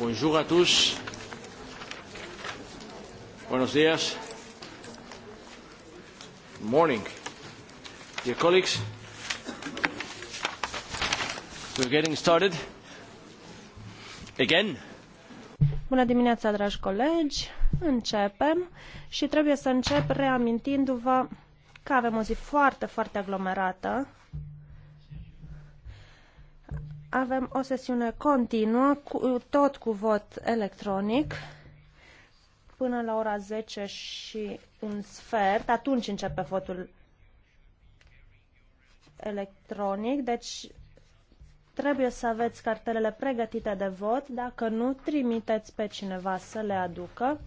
Bonjour à tous. Buenos días. Morning. Dear colleagues, we're getting started again. Bună dimineața, dragi colegi. Începem și trebuie să încep reamintindu-vă că avem o zi foarte, foarte aglomerată avem o sesiune continuă, cu, tot cu vot electronic, până la ora 10 și un sfert. Atunci începe votul electronic, deci trebuie să aveți cartelele pregătite de vot. Dacă nu, trimiteți pe cineva să le aducă.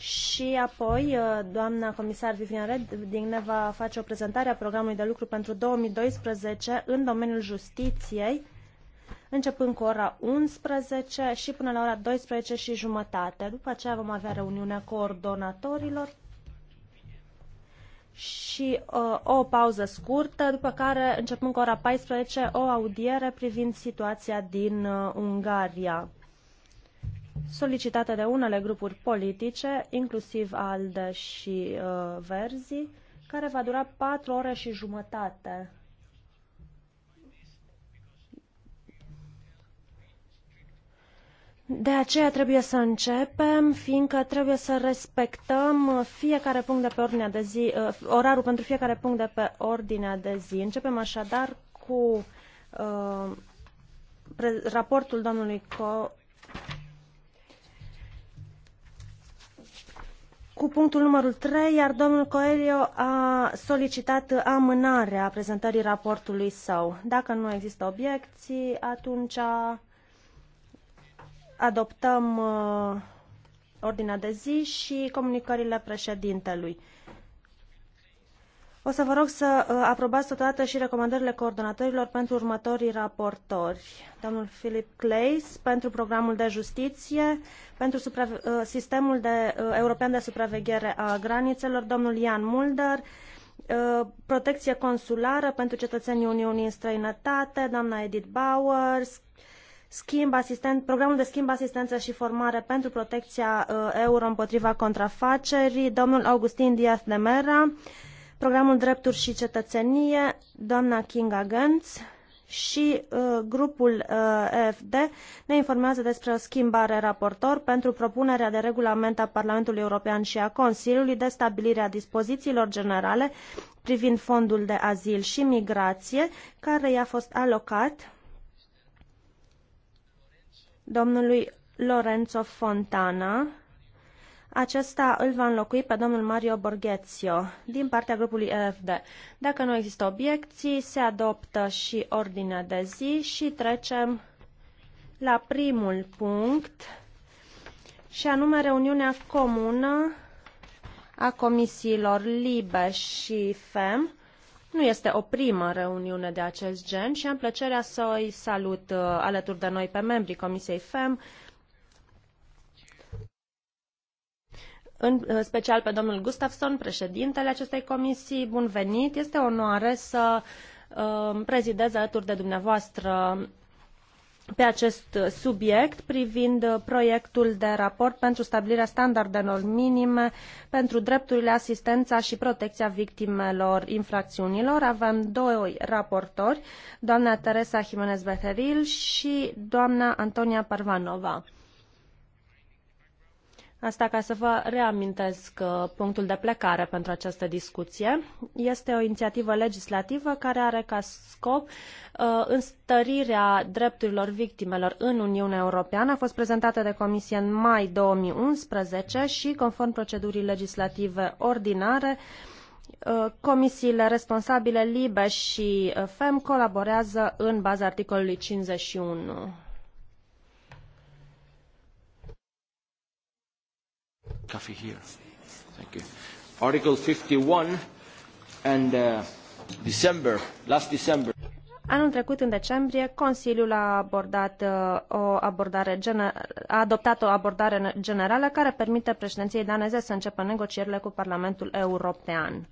Și apoi, uh, doamna comisar Vivian Redding ne va face o prezentare a programului de lucru pentru 2012 în domeniul justiției, începând cu ora 11 și până la ora 12 și jumătate. După aceea vom avea reuniunea coordonatorilor și uh, o pauză scurtă, după care, începând cu ora 14, o audiere privind situația din uh, Ungaria solicitată de unele grupuri politice, inclusiv ALDE și uh, Verzi, care va dura patru ore și jumătate. De aceea trebuie să începem, fiindcă trebuie să respectăm fiecare punct de pe ordinea de zi, uh, orarul pentru fiecare punct de pe ordinea de zi. Începem așadar cu uh, raportul domnului Co cu punctul numărul 3, iar domnul Coelho a solicitat amânarea prezentării raportului său. Dacă nu există obiecții, atunci adoptăm uh, ordinea de zi și comunicările președintelui. O să vă rog să uh, aprobați totodată și recomandările coordonatorilor pentru următorii raportori. Domnul Philip Clays pentru programul de justiție, pentru uh, sistemul de, uh, european de supraveghere a granițelor, domnul Ian Mulder, protecție consulară pentru cetățenii Uniunii în străinătate, doamna Edith Bowers, schimb asisten- programul de schimb, asistență și formare pentru protecția euro împotriva contrafacerii, domnul Augustin Diaz de Mera, Programul Drepturi și Cetățenie, doamna Kinga Gantz și uh, grupul uh, EFD ne informează despre o schimbare raportor pentru propunerea de regulament a Parlamentului European și a Consiliului de stabilire a dispozițiilor generale privind fondul de azil și migrație care i-a fost alocat domnului Lorenzo Fontana acesta îl va înlocui pe domnul Mario Borghețio din partea grupului EFD. Dacă nu există obiecții, se adoptă și ordinea de zi și trecem la primul punct și anume reuniunea comună a comisiilor LIBE și FEM. Nu este o primă reuniune de acest gen și am plăcerea să îi salut uh, alături de noi pe membrii Comisiei FEM, în uh, special pe domnul Gustafsson, președintele acestei comisii. Bun venit! Este o onoare să uh, prezidez alături de dumneavoastră pe acest subiect privind proiectul de raport pentru stabilirea standardelor minime pentru drepturile, asistența și protecția victimelor infracțiunilor. Avem doi raportori, doamna Teresa Jimenez Becerril și doamna Antonia Parvanova. Asta ca să vă reamintesc uh, punctul de plecare pentru această discuție. Este o inițiativă legislativă care are ca scop uh, înstărirea drepturilor victimelor în Uniunea Europeană. A fost prezentată de Comisie în mai 2011 și, conform procedurii legislative ordinare, uh, comisiile responsabile LIBE și FEM colaborează în baza articolului 51. coffee here. Thank you. Article 51 and uh, December, last December. Anul trecut, în decembrie, Consiliul a, abordat, uh, o abordare a adoptat o abordare generală care permite președinției daneze să înceapă negocierile cu Parlamentul European.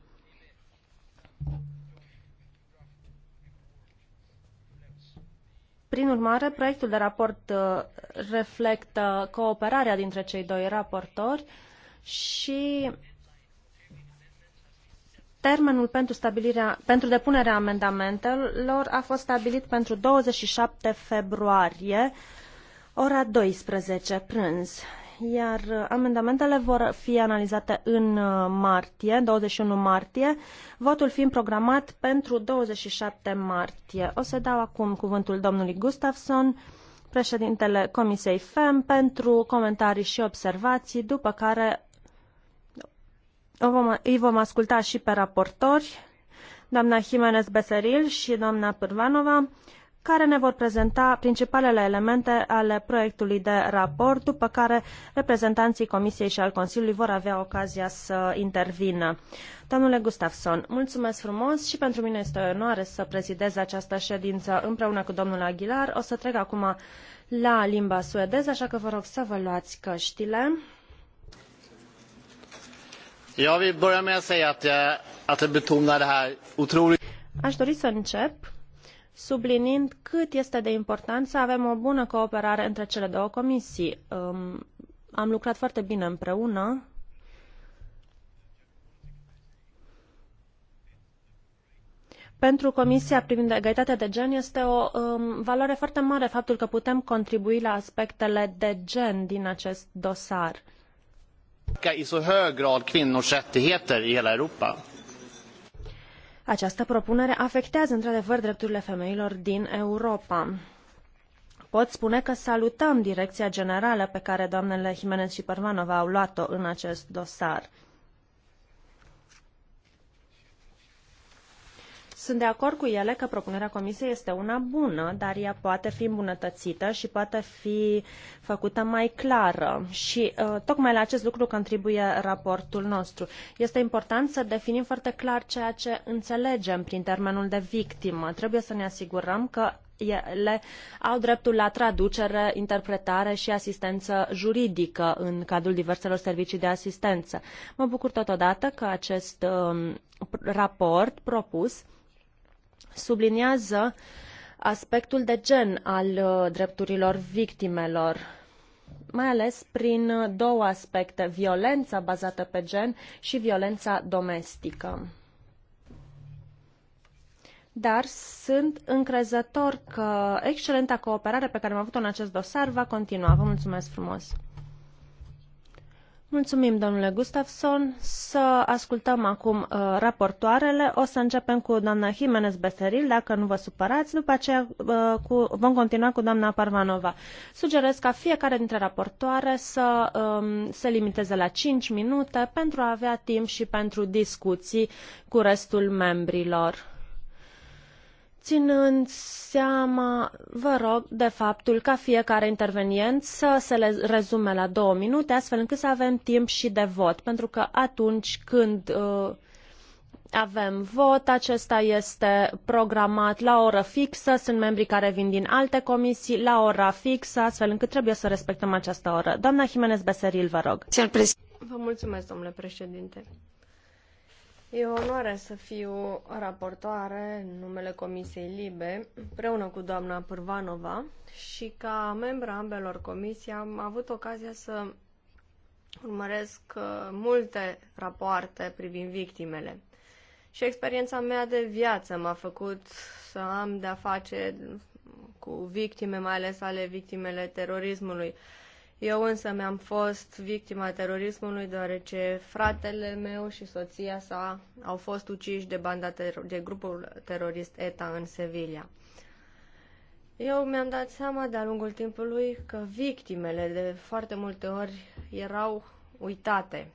Prin urmare, proiectul de raport uh, reflectă cooperarea dintre cei doi raportori uh, și termenul pentru, stabilirea, pentru depunerea amendamentelor a fost stabilit pentru 27 februarie, ora 12, prânz. Iar amendamentele vor fi analizate în martie, 21 martie, votul fiind programat pentru 27 martie. O să dau acum cuvântul domnului Gustafsson, președintele Comisiei FEM, pentru comentarii și observații, după care vom, îi vom asculta și pe raportori, doamna Jimenez Beseril și doamna Pârvanova, care ne vor prezenta principalele elemente ale proiectului de raport, după care reprezentanții Comisiei și al Consiliului vor avea ocazia să intervină. Domnule Gustafsson, mulțumesc frumos și pentru mine este o onoare să prezidez această ședință împreună cu domnul Aguilar. O să trec acum la limba suedeză, așa că vă rog să vă luați căștile. Jag vill börja med att säga att jag, att jag betonar det här otroligt... Aș dori să încep subliniind cât este de important să avem o bună cooperare între cele două comisii. Um, am lucrat foarte bine împreună. Pentru Comisia privind egalitatea de gen este o um, valoare foarte mare faptul că putem contribui la aspectele de gen din acest dosar. Uh, i så hög grad kvinnors rättigheter i hela Europa. Această propunere afectează într-adevăr drepturile femeilor din Europa. Pot spune că salutăm direcția generală pe care doamnele Jimenez și Pervanova au luat-o în acest dosar. Sunt de acord cu ele că propunerea Comisiei este una bună, dar ea poate fi îmbunătățită și poate fi făcută mai clară. Și uh, tocmai la acest lucru contribuie raportul nostru. Este important să definim foarte clar ceea ce înțelegem prin termenul de victimă. Trebuie să ne asigurăm că ele au dreptul la traducere, interpretare și asistență juridică în cadrul diverselor servicii de asistență. Mă bucur totodată că acest um, raport propus subliniază aspectul de gen al uh, drepturilor victimelor mai ales prin uh, două aspecte, violența bazată pe gen și violența domestică. Dar sunt încrezător că excelenta cooperare pe care am avut-o în acest dosar va continua. Vă mulțumesc frumos! Mulțumim, domnule Gustafsson. Să ascultăm acum uh, raportoarele. O să începem cu doamna Jimenez Beseril, dacă nu vă supărați. După aceea uh, cu, vom continua cu doamna Parvanova. Sugerez ca fiecare dintre raportoare să um, se limiteze la 5 minute pentru a avea timp și pentru discuții cu restul membrilor ținând seama, vă rog, de faptul ca fiecare intervenient să se le rezume la două minute, astfel încât să avem timp și de vot, pentru că atunci când uh, avem vot, acesta este programat la oră fixă, sunt membrii care vin din alte comisii la ora fixă, astfel încât trebuie să respectăm această oră. Doamna Jimenez Beseril, vă rog. Vă mulțumesc, domnule președinte. E o onoare să fiu raportoare în numele Comisiei Libe, împreună cu doamna Pârvanova și ca membra ambelor comisii am avut ocazia să urmăresc uh, multe rapoarte privind victimele. Și experiența mea de viață m-a făcut să am de-a face cu victime, mai ales ale victimele terorismului. Eu însă mi-am fost victima terorismului deoarece fratele meu și soția sa au fost uciși de, banda ter- de grupul terorist ETA în Sevilla. Eu mi-am dat seama de-a lungul timpului că victimele de foarte multe ori erau uitate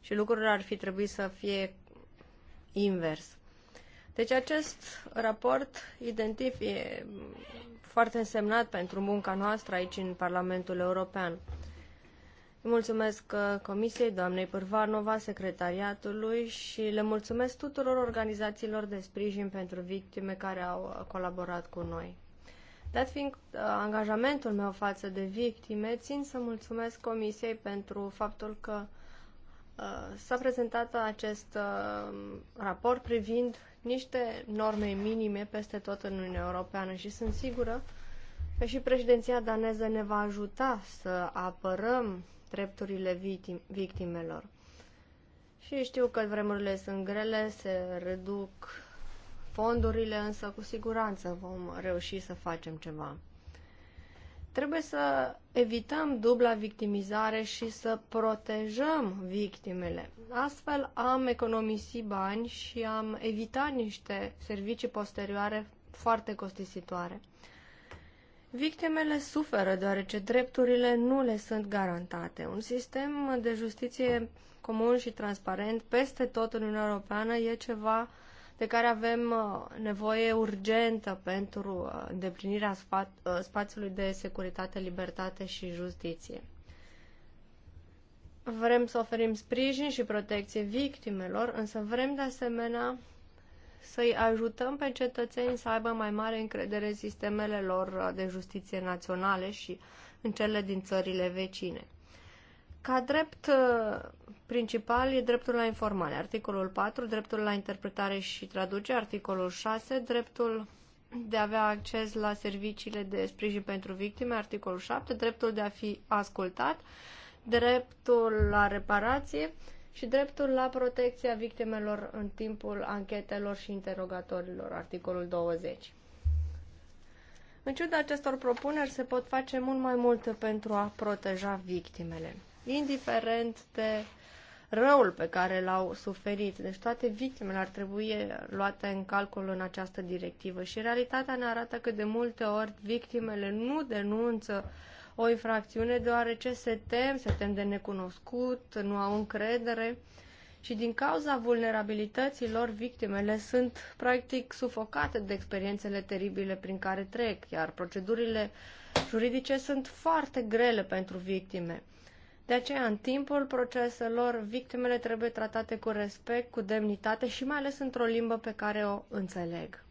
și lucrurile ar fi trebuit să fie invers. Deci acest raport identifică foarte însemnat pentru munca noastră aici în Parlamentul European. Îi mulțumesc uh, Comisiei, doamnei Pârvanova, secretariatului și le mulțumesc tuturor organizațiilor de sprijin pentru victime care au uh, colaborat cu noi. Dat fiind uh, angajamentul meu față de victime, țin să mulțumesc Comisiei pentru faptul că s-a prezentat acest raport privind niște norme minime peste tot în Uniunea Europeană și sunt sigură că și președinția daneză ne va ajuta să apărăm drepturile victim victimelor. Și știu că vremurile sunt grele, se reduc fondurile, însă cu siguranță vom reuși să facem ceva. Trebuie să evităm dubla victimizare și să protejăm victimele. Astfel am economisit bani și am evitat niște servicii posterioare foarte costisitoare. Victimele suferă deoarece drepturile nu le sunt garantate. Un sistem de justiție comun și transparent peste tot în Uniunea Europeană e ceva de care avem uh, nevoie urgentă pentru uh, îndeplinirea uh, spațiului de securitate, libertate și justiție. Vrem să oferim sprijin și protecție victimelor, însă vrem de asemenea să-i ajutăm pe cetățeni să aibă mai mare încredere în sistemele lor de justiție naționale și în cele din țările vecine. Ca drept uh, principal e dreptul la informare, articolul 4, dreptul la interpretare și traducere, articolul 6, dreptul de a avea acces la serviciile de sprijin pentru victime, articolul 7, dreptul de a fi ascultat, dreptul la reparație și dreptul la protecția victimelor în timpul anchetelor și interogatorilor, articolul 20. În ciuda acestor propuneri, se pot face mult mai multe pentru a proteja victimele indiferent de răul pe care l-au suferit. Deci toate victimele ar trebui luate în calcul în această directivă și realitatea ne arată că de multe ori victimele nu denunță o infracțiune deoarece se tem, se tem de necunoscut, nu au încredere și din cauza lor, victimele sunt practic sufocate de experiențele teribile prin care trec, iar procedurile juridice sunt foarte grele pentru victime. De aceea, în timpul proceselor, victimele trebuie tratate cu respect, cu demnitate și mai ales într-o limbă pe care o înțeleg.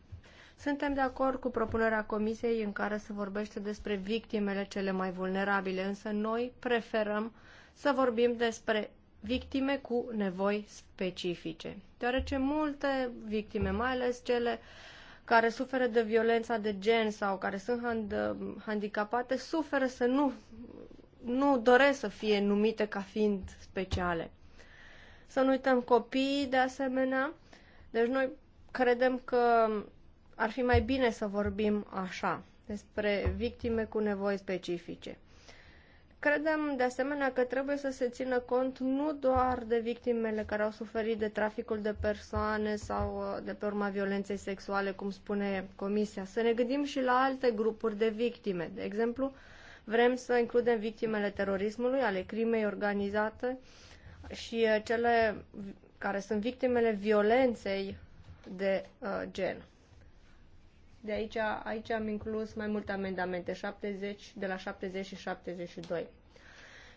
Suntem de acord cu propunerea comisiei în care se vorbește despre victimele cele mai vulnerabile, însă noi preferăm să vorbim despre victime cu nevoi specifice, deoarece multe victime, mai ales cele care suferă de violența de gen sau care sunt hand, handicapate, suferă să nu nu doresc să fie numite ca fiind speciale. Să nu uităm copiii de asemenea. Deci noi credem că ar fi mai bine să vorbim așa, despre victime cu nevoi specifice. Credem de asemenea că trebuie să se țină cont nu doar de victimele care au suferit de traficul de persoane sau uh, de pe urma violenței sexuale, cum spune Comisia, să ne gândim și la alte grupuri de victime, de exemplu, Vrem să includem victimele terorismului, ale crimei organizate și uh, cele care sunt victimele violenței de uh, gen. De aici, aici am inclus mai multe amendamente, 70, de la 70 și 72.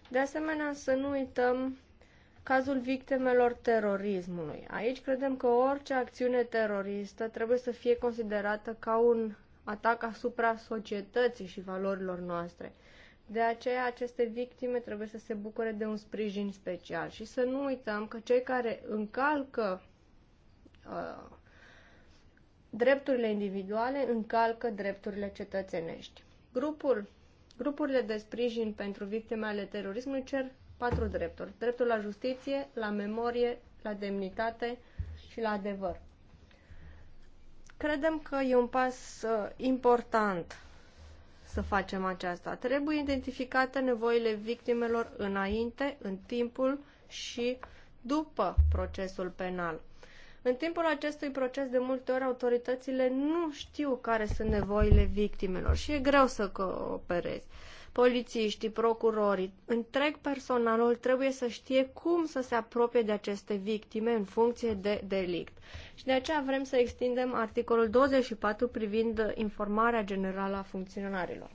De asemenea, să nu uităm cazul victimelor terorismului. Aici credem că orice acțiune teroristă trebuie să fie considerată ca un atac asupra societății și valorilor noastre. De aceea, aceste victime trebuie să se bucure de un sprijin special și să nu uităm că cei care încalcă uh, drepturile individuale încalcă drepturile cetățenești. Grupul, grupurile de sprijin pentru victime ale terorismului cer patru drepturi. Dreptul la justiție, la memorie, la demnitate și la adevăr. Credem că e un pas uh, important să facem aceasta. Trebuie identificate nevoile victimelor înainte, în timpul și după procesul penal. În timpul acestui proces, de multe ori, autoritățile nu știu care sunt nevoile victimelor și e greu să cooperezi polițiștii, procurorii, întreg personalul trebuie să știe cum să se apropie de aceste victime în funcție de delict. Și de aceea vrem să extindem articolul 24 privind informarea generală a funcționarilor.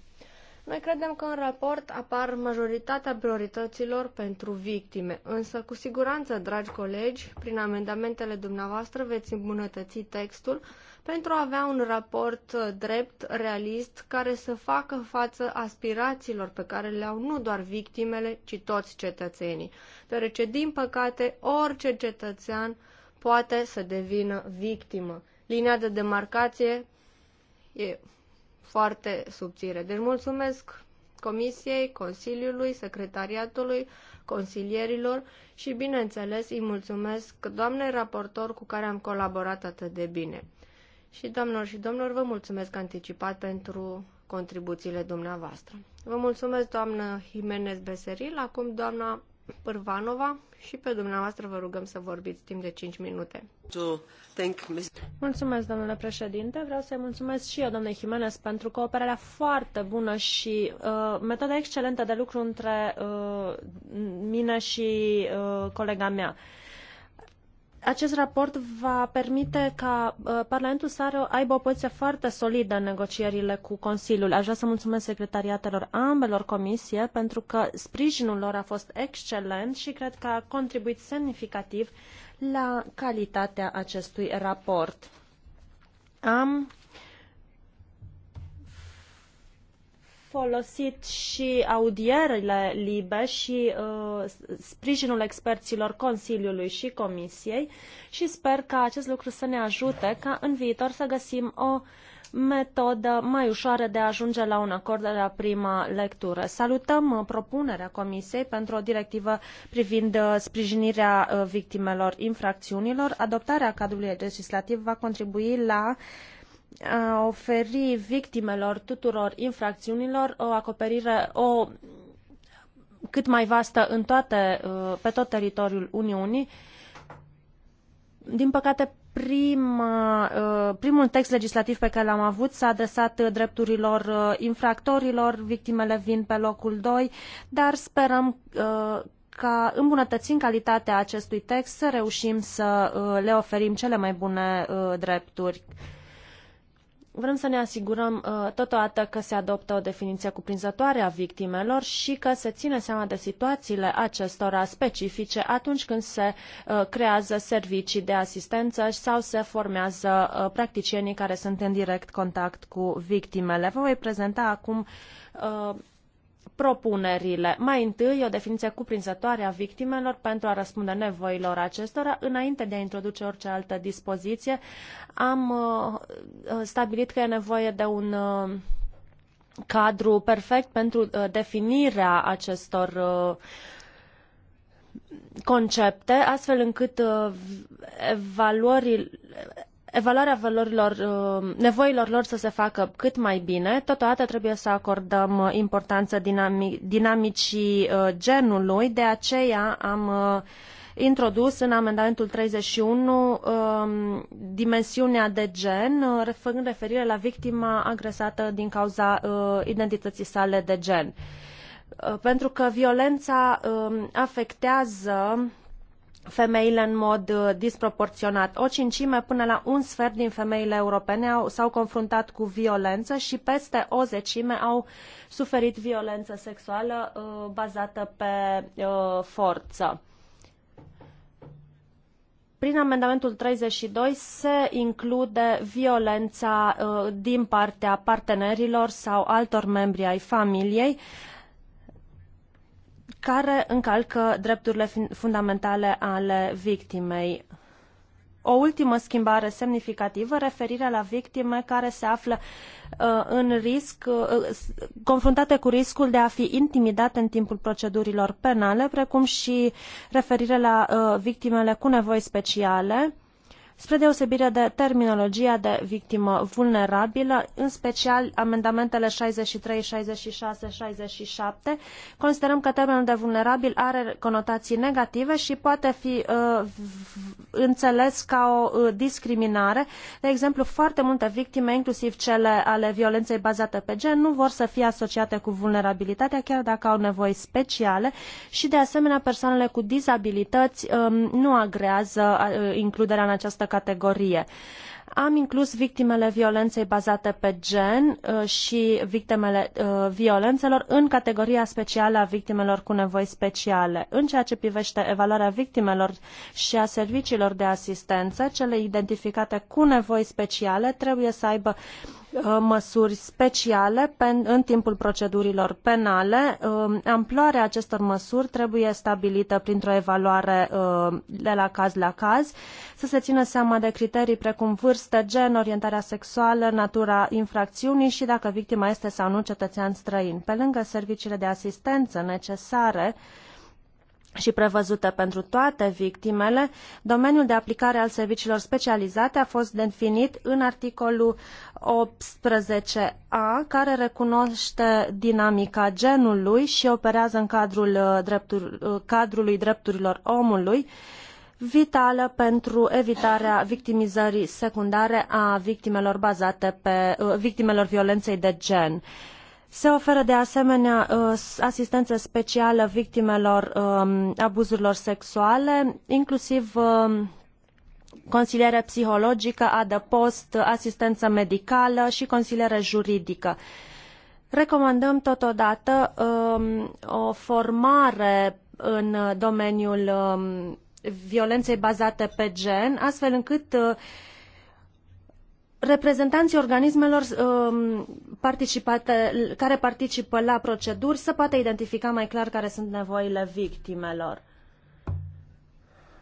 Noi credem că în raport apar majoritatea priorităților pentru victime, însă cu siguranță, dragi colegi, prin amendamentele dumneavoastră veți îmbunătăți textul pentru a avea un raport drept, realist, care să facă față aspirațiilor pe care le au nu doar victimele, ci toți cetățenii, deoarece, din păcate, orice cetățean poate să devină victimă. Linia de demarcație e foarte subțire. Deci mulțumesc Comisiei, Consiliului, Secretariatului, consilierilor și, bineînțeles, îi mulțumesc doamnei raportor cu care am colaborat atât de bine. Și, doamnelor și domnilor, vă mulțumesc anticipat pentru contribuțiile dumneavoastră. Vă mulțumesc, doamnă Jimenez Beseril, acum doamna Pârvanova și pe dumneavoastră vă rugăm să vorbiți timp de 5 minute. Mulțumesc, domnule președinte. Vreau să-i mulțumesc și eu, domnule Jimenez, pentru cooperarea foarte bună și uh, metoda excelentă de lucru între uh, mine și uh, colega mea. Uh, acest raport va permite ca uh, Parlamentul să aibă o poziție foarte solidă în negocierile cu Consiliul. Aș vrea să mulțumesc secretariatelor ambelor comisie pentru că sprijinul lor a fost excelent și cred că a contribuit semnificativ la calitatea acestui raport. Am folosit și audierile libe și uh, sprijinul experților Consiliului și Comisiei și sper ca acest lucru să ne ajute ca în viitor să găsim o metodă mai ușoară de a ajunge la un acord de la prima lectură. Salutăm uh, propunerea Comisiei pentru o directivă privind uh, sprijinirea uh, victimelor infracțiunilor. Adoptarea cadrului legislativ va contribui la uh, a oferi victimelor tuturor infracțiunilor o acoperire, o cât mai vastă în toate, uh, pe tot teritoriul Uniunii. Din păcate, prima uh, primul text legislativ pe care l-am avut s-a adresat drepturilor uh, infractorilor, victimele vin pe locul 2, dar sperăm ca îmbunătățind calitatea acestui text să reușim să le oferim cele mai bune drepturi Vrem să ne asigurăm uh, totodată că se adoptă o definiție cuprinzătoare a victimelor și că se ține seama de situațiile acestora specifice atunci când se uh, creează servicii de asistență sau se formează uh, practicienii care sunt în direct contact cu victimele. Vă voi prezenta acum propunerile. Mai întâi, o definiție cuprinzătoare a victimelor pentru a răspunde nevoilor acestora. Înainte de a introduce orice altă dispoziție, am uh, uh stabilit că e nevoie de un uh, cadru perfect pentru uh, definirea acestor uh, concepte, astfel încât uh, evaluările, evaluarea valorilor, uh, nevoilor lor să se facă cât mai bine. Totodată trebuie să acordăm uh, importanță dinamic, dinamicii uh, genului, de aceea am introdus în amendamentul 31 um, dimensiunea de gen, făcând referire la victima agresată din cauza identității sale de gen. Pentru că violența um, afectează femeile în mod uh, disproporționat. O cincime până la un sfert din femeile europene au, s-au confruntat cu violență și peste o zecime au suferit violență sexuală uh, bazată pe uh, forță. Prin amendamentul 32 se include violența uh, din partea partenerilor sau altor membri ai familiei. Uh, care încalcă drepturile fundamentale ale victimei. O ultimă schimbare semnificativă, referire la victime care se află uh, în risc, uh, confruntate cu riscul de a fi intimidate în timpul procedurilor penale, precum și referire la uh, victimele cu nevoi speciale. Uh, spre deosebire de terminologia de victimă vulnerabilă, în special amendamentele 63, 66, 67. Considerăm că termenul de vulnerabil are conotații negative și poate fi uh, înțeles ca o uh, discriminare. De exemplu, foarte multe victime, inclusiv cele ale violenței bazate pe gen, nu vor să fie asociate cu vulnerabilitatea, chiar dacă au nevoi speciale și, de asemenea, persoanele cu dizabilități um, nu agrează uh, includerea în această categorie. Am inclus victimele violenței bazate pe gen uh, și victimele uh, violențelor în categoria specială a victimelor cu nevoi speciale. În ceea ce privește evaluarea victimelor și a serviciilor de asistență, cele identificate cu nevoi speciale trebuie să aibă uh, Uh, măsuri speciale pen, în timpul procedurilor penale. Um, amploarea acestor măsuri trebuie stabilită printr-o evaluare uh, de la caz la caz, să se țină seama de criterii precum vârstă, gen, orientarea sexuală, natura infracțiunii și dacă victima este sau nu cetățean străin. Pe lângă serviciile de asistență necesare, și prevăzută pentru toate victimele, domeniul de aplicare al serviciilor specializate a fost definit în articolul 18a, care recunoaște dinamica genului și operează în cadrul uh, dreptur, uh, cadrului drepturilor omului, vitală pentru evitarea victimizării secundare a victimelor bazate pe uh, victimelor violenței de gen. Uh, se oferă de asemenea uh, asistență specială victimelor um, abuzurilor sexuale, inclusiv um, consiliere psihologică, adăpost, asistență medicală și consiliere juridică. Recomandăm totodată um, o formare în domeniul violenței bazate pe gen, astfel încât uh, reprezentanții organismelor um, participate, care participă la proceduri să poată identifica mai clar care sunt nevoile victimelor.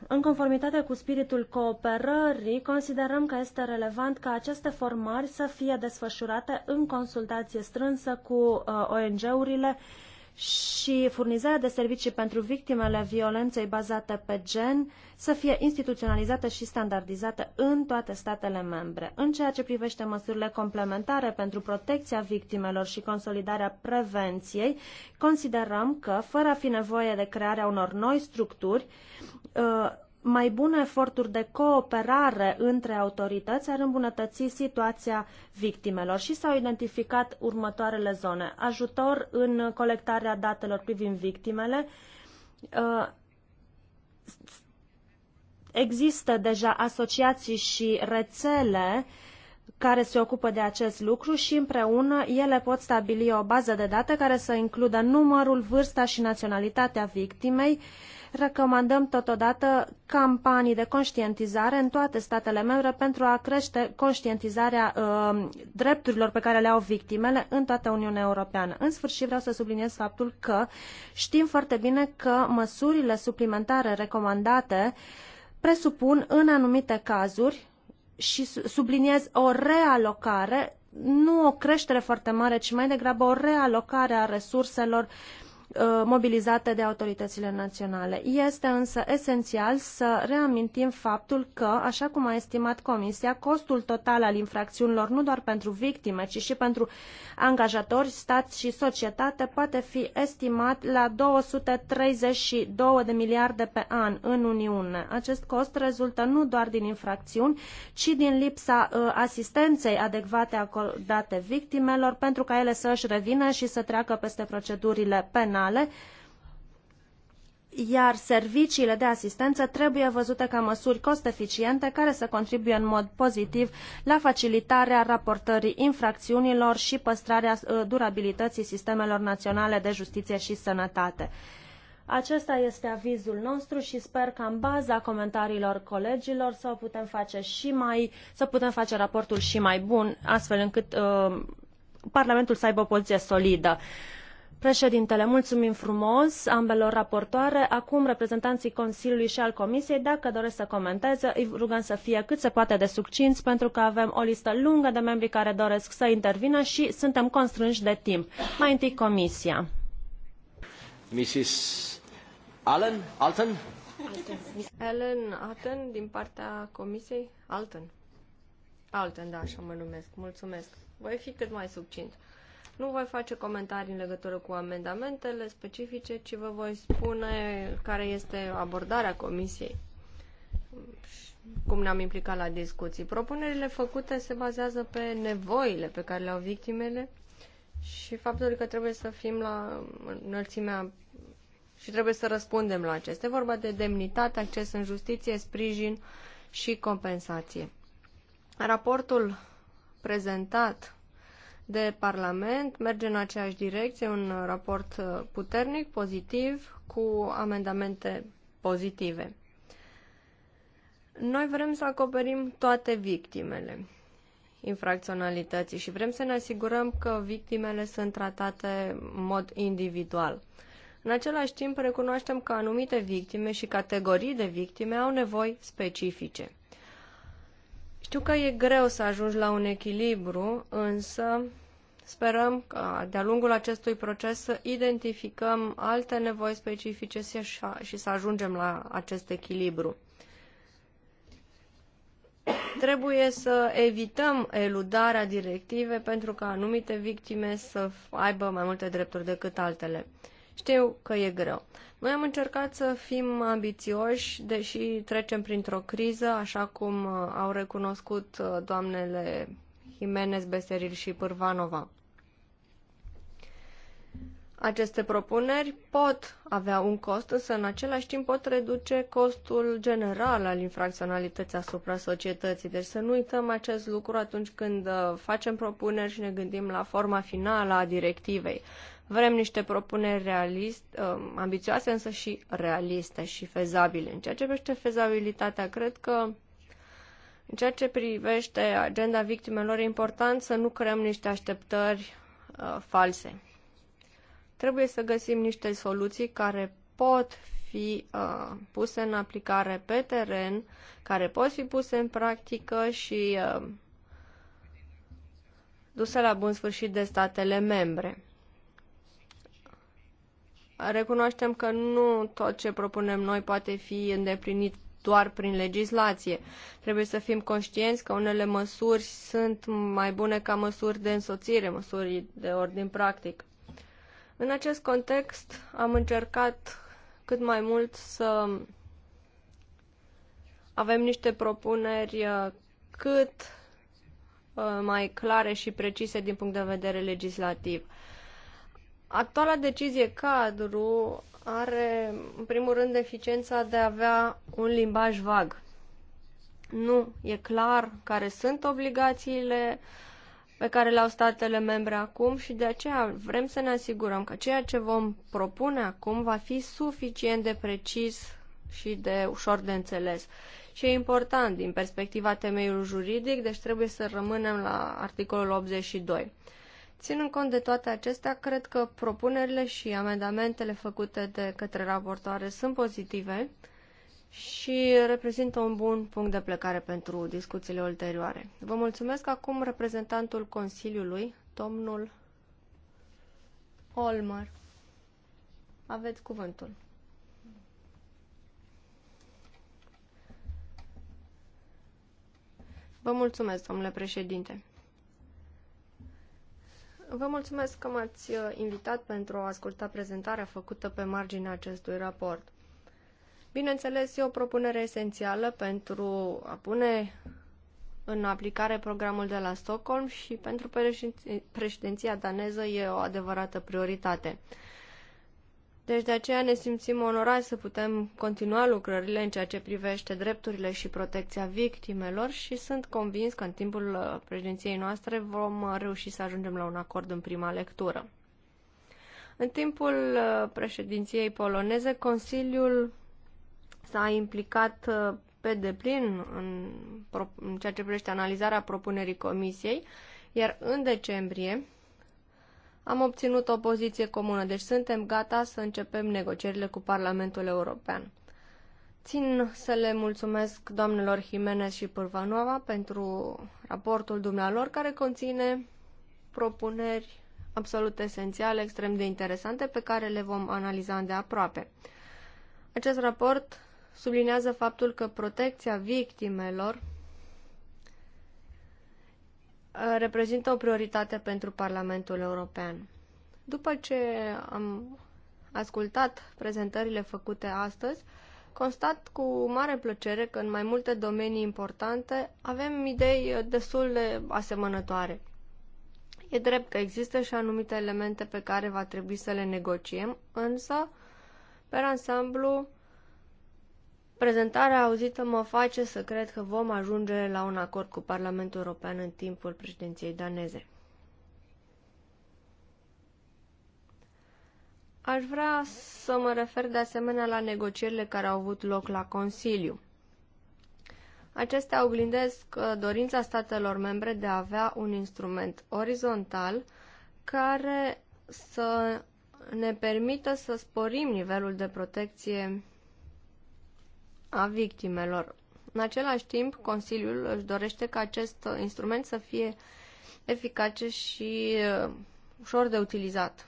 În conformitate cu spiritul cooperării, considerăm că este relevant ca aceste formări să fie desfășurate în consultație strânsă cu uh, ONG-urile și furnizarea de servicii pentru victimele violenței bazate pe gen să fie instituționalizată și standardizată în toate statele membre. În ceea ce privește măsurile complementare pentru protecția victimelor și consolidarea prevenției, considerăm că, fără a fi nevoie de crearea unor noi structuri, uh, mai bune eforturi de cooperare între autorități ar îmbunătăți situația victimelor și s-au identificat următoarele zone. Ajutor în colectarea datelor privind victimele. Există deja asociații și rețele care se ocupă de acest lucru și împreună ele pot stabili o bază de date care să includă numărul, vârsta și naționalitatea victimei, uh, Recomandăm totodată campanii de conștientizare în toate statele membre pentru a crește conștientizarea uh, drepturilor pe care le au victimele în toată Uniunea Europeană. În sfârșit vreau să subliniez faptul că știm foarte bine că măsurile suplimentare recomandate presupun în anumite cazuri și subliniez o realocare, nu o creștere foarte mare, ci mai degrabă o realocare a resurselor uh, Uh, mobilizate de autoritățile naționale. Este însă esențial să reamintim faptul că, așa cum a estimat Comisia, costul total al infracțiunilor nu doar pentru victime, ci și pentru angajatori, stat și societate poate fi estimat la 232 de miliarde pe an în Uniune. Acest cost rezultă nu doar din infracțiuni, ci din lipsa uh, asistenței adecvate acordate victimelor pentru ca ele să își revină și să treacă peste procedurile penale penale, iar serviciile de asistență trebuie văzute ca măsuri cost-eficiente care să contribuie în mod pozitiv la facilitarea raportării infracțiunilor și păstrarea uh, durabilității sistemelor naționale de justiție și sănătate. Acesta este avizul nostru și sper că în baza comentariilor colegilor să putem face și mai, să putem face raportul și mai bun, astfel încât uh, Parlamentul să aibă o poziție solidă. Uh, Președintele, mulțumim frumos ambelor raportoare. Acum reprezentanții Consiliului și al Comisiei, dacă doresc să comenteze, îi rugăm să fie cât se poate de succinți, pentru că avem o listă lungă de membri care doresc să intervină și suntem constrânși de timp. Mai întâi Comisia. Mrs. Allen? Alton? Allen Alton din partea Comisiei? Alton. Alton, da, așa mă numesc. Mulțumesc. Voi fi cât mai succint. Nu voi face comentarii în legătură cu amendamentele specifice, ci vă voi spune care este abordarea Comisiei cum ne-am implicat la discuții. Propunerile făcute se bazează pe nevoile pe care le au victimele și faptul că trebuie să fim la înălțimea și trebuie să răspundem la acestea. vorba de demnitate, acces în justiție, sprijin și compensație. Raportul prezentat de Parlament merge în aceeași direcție, un raport uh, puternic, pozitiv, cu amendamente pozitive. Noi vrem să acoperim toate victimele infracționalității și vrem să ne asigurăm că victimele sunt tratate în mod individual. În același timp, recunoaștem că anumite victime și categorii de victime au nevoi specifice. Știu că e greu să ajungi la un echilibru, însă sperăm că de-a lungul acestui proces să identificăm alte nevoi specifice și să ajungem la acest echilibru. Trebuie să evităm eludarea directivei pentru ca anumite victime să aibă mai multe drepturi decât altele. Știu că e greu. Noi am încercat să fim ambițioși, deși trecem printr-o criză, așa cum uh, au recunoscut uh, doamnele Jimenez, Beseril și Pârvanova. Aceste propuneri pot avea un cost, însă în același timp pot reduce costul general al infracționalității asupra societății. Deci să nu uităm acest lucru atunci când uh, facem propuneri și ne gândim la forma finală a directivei. Vrem niște propuneri realist, um, ambițioase, însă și realiste și fezabile. În ceea ce privește fezabilitatea, cred că în ceea ce privește agenda victimelor, e important să nu creăm niște așteptări uh, false. Trebuie să găsim niște soluții care pot fi uh, puse în aplicare pe teren, care pot fi puse în practică și uh, duse la bun sfârșit de statele membre recunoaștem că nu tot ce propunem noi poate fi îndeplinit doar prin legislație. Trebuie să fim conștienți că unele măsuri sunt mai bune ca măsuri de însoțire, măsuri de ordin practic. În acest context am încercat cât mai mult să avem niște propuneri uh, cât uh, mai clare și precise din punct de vedere legislativ. Actuala decizie cadru are, în primul rând, eficiența de a avea un limbaj vag. Nu e clar care sunt obligațiile pe care le au statele membre acum și de aceea vrem să ne asigurăm că ceea ce vom propune acum va fi suficient de precis și de ușor de înțeles. Și e important din perspectiva temeiului juridic, deci trebuie să rămânem la articolul 82. Ținând cont de toate acestea, cred că propunerile și amendamentele făcute de către raportoare sunt pozitive și reprezintă un bun punct de plecare pentru discuțiile ulterioare. Vă mulțumesc acum reprezentantul Consiliului, domnul Olmar, Aveți cuvântul. Vă mulțumesc, domnule președinte. Vă mulțumesc că m-ați uh, invitat pentru a asculta prezentarea făcută pe marginea acestui raport. Bineînțeles, e o propunere esențială pentru a pune în aplicare programul de la Stockholm și pentru președinția daneză e o adevărată prioritate. Deci de aceea ne simțim onorați să putem continua lucrările în ceea ce privește drepturile și protecția victimelor și sunt convins că în timpul uh, președinției noastre vom uh, reuși să ajungem la un acord în prima lectură. În timpul uh, președinției poloneze, Consiliul s-a implicat pe deplin în, în ceea ce privește analizarea propunerii Comisiei, iar în decembrie am obținut o poziție comună, deci suntem gata să începem negocierile cu Parlamentul European. Țin să le mulțumesc doamnelor Jimenez și Pârvanova pentru raportul dumnealor, care conține propuneri absolut esențiale, extrem de interesante, pe care le vom analiza îndeaproape. Acest raport subliniază faptul că protecția victimelor Uh, reprezintă o prioritate pentru Parlamentul European. După ce am ascultat prezentările făcute astăzi, constat cu mare plăcere că în mai multe domenii importante avem idei destul de asemănătoare. E drept că există și anumite elemente pe care va trebui să le negociem, însă, pe ansamblu, Prezentarea auzită mă face să cred că vom ajunge la un acord cu Parlamentul European în timpul președinției daneze. Aș vrea să mă refer de asemenea la negocierile care au avut loc la Consiliu. Acestea oglindesc uh, dorința statelor membre de a avea un instrument orizontal care să ne permită să sporim nivelul de protecție a victimelor. În același timp, Consiliul își dorește ca acest instrument să fie eficace și uh, ușor de utilizat.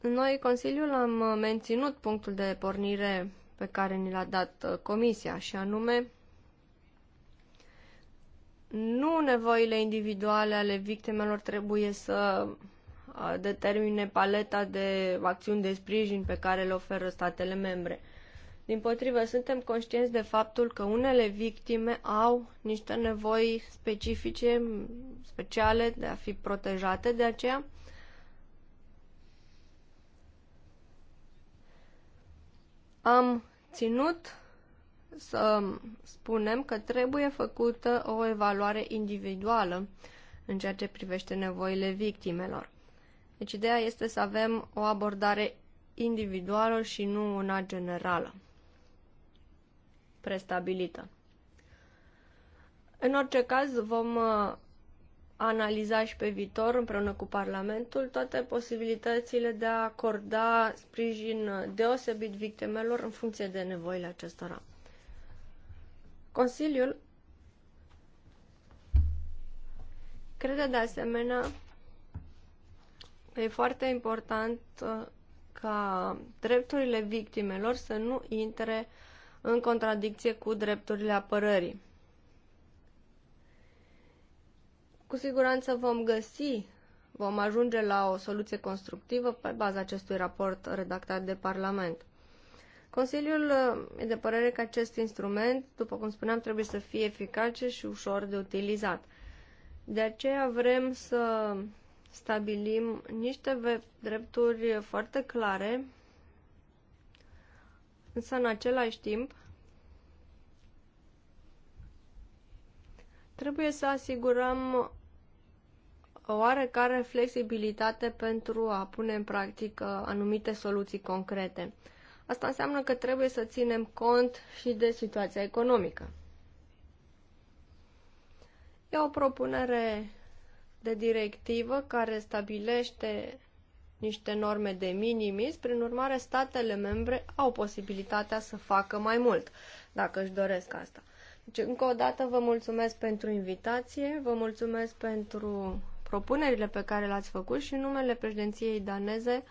Noi, Consiliul, am uh, menținut punctul de pornire pe care ni l-a dat uh, Comisia, și anume nu nevoile individuale ale victimelor trebuie să determine paleta de acțiuni de sprijin pe care le oferă statele membre. Din potrivă, suntem conștienți de faptul că unele victime au niște nevoi specifice, speciale de a fi protejate, de aceea am ținut să spunem că trebuie făcută o evaluare individuală în ceea ce privește nevoile victimelor. Deci ideea este să avem o abordare individuală și nu una generală, prestabilită. În orice caz, vom uh, analiza și pe viitor, împreună cu Parlamentul, toate posibilitățile de a acorda sprijin deosebit victimelor în funcție de nevoile acestora. Consiliul crede de asemenea E foarte important uh, ca drepturile victimelor să nu intre în contradicție cu drepturile apărării. Cu siguranță vom găsi, vom ajunge la o soluție constructivă pe baza acestui raport redactat de Parlament. Consiliul uh, e de părere că acest instrument, după cum spuneam, trebuie să fie eficace și ușor de utilizat. De aceea vrem să stabilim niște drepturi foarte clare, însă în același timp trebuie să asigurăm oarecare flexibilitate pentru a pune în practică anumite soluții concrete. Asta înseamnă că trebuie să ținem cont și de situația economică. E o propunere de directivă care stabilește niște norme de minimis, prin urmare statele membre au posibilitatea să facă mai mult, dacă își doresc asta. Deci, încă o dată vă mulțumesc pentru invitație, vă mulțumesc pentru propunerile pe care le-ați făcut și în numele președinției daneze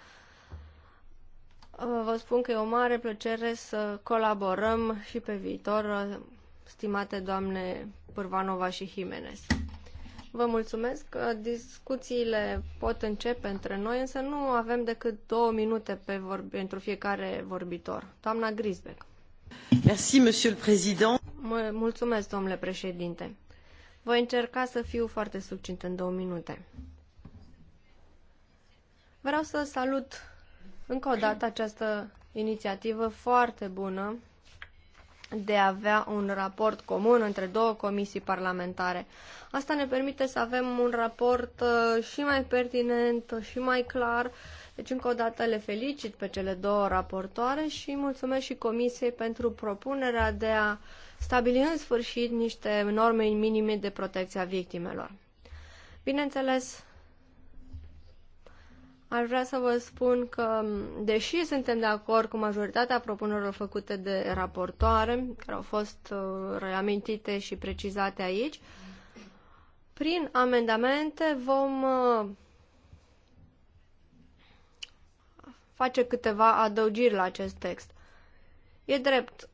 vă spun că e o mare plăcere să colaborăm și pe viitor, stimate doamne Pârvanova și Jimenez. Vă mulțumesc. Discuțiile pot începe între noi, însă nu avem decât două minute pe vorbi, pentru fiecare vorbitor. Doamna Grisbeck. Merci, monsieur le président. Mulțumesc, domnule președinte. Voi încerca să fiu foarte succint în două minute. Vreau să salut încă o dată această inițiativă foarte bună de a avea un raport comun între două comisii parlamentare. Asta ne permite să avem un raport uh, și mai pertinent și mai clar. Deci, încă o dată, le felicit pe cele două raportoare și mulțumesc și comisiei pentru propunerea de a stabili în sfârșit niște norme minime de protecție a victimelor. Bineînțeles, Aș vrea să vă spun că, deși suntem de acord cu majoritatea propunerilor făcute de raportoare, care au fost uh, reamintite și precizate aici, prin amendamente vom uh, face câteva adăugiri la acest text. E drept.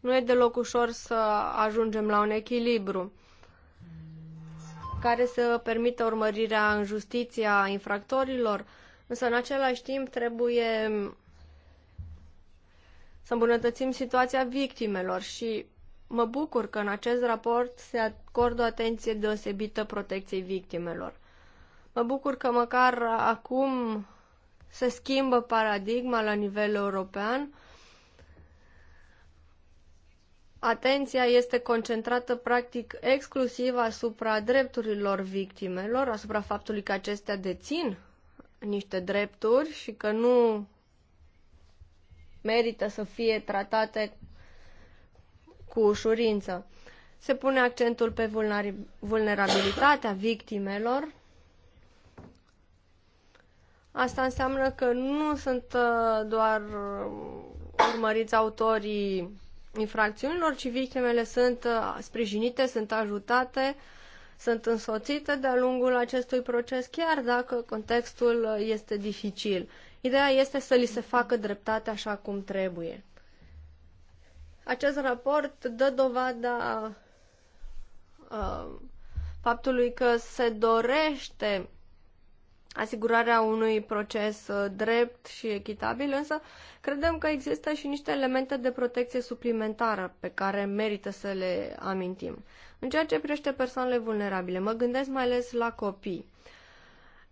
Nu e deloc ușor să ajungem la un echilibru care să permită urmărirea în justiție a infractorilor, însă în același timp trebuie să îmbunătățim situația victimelor și mă bucur că în acest raport se acordă o atenție deosebită protecției victimelor. Mă bucur că măcar acum se schimbă paradigma la nivel european atenția este concentrată practic exclusiv asupra drepturilor victimelor, asupra faptului că acestea dețin niște drepturi și că nu merită să fie tratate cu ușurință. Se pune accentul pe vulnerabilitatea victimelor. Asta înseamnă că nu sunt uh, doar uh, urmăriți autorii infracțiunilor, ci victimele sunt uh, sprijinite, sunt ajutate, sunt însoțite de-a lungul acestui proces, chiar dacă contextul uh, este dificil. Ideea este să li se facă dreptate așa cum trebuie. Acest raport dă dovada uh, faptului că se dorește asigurarea unui proces uh, drept și echitabil, însă credem că există și niște elemente de protecție suplimentară pe care merită să le amintim. În ceea ce privește persoanele vulnerabile, mă gândesc mai ales la copii.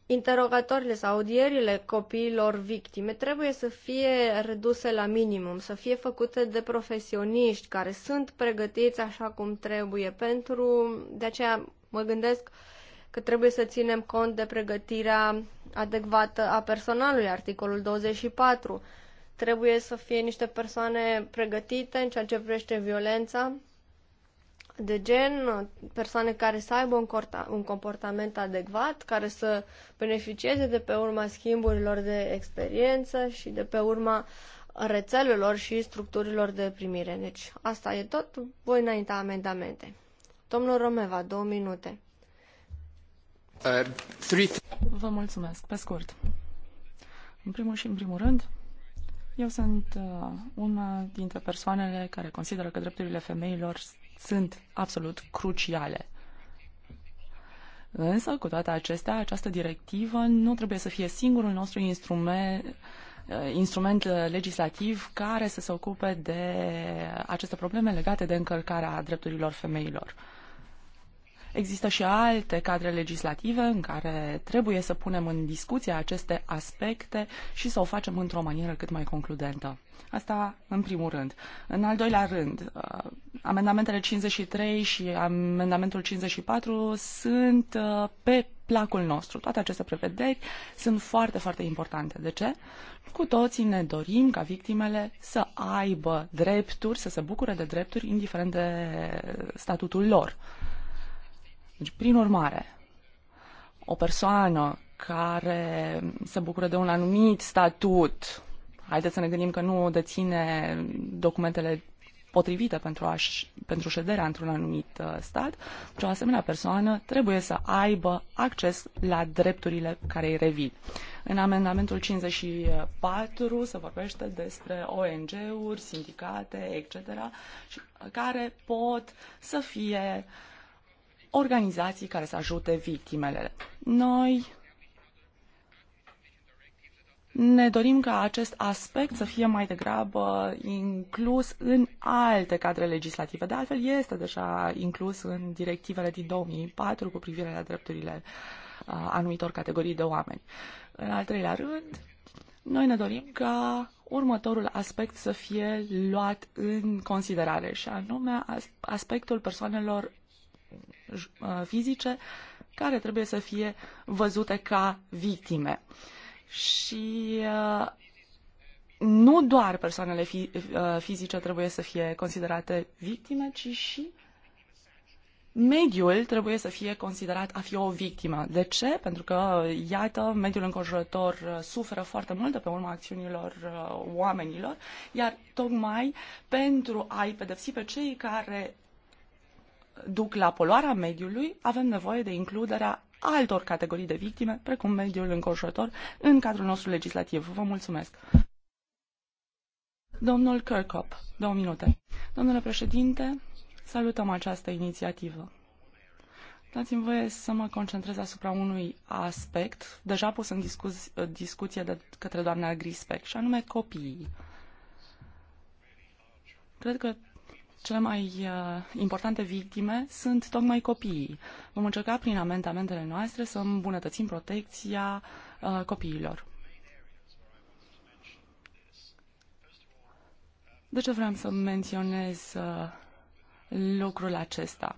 Interogatorile sau audierile copiilor victime trebuie să fie reduse la minimum, să fie făcute de profesioniști care sunt pregătiți așa cum trebuie pentru, de aceea mă gândesc uh, că trebuie să ținem cont de pregătirea adecvată a personalului, articolul 24. Trebuie să fie niște persoane pregătite în ceea ce privește violența de gen, persoane care să aibă un, corta, un comportament adecvat, care să beneficieze de pe urma schimburilor de experiență și de pe urma rețelelor și structurilor de primire. Deci asta e tot. Voi înainta amendamente. Domnul Romeva, două minute. Vă mulțumesc, pe scurt. În primul și în primul rând, eu sunt uh, una dintre persoanele care consideră că drepturile femeilor sunt absolut cruciale. Însă, cu toate acestea, această directivă nu trebuie să fie singurul nostru uh, instrument, instrument uh, legislativ care să se ocupe de aceste probleme legate de încălcarea drepturilor femeilor. Există și alte cadre legislative în care trebuie să punem în discuție aceste aspecte și să o facem într-o manieră cât mai concludentă. Asta în primul rând. În al doilea rând, uh, amendamentele 53 și amendamentul 54 sunt uh, pe placul nostru. Toate aceste prevederi sunt foarte, foarte importante. De ce? Cu toții ne dorim ca victimele să aibă drepturi, să se bucure de drepturi, indiferent de statutul lor. Deci, prin urmare, o persoană care se bucură de un anumit statut, haideți să ne gândim că nu deține documentele potrivite pentru, a, pentru șederea într-un anumit uh, stat, deci o asemenea persoană trebuie să aibă acces la drepturile care îi revin. În amendamentul 54 se vorbește despre ONG-uri, sindicate, etc., uh, care pot să fie uh, organizații care să ajute victimele. Noi ne dorim ca acest aspect să fie mai degrabă inclus în alte cadre legislative. De altfel, este deja inclus în directivele din 2004 cu privire la drepturile uh, anumitor categorii de oameni. În al treilea rând, noi ne dorim ca următorul aspect să fie luat în considerare, și anume aspectul persoanelor Uh, fizice care trebuie să fie văzute ca victime. Și uh, nu doar persoanele uh, fizice trebuie să fie considerate victime, ci și mediul trebuie să fie considerat a fi o victimă. De ce? Pentru că, iată, mediul înconjurător suferă foarte mult de pe urma acțiunilor oamenilor, iar tocmai pentru a-i pedepsi pe cei care duc la poluarea mediului, avem nevoie de includerea altor categorii de victime, precum mediul înconjurător, în cadrul nostru legislativ. Vă mulțumesc! Domnul Kirkop, două minute. Domnule președinte, salutăm această inițiativă. Dați-mi voie să mă concentrez asupra unui aspect deja pus în discuț discuție de către doamna Grispec, și anume copiii. Cred că cele mai uh, importante victime sunt tocmai copiii. Vom încerca prin amendamentele noastre să îmbunătățim protecția uh, copiilor. De ce vreau să menționez uh, lucrul acesta?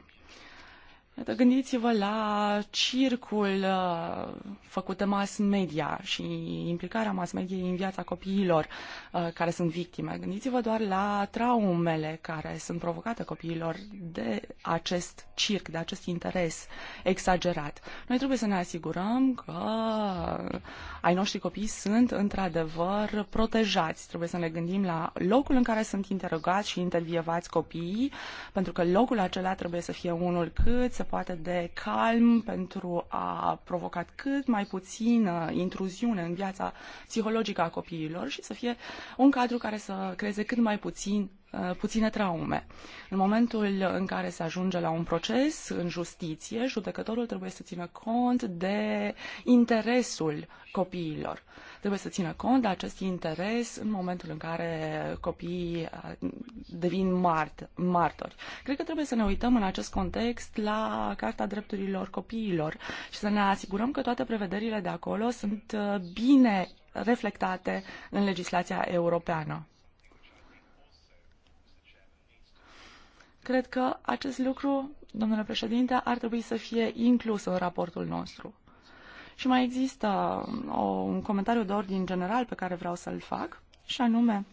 Iată, gândiți-vă la circul uh, făcut de mass media și implicarea mass media în viața copiilor uh, care sunt victime. Gândiți-vă doar la traumele care sunt provocate copiilor de acest circ, de acest interes exagerat. Noi trebuie să ne asigurăm că ai noștri copii sunt într-adevăr protejați. Trebuie să ne gândim la locul în care sunt interogați și intervievați copiii, pentru că locul acela trebuie să fie unul cât să poate de calm pentru a provoca cât mai puțină intruziune în viața psihologică a copiilor și să fie un cadru care să creeze cât mai puțin uh, puține traume. În momentul în care se ajunge la un proces în justiție, judecătorul trebuie să țină cont de interesul copiilor. Uh, Trebuie să țină cont de acest interes în momentul în care copiii uh, devin mart- martori. Cred că trebuie să ne uităm în acest context la Carta Drepturilor Copiilor și să ne asigurăm că toate prevederile de acolo sunt uh, bine reflectate în legislația europeană. Cred că acest lucru, domnule președinte, ar trebui să fie inclus în raportul nostru. Și mai există um, o, un comentariu de ordin general pe care vreau să-l fac, și anume,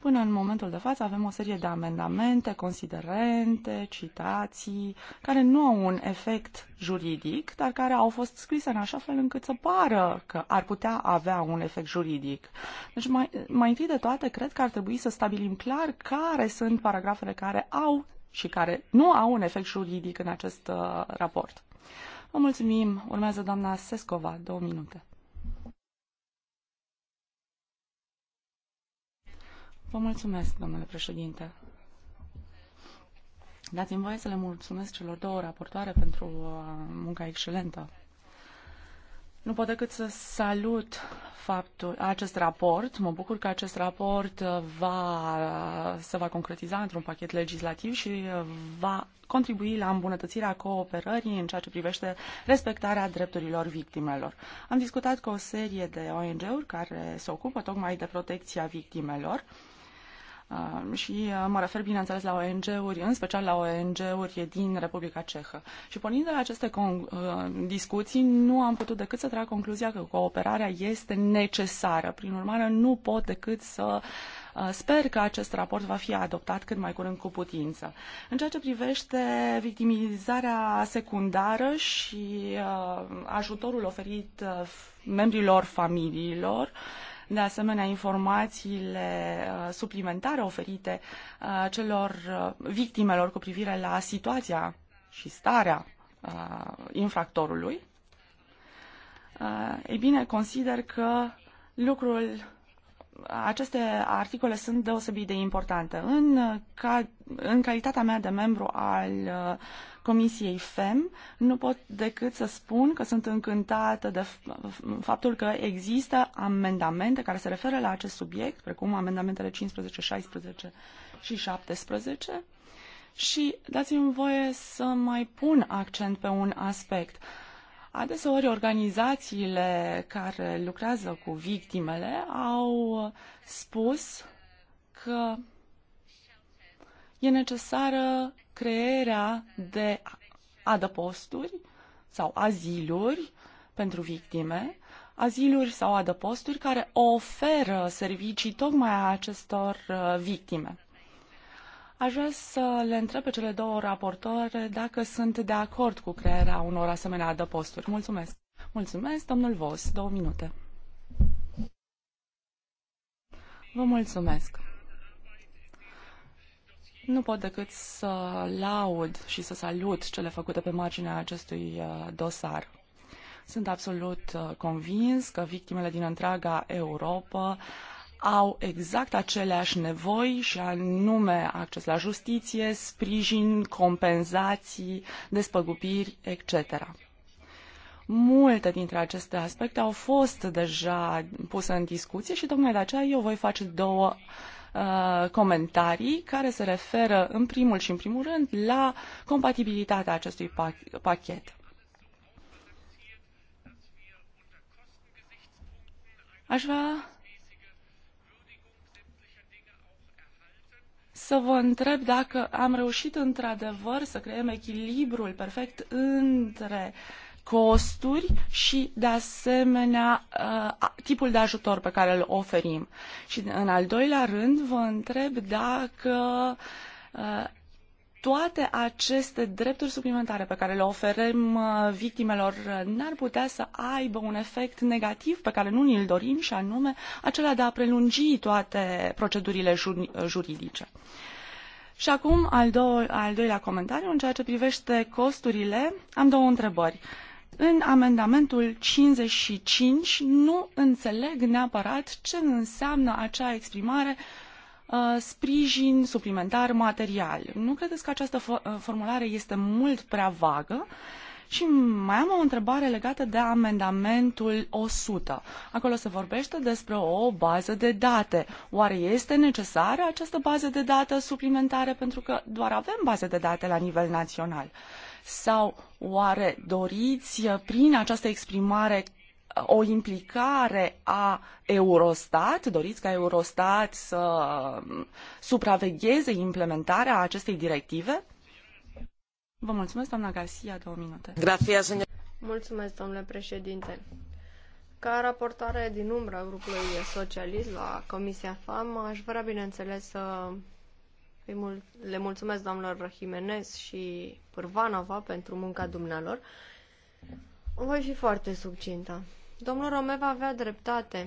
până în momentul de față avem o serie de amendamente, considerente, citații, care nu au un efect juridic, dar care au fost scrise în așa fel încât să pară că ar putea avea un efect juridic. Deci, mai, mai întâi de toate, cred că ar trebui să stabilim clar care sunt paragrafele care au și care nu au un efect juridic în acest uh, raport. Vă mulțumim. Urmează doamna Sescova, două minute. Vă mulțumesc, domnule președinte. Dați-mi voie să le mulțumesc celor două raportoare pentru uh, munca excelentă nu pot decât să salut faptul, acest raport. Mă bucur că acest raport uh, va, se va concretiza într-un pachet legislativ și uh, va contribui la îmbunătățirea cooperării în ceea ce privește respectarea drepturilor victimelor. Am discutat cu o serie de ONG-uri care se ocupă tocmai de protecția victimelor. Uh, Uh, și uh, mă refer, bineînțeles, la ONG-uri, în special la ONG-uri din Republica Cehă. Și pornind de la aceste uh, discuții, nu am putut decât să trag concluzia că cooperarea este necesară. Prin urmare, nu pot decât să Sper că acest raport va fi adoptat cât mai curând cu putință. În ceea ce privește victimizarea secundară și ajutorul oferit membrilor familiilor, uh, de asemenea informațiile uh, suplimentare oferite uh, celor uh, victimelor cu privire la situația și starea infractorului, ei bine, consider că lucrul aceste articole sunt deosebit de importante. În, ca, în calitatea mea de membru al Comisiei FEM, nu pot decât să spun că sunt încântată de faptul că există amendamente care se referă la acest subiect, precum amendamentele 15, 16 și 17. Și dați-mi voie să mai pun accent pe un aspect. Adeseori organizațiile care lucrează cu victimele au spus că e necesară crearea de adăposturi sau aziluri pentru victime, aziluri sau adăposturi care oferă servicii tocmai acestor uh, victime. Aș vrea să le întreb pe cele două raportoare dacă sunt de acord cu crearea unor asemenea adăposturi. Mulțumesc. Mulțumesc, domnul Vos. Două minute. Vă mulțumesc. Nu pot decât să laud și să salut cele făcute pe marginea acestui uh, dosar. Sunt absolut uh, convins că victimele din întreaga Europa au exact aceleași nevoi și anume acces la justiție, sprijin, compensații, despăgubiri, etc. Multe dintre aceste aspecte au fost deja puse în discuție și tocmai de aceea eu voi face două Uh, comentarii care se referă în primul și în primul rând la compatibilitatea acestui pachet. Aș vrea să vă întreb dacă am reușit într-adevăr să creăm echilibrul perfect între uh, costuri și, de asemenea, uh, tipul de ajutor pe care îl oferim. Și, în al doilea rând, vă întreb dacă uh, toate aceste drepturi suplimentare pe care le oferim uh, victimelor n-ar putea să aibă un efect negativ pe care nu ni-l dorim și anume acela de a prelungi toate procedurile juridice. Și acum, al, do- al doilea comentariu, în ceea ce privește costurile, am două întrebări. Uh, în amendamentul 55 nu înțeleg neapărat ce înseamnă acea exprimare uh, sprijin suplimentar material. Nu credeți că această uh, formulare este mult prea vagă? Și mai am o întrebare legată de amendamentul 100. Acolo se vorbește despre o bază de date. Oare este necesară această bază de date suplimentare? Pentru că doar avem baze de date la nivel național. Uh, sau oare doriți uh, prin această exprimare uh, o implicare a Eurostat? Doriți ca Eurostat să um, supravegheze implementarea acestei directive? Vă mulțumesc, doamna Garcia, două minute. Mulțumesc, domnule președinte. Ca raportare din umbra grupului socialist la Comisia FAM, aș vrea, bineînțeles, să le mulțumesc doamnelor Jimenez și Pârvanova pentru munca dumnealor. Voi fi foarte succintă. Domnul Romeva avea dreptate.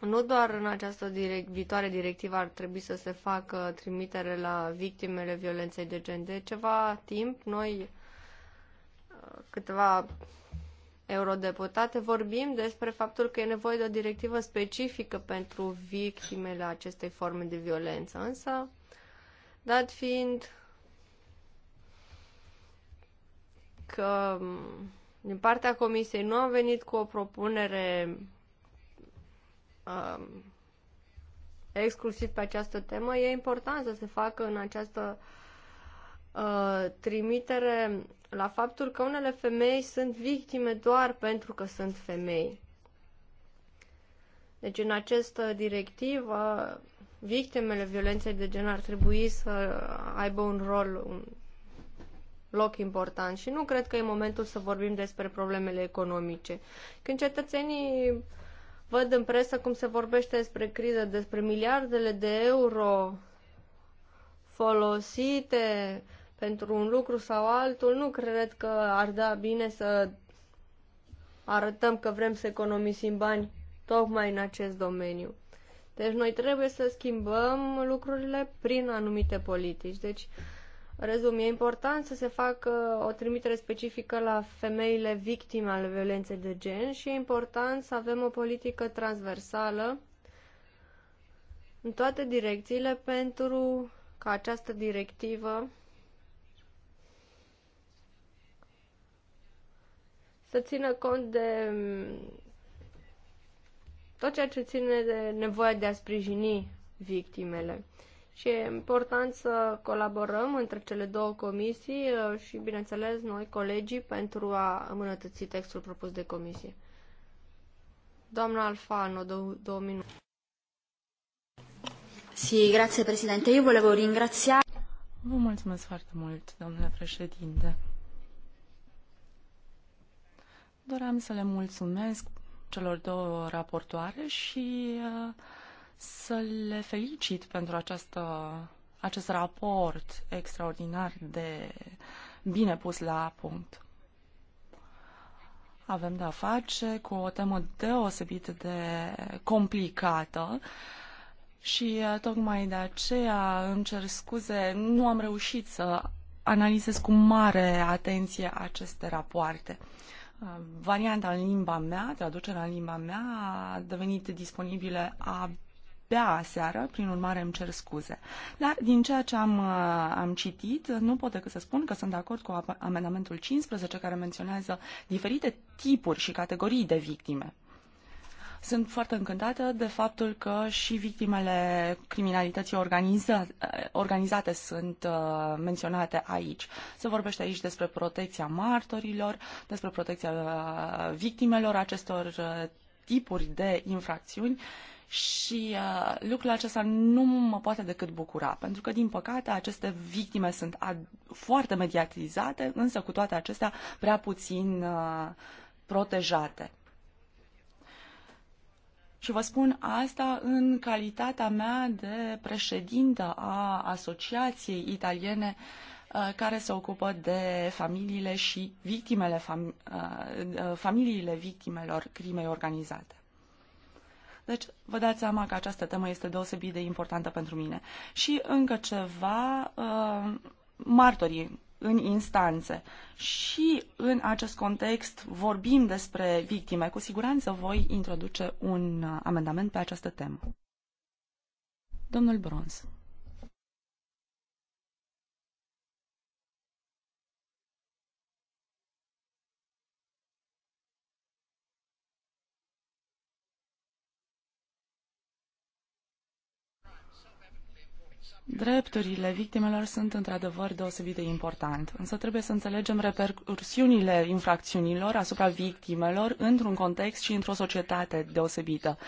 Nu doar în această direct, viitoare directivă ar trebui să se facă trimitere la victimele violenței de gen. De ceva timp, noi uh, câteva eurodeputate, vorbim despre faptul că e nevoie de o directivă specifică pentru victimele acestei forme de violență. Însă, dat fiind că din partea Comisiei nu am venit cu o propunere um, exclusiv pe această temă, e important să se facă în această uh, trimitere la faptul că unele femei sunt victime doar pentru că sunt femei. Deci în această directivă, victimele violenței de gen ar trebui să aibă un rol, un loc important și nu cred că e momentul să vorbim despre problemele economice. Când cetățenii văd în presă cum se vorbește despre criză, despre miliardele de euro folosite pentru un lucru sau altul, nu cred că ar da bine să arătăm că vrem să economisim bani tocmai în acest domeniu. Deci noi trebuie să schimbăm lucrurile prin anumite politici. Deci, rezum, e important să se facă o trimitere specifică la femeile victime ale violenței de gen și e important să avem o politică transversală în toate direcțiile pentru ca această directivă să țină cont de mm, tot ceea ce ține de nevoia de a sprijini victimele. Și e important să colaborăm între cele două comisii uh, și, bineînțeles, noi, colegii, pentru a îmbunătăți textul propus de comisie. Doamna Alfano, două, două minute. Sì, grazie Presidente. Io volevo ringraziare... Vă mulțumesc foarte mult, domnule președinte. Doream să le mulțumesc celor două raportoare și uh, să le felicit pentru această, acest raport extraordinar de bine pus la punct. Avem de-a face cu o temă deosebit de complicată și uh, tocmai de aceea îmi cer scuze, nu am reușit să analizez cu mare atenție aceste rapoarte. Uh, varianta în limba mea, traducerea în limba mea a devenit disponibilă abia aseară, prin urmare îmi cer scuze. Dar din ceea ce am, uh, am citit, nu pot decât să spun că sunt de acord cu amendamentul 15 care menționează diferite tipuri și categorii de victime. Sunt foarte încântată de faptul că și victimele criminalității organiza- organizate sunt uh, menționate aici. Se vorbește aici despre protecția martorilor, despre protecția uh, victimelor acestor uh, tipuri de infracțiuni și uh, lucrul acesta nu mă poate decât bucura, pentru că, din păcate, aceste victime sunt foarte mediatizate, însă cu toate acestea prea puțin uh, protejate. Și vă spun asta în calitatea mea de președintă a Asociației Italiene uh, care se ocupă de familiile și victimele, fam, uh, uh, familiile victimelor crimei organizate. Deci, vă dați seama că această temă este deosebit de importantă pentru mine. Și încă ceva, martorii în instanțe. Și în acest context vorbim despre victime. Cu siguranță voi introduce un uh, amendament pe această temă. Domnul Brons. Drepturile victimelor sunt într-adevăr deosebit de important, însă trebuie să înțelegem repercursiunile infracțiunilor asupra victimelor într-un context și într-o societate deosebită.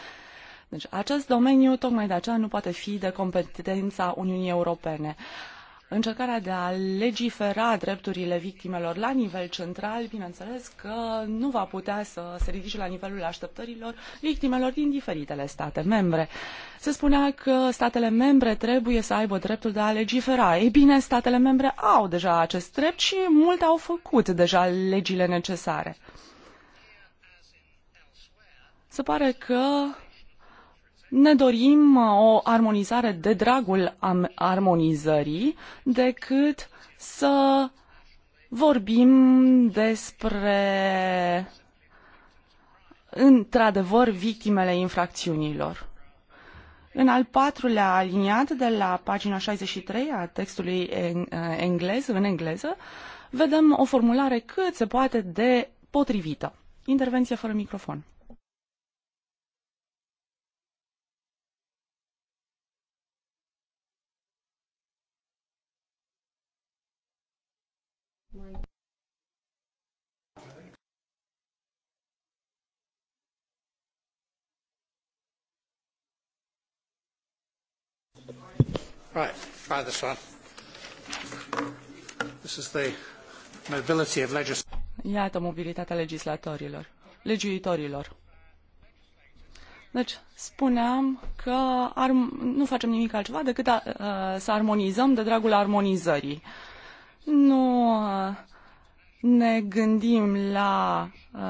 Deci acest domeniu tocmai de aceea nu poate fi de competența Uniunii Europene încercarea de a legifera drepturile victimelor la nivel central, bineînțeles că nu va putea să se ridice la nivelul așteptărilor victimelor din diferitele state membre. Se spunea că statele membre trebuie să aibă dreptul de a legifera. Ei bine, statele membre au deja acest drept și multe au făcut deja legile necesare. Se pare că ne dorim uh, o armonizare de dragul am armonizării decât să vorbim despre într-adevăr victimele infracțiunilor. În al patrulea aliniat de la pagina 63 a textului uh, englez, în engleză, vedem o formulare cât se poate de potrivită. Intervenție fără microfon. Right, try this one. This is the mobility of legislators. Iată mobilitatea legislatorilor, legiuitorilor. Deci, spuneam că ar, nu facem nimic altceva decât a, a, să armonizăm de dragul armonizării. Nu a, ne gândim la uh,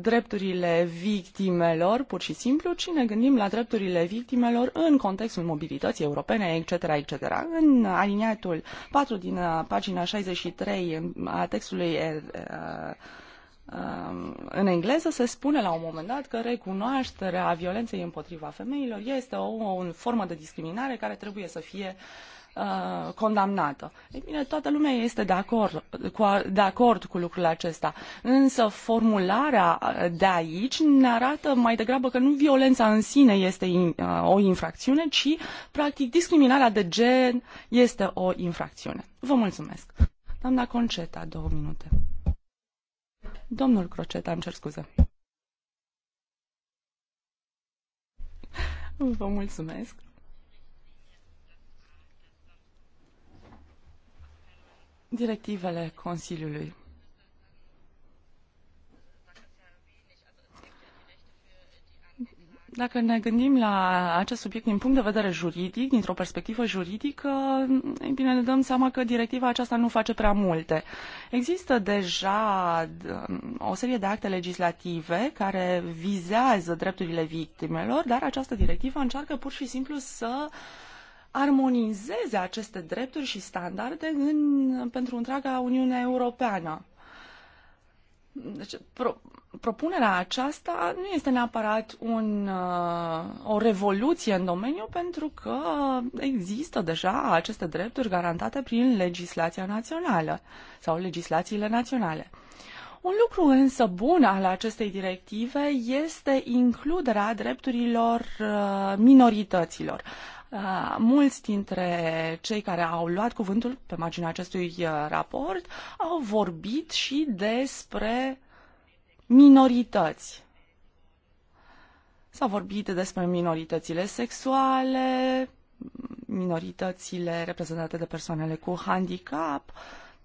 drepturile victimelor, pur și simplu, ci ne gândim la drepturile victimelor în contextul mobilității europene, etc., etc. În aliniatul 4 din uh, pagina 63 a textului uh, uh, în engleză se spune la un moment dat că recunoașterea violenței împotriva femeilor este o, o formă de discriminare care trebuie să fie uh, Uh, condamnată. Ei bine, toată lumea este de acord, cu, de acord cu lucrul acesta, însă formularea uh, de aici ne arată mai degrabă că nu violența în sine este in, uh, o infracțiune, ci, practic, discriminarea de gen este o infracțiune. Vă mulțumesc. Doamna Conceta, două minute. Domnul Croceta, îmi cer scuze. Vă mulțumesc. directivele Consiliului. Dacă ne gândim la acest subiect din punct de vedere juridic, dintr-o perspectivă juridică, e bine, ne dăm seama că directiva aceasta nu face prea multe. Există deja um, o serie de acte legislative care vizează drepturile victimelor, dar această directivă încearcă pur și simplu să uh, armonizeze aceste drepturi și standarde în, pentru întreaga Uniune Europeană. Deci, pro, propunerea aceasta nu este neapărat un, uh, o revoluție în domeniu, pentru că există deja aceste drepturi garantate prin legislația națională sau legislațiile naționale. Un lucru însă bun al acestei directive este includerea drepturilor uh, minorităților. Ah, mulți dintre cei care au luat cuvântul pe marginea acestui uh, raport au vorbit și despre minorități. S-a vorbit despre minoritățile sexuale, minoritățile reprezentate de persoanele cu handicap,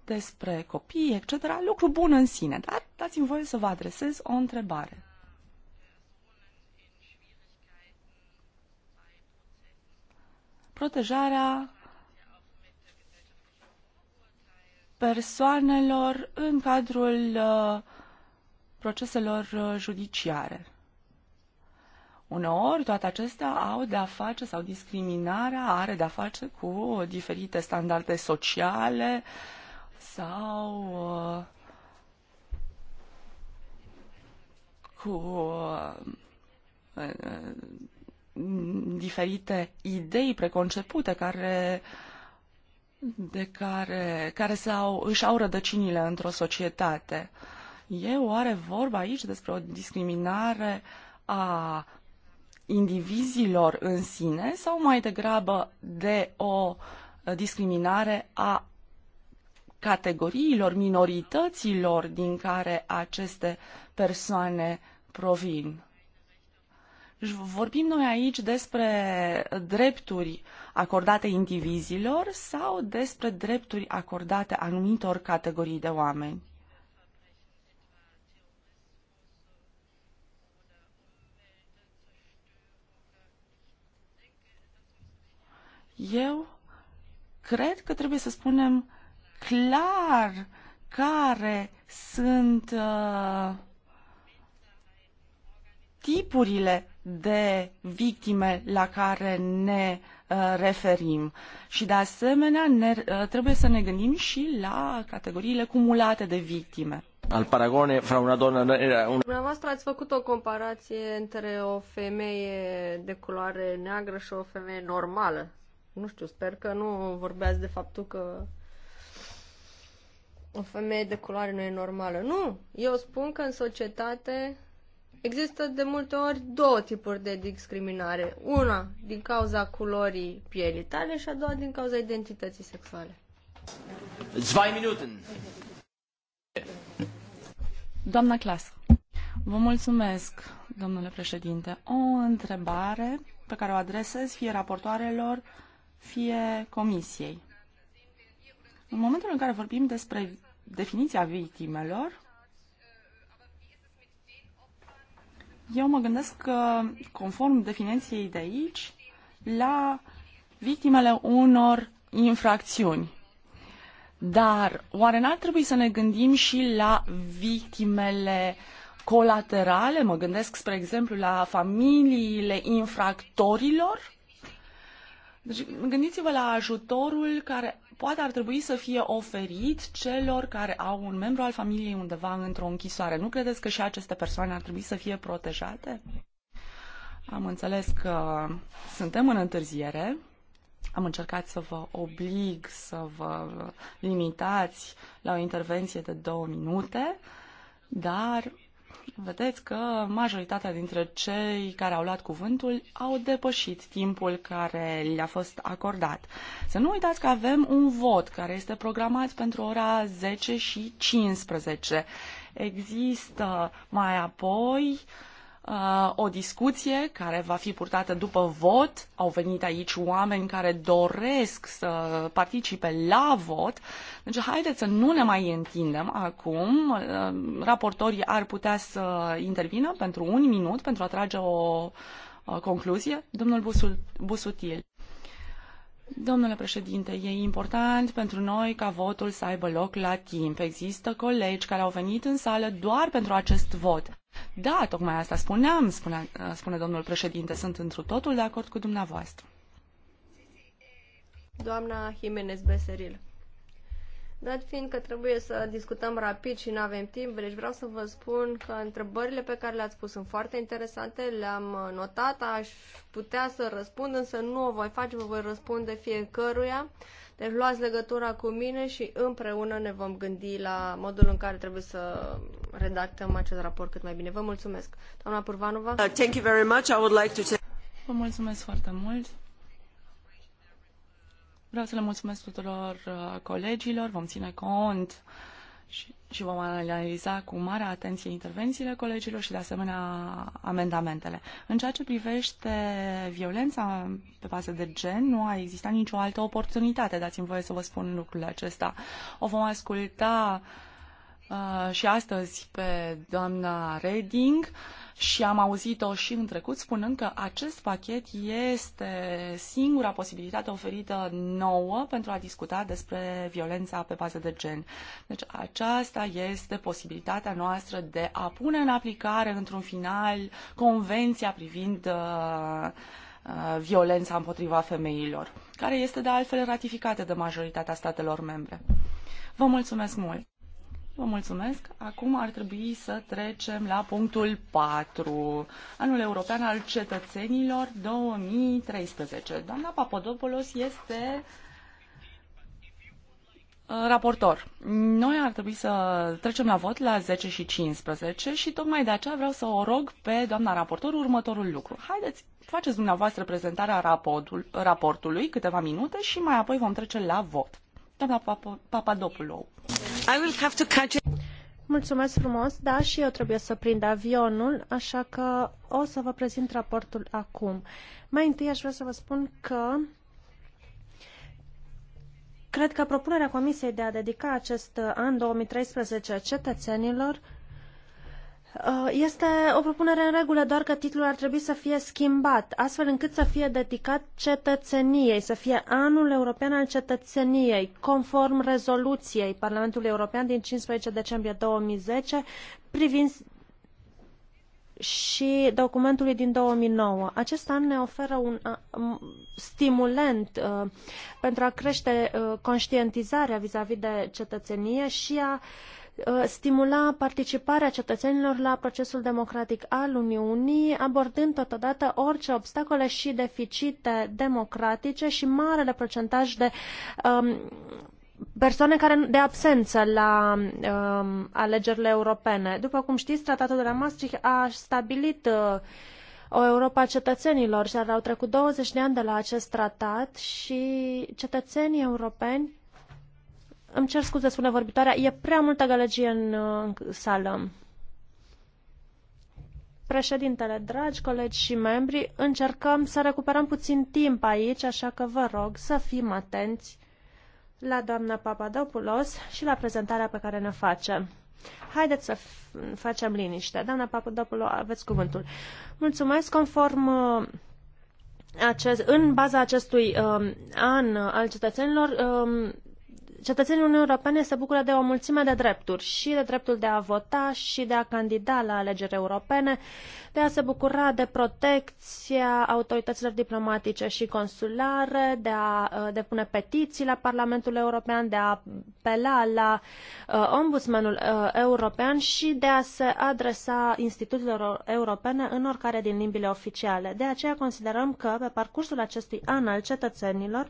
despre copii, etc. Lucru bun în sine, dar dați-mi voie să vă adresez o întrebare. protejarea persoanelor în cadrul uh, proceselor uh, judiciare. Uneori, toate acestea au de-a face sau discriminarea are de-a face cu diferite standarde sociale sau uh, cu uh, diferite idei preconcepute care de care, care s-au, își au rădăcinile într-o societate. E oare vorba aici despre o discriminare a indivizilor în sine sau mai degrabă de o discriminare a categoriilor, minorităților din care aceste persoane provin? Deci vorbim noi aici despre drepturi acordate indivizilor sau despre drepturi acordate anumitor categorii de oameni? Eu cred că trebuie să spunem clar care sunt uh, tipurile de victime la care ne uh, referim. Și de asemenea ne, uh, trebuie să ne gândim și la categoriile cumulate de victime. Al Paragone, fra una donna era un... Dumneavoastră ați făcut o comparație între o femeie de culoare neagră și o femeie normală. Nu știu, sper că nu vorbeați de faptul că o femeie de culoare nu e normală. Nu! Eu spun că în societate Există de multe ori două tipuri de discriminare. Una din cauza culorii pielii tale și a doua din cauza identității sexuale. Zwei minute. Doamna Clas, vă mulțumesc, domnule președinte. O întrebare pe care o adresez fie raportoarelor, fie comisiei. În momentul în care vorbim despre definiția victimelor, Eu mă gândesc că, conform definiției de aici, la victimele unor infracțiuni. Dar oare n-ar trebui să ne gândim și la victimele colaterale? Mă gândesc, spre exemplu, la familiile infractorilor? Deci, gândiți-vă la ajutorul care poate ar trebui să fie oferit celor care au un membru al familiei undeva într-o închisoare. Nu credeți că și aceste persoane ar trebui să fie protejate? Am înțeles că suntem în întârziere. Am încercat să vă oblig să vă limitați la o intervenție de două minute, dar vedeți că majoritatea dintre cei care au luat cuvântul au depășit timpul care le-a fost acordat. Să nu uitați că avem un vot care este programat pentru ora 10 și 15. Există mai apoi uh, Uh, o discuție care va fi purtată după vot. Au venit aici oameni care doresc să participe la vot. Deci haideți să nu ne mai întindem acum. Uh, raportorii ar putea să intervină pentru un minut pentru a trage o concluzie. Domnul Busutil. Domnule președinte, e important pentru noi ca votul să aibă loc la timp. Există colegi care au venit în sală doar pentru acest vot. Da, tocmai asta spuneam, spune, spune domnul președinte. Sunt întru totul de acord cu dumneavoastră. Doamna Jimenez Beseril. Dat fiind că trebuie să discutăm rapid și nu avem timp, deci vreau să vă spun că întrebările pe care le-ați pus sunt foarte interesante, le-am notat, aș putea să răspund, însă nu o voi face, vă voi răspunde fiecăruia. Deci luați legătura cu mine și împreună ne vom gândi la modul în care trebuie să redactăm acest raport cât mai bine. Vă mulțumesc. Doamna Purvanova. Uh, thank you very much. I would like to Vă mulțumesc foarte mult. Vreau să le mulțumesc tuturor uh, colegilor. Vom ține cont uh, și, și vom analiza cu mare atenție intervențiile colegilor și, de asemenea, amendamentele. În ceea ce privește violența pe bază de gen, nu a existat nicio altă oportunitate, dați-mi voie să vă spun lucrul acesta. O vom asculta uh, și astăzi pe doamna Reding. Uh, și am auzit-o și în trecut spunând că acest pachet este singura posibilitate oferită nouă pentru a discuta despre violența pe bază de gen. Deci aceasta este posibilitatea noastră de a pune în aplicare într-un final convenția privind uh, uh violența împotriva femeilor, care este de altfel ratificată de majoritatea statelor membre. Vă mulțumesc mult! Vă mulțumesc. Acum ar trebui să trecem la punctul 4, anul european al cetățenilor 2013. Doamna Papadopoulos este uh, raportor. Noi ar trebui să trecem la vot la 10 și 15 și tocmai de aceea vreau să o rog pe doamna raportor următorul lucru. Haideți, faceți dumneavoastră prezentarea raportul, raportului câteva minute și mai apoi vom trece la vot. Doamna Papadopoulos. Mulțumesc frumos, da, și eu trebuie să prind avionul, așa că o să vă prezint raportul acum. Mai întâi aș vrea să vă spun că cred că propunerea Comisiei de a dedica acest an 2013 cetățenilor Uh, este o propunere în regulă, doar că titlul ar trebui să fie schimbat, astfel încât să fie dedicat cetățeniei, să fie anul european al cetățeniei, conform rezoluției Parlamentului European din 15 decembrie 2010 privind și documentului din 2009. Acest an ne oferă un uh, stimulent uh, pentru a crește uh, conștientizarea vis-a-vis de cetățenie și a uh, Uh, stimula participarea cetățenilor la procesul democratic al Uniunii, abordând totodată orice obstacole și deficite democratice și marele procentaj de um, persoane care de absență la um, alegerile europene. După cum știți, tratatul de la Maastricht a stabilit uh, o Europa a cetățenilor și au trecut 20 de ani de la acest tratat și cetățenii europeni îmi cer scuze, spune vorbitoarea, e prea multă gălăgie în, uh, în sală. Președintele, dragi colegi și membri, încercăm să recuperăm puțin timp aici, așa că vă rog să fim atenți la doamna Papadopoulos și la prezentarea pe care ne face. Haideți să facem liniște. Doamna Papadopoulos, aveți cuvântul. Mulțumesc conform uh, acest, în baza acestui um, an al cetățenilor, um, cetățenii Uniunii Europene se bucură de o mulțime de drepturi și de dreptul de a vota și de a candida la alegeri europene, de a se bucura de protecția autorităților diplomatice și consulare, de a uh, depune petiții la Parlamentul European, de a apela la uh, Ombudsmanul uh, European și de a se adresa instituțiilor europene în oricare din limbile oficiale. De aceea considerăm că, pe parcursul acestui an al cetățenilor,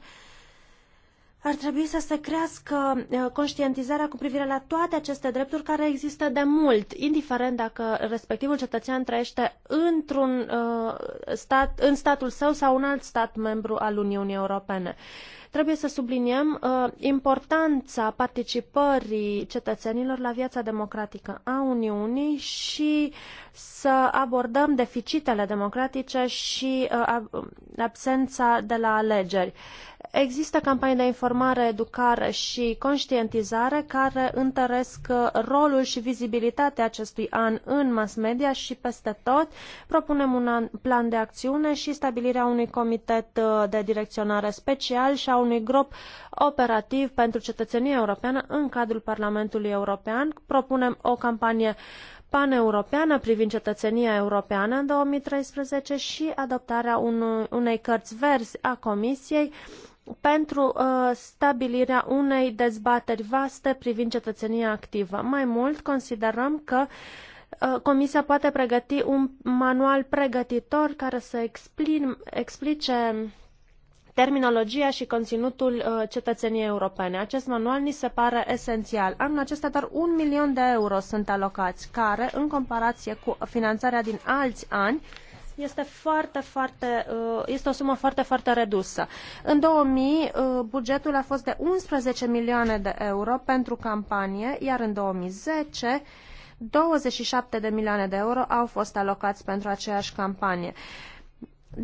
ar trebui să se crească uh, conștientizarea cu privire la toate aceste drepturi care există de mult, indiferent dacă respectivul cetățean trăiește într-un uh, stat, în statul său sau un alt stat membru al Uniunii Europene. Trebuie să subliniem uh, importanța participării cetățenilor la viața democratică a Uniunii și să abordăm deficitele democratice și uh, absența de la alegeri. Există campanii de informare, educare și conștientizare care întăresc uh, rolul și vizibilitatea acestui an în mass media și peste tot. Propunem un plan de acțiune și stabilirea unui comitet uh, de direcționare special și a unui grup operativ pentru cetățenia europeană în cadrul Parlamentului European. Propunem o campanie paneuropeană privind cetățenia europeană în 2013 și adoptarea unei cărți verzi a Comisiei pentru uh, stabilirea unei dezbateri vaste privind cetățenia activă. Mai mult, considerăm că uh, Comisia poate pregăti un manual pregătitor care să explin, explice terminologia și conținutul uh, cetățeniei europene. Acest manual ni se pare esențial. Anul acesta doar un milion de euro sunt alocați, care, în comparație cu finanțarea din alți ani, este foarte, foarte, uh, este o sumă foarte, foarte redusă. În 2000, uh, bugetul a fost de 11 milioane de euro pentru campanie, iar în 2010, 27 de milioane de euro au fost alocați pentru aceeași campanie. Uh,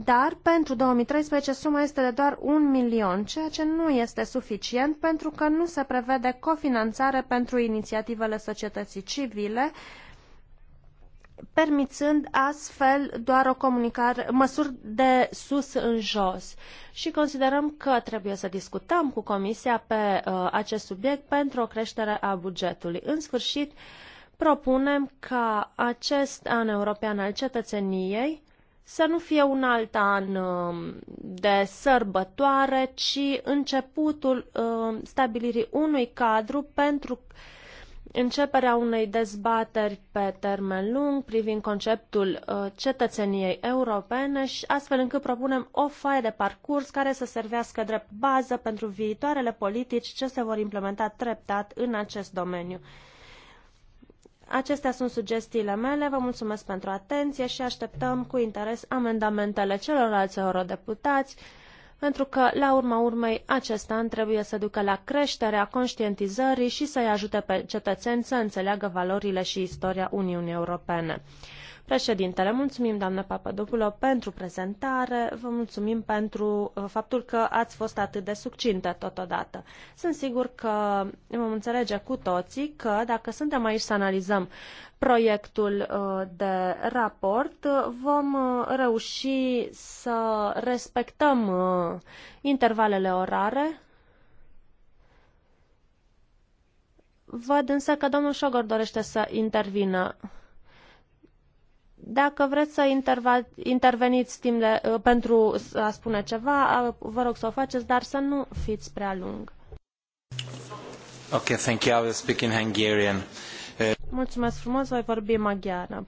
dar pentru 2013 suma este de doar 1 milion, ceea ce nu este suficient pentru că nu se prevede cofinanțare pentru inițiativele societății civile, permițând astfel doar o comunicare, măsuri de sus în jos. Și considerăm că trebuie să discutăm cu Comisia pe uh, acest subiect pentru o creștere a bugetului. În sfârșit, propunem ca acest an european al cetățeniei să nu fie un alt an um, de sărbătoare, ci începutul um, stabilirii unui cadru pentru începerea unei dezbateri pe termen lung privind conceptul uh, cetățeniei europene și astfel încât propunem o foaie de parcurs care să servească drept bază pentru viitoarele politici ce se vor implementa treptat în acest domeniu. Acestea sunt sugestiile mele, vă mulțumesc pentru atenție și așteptăm cu interes amendamentele celorlalți eurodeputați, pentru că, la urma urmei, acest an trebuie să ducă la creșterea conștientizării și să-i ajute pe cetățeni să înțeleagă valorile și istoria Uniunii Europene. Președintele, mulțumim, doamnă Papadopulo, pentru prezentare, vă mulțumim pentru uh, faptul că ați fost atât de succintă totodată. Sunt sigur că vom înțelege cu toții că dacă suntem aici să analizăm proiectul uh, de raport, vom uh, reuși să respectăm intervalele orare Văd însă că domnul Șogor dorește să intervină. Dacă vreți să interveniți timp de, uh, pentru a spune ceva, uh, vă rog să o faceți, dar să nu fiți prea lung. Ok, thank you. I will speak in Hungarian. Uh, Mulțumesc frumos, voi vorbi maghiară.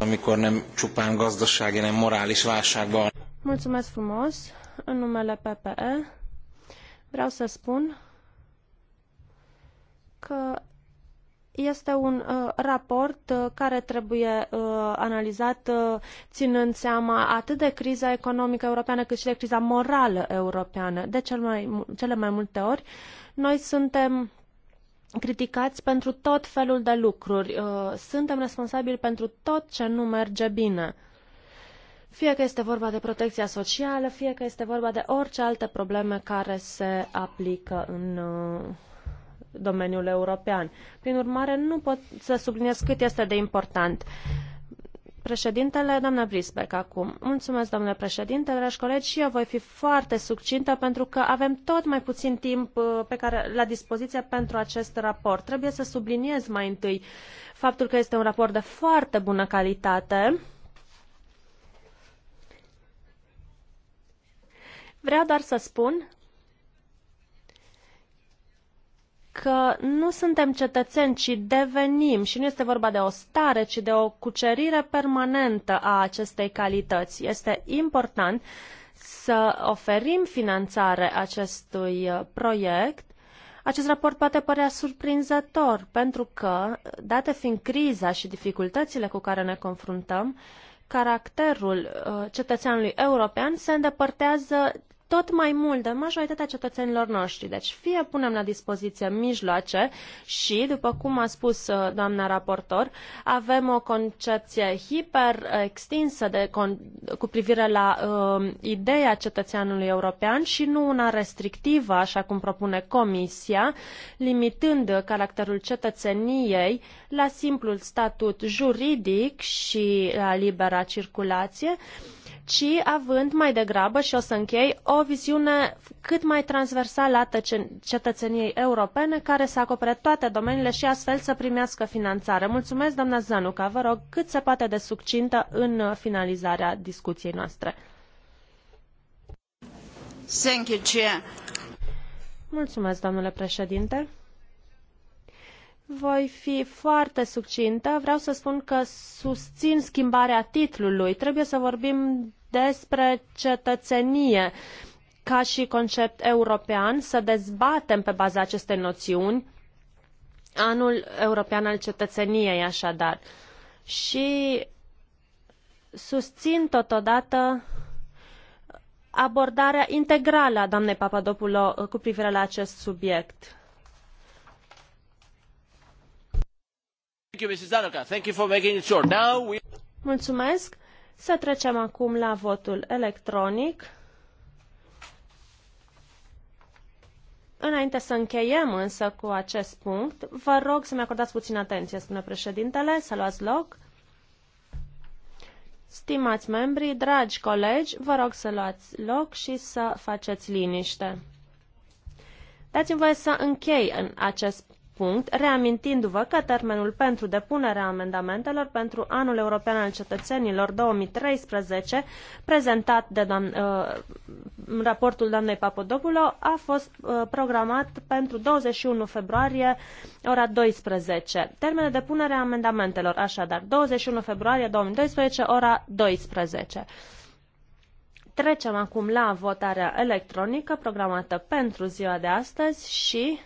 Amikor nem csupán gazdasági, hanem morális válságban. Mulțumesc frumos, în numele PPE. Vreau să spun că este un uh, raport uh, care trebuie uh, analizat uh, ținând seama atât de criza economică europeană cât și de criza morală europeană. De cel mai, cele mai multe ori, noi suntem criticați pentru tot felul de lucruri. Uh, suntem responsabili pentru tot ce nu merge bine. Fie că este vorba de protecția socială, fie că este vorba de orice alte probleme care se aplică în uh, domeniul european. Prin urmare, nu pot să subliniez cât este de important. Președintele, doamna Brisbeck, acum. Mulțumesc, domnule președinte, dragi colegi, și eu voi fi foarte succintă pentru că avem tot mai puțin timp uh, pe care, la dispoziție pentru acest raport. Trebuie să subliniez mai întâi faptul că este un raport de foarte bună calitate. Vreau doar să spun că nu suntem cetățeni, ci devenim și nu este vorba de o stare, ci de o cucerire permanentă a acestei calități. Este important să oferim finanțare acestui uh, proiect. Acest raport poate părea surprinzător, pentru că, date fiind criza și dificultățile cu care ne confruntăm, caracterul uh, cetățeanului european se îndepărtează tot mai mult de majoritatea cetățenilor noștri. Deci fie punem la dispoziție mijloace și, după cum a spus uh, doamna raportor, avem o concepție hiper extinsă de, cu privire la uh, ideea cetățeanului european și nu una restrictivă, așa cum propune Comisia, limitând caracterul cetățeniei la simplul statut juridic și la libera circulație, uh, ci având mai degrabă, și o să închei, o viziune cât mai transversală a cetățeniei europene care să acopere toate domeniile și astfel să primească finanțare. Mulțumesc, doamna Zanuca, vă rog cât se poate de succintă în finalizarea discuției noastre. Thank you, Mulțumesc, domnule președinte. Voi fi foarte succintă. Vreau să spun că susțin schimbarea titlului. Trebuie să vorbim despre cetățenie ca și concept european, să dezbatem pe baza acestei noțiuni anul european al cetățeniei, așadar. Și susțin totodată abordarea integrală a doamnei Papadopulo cu privire la acest subiect Mulțumesc. Să trecem acum la votul electronic. Înainte să încheiem însă cu acest punct, vă rog să-mi acordați puțin atenție, spune președintele, să luați loc. Stimați membri, dragi colegi, vă rog să luați loc și să faceți liniște. Dați-mi voie să închei în acest punct, reamintindu-vă că termenul pentru depunerea amendamentelor pentru anul european al cetățenilor 2013, prezentat de doamn, în uh, raportul doamnei Papodopulo, a fost uh, programat pentru 21 februarie, ora 12. Termenul de depunere a amendamentelor, așadar, 21 februarie 2012, ora 12. Trecem acum la votarea electronică programată pentru ziua de astăzi și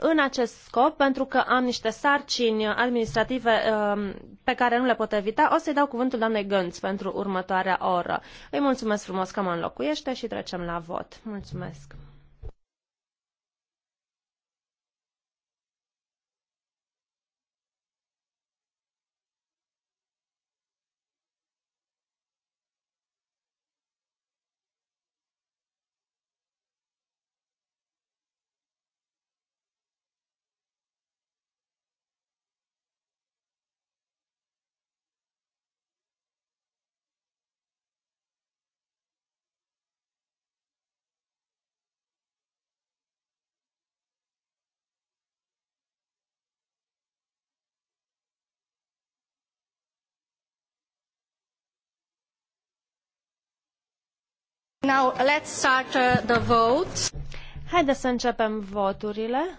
în acest scop, pentru că am niște sarcini administrative um, pe care nu le pot evita, o să-i dau cuvântul doamnei Gânț pentru următoarea oră. Îi mulțumesc frumos că mă înlocuiește și trecem la vot. Mulțumesc! Now, let's start uh, the vote. Haideți să începem voturile.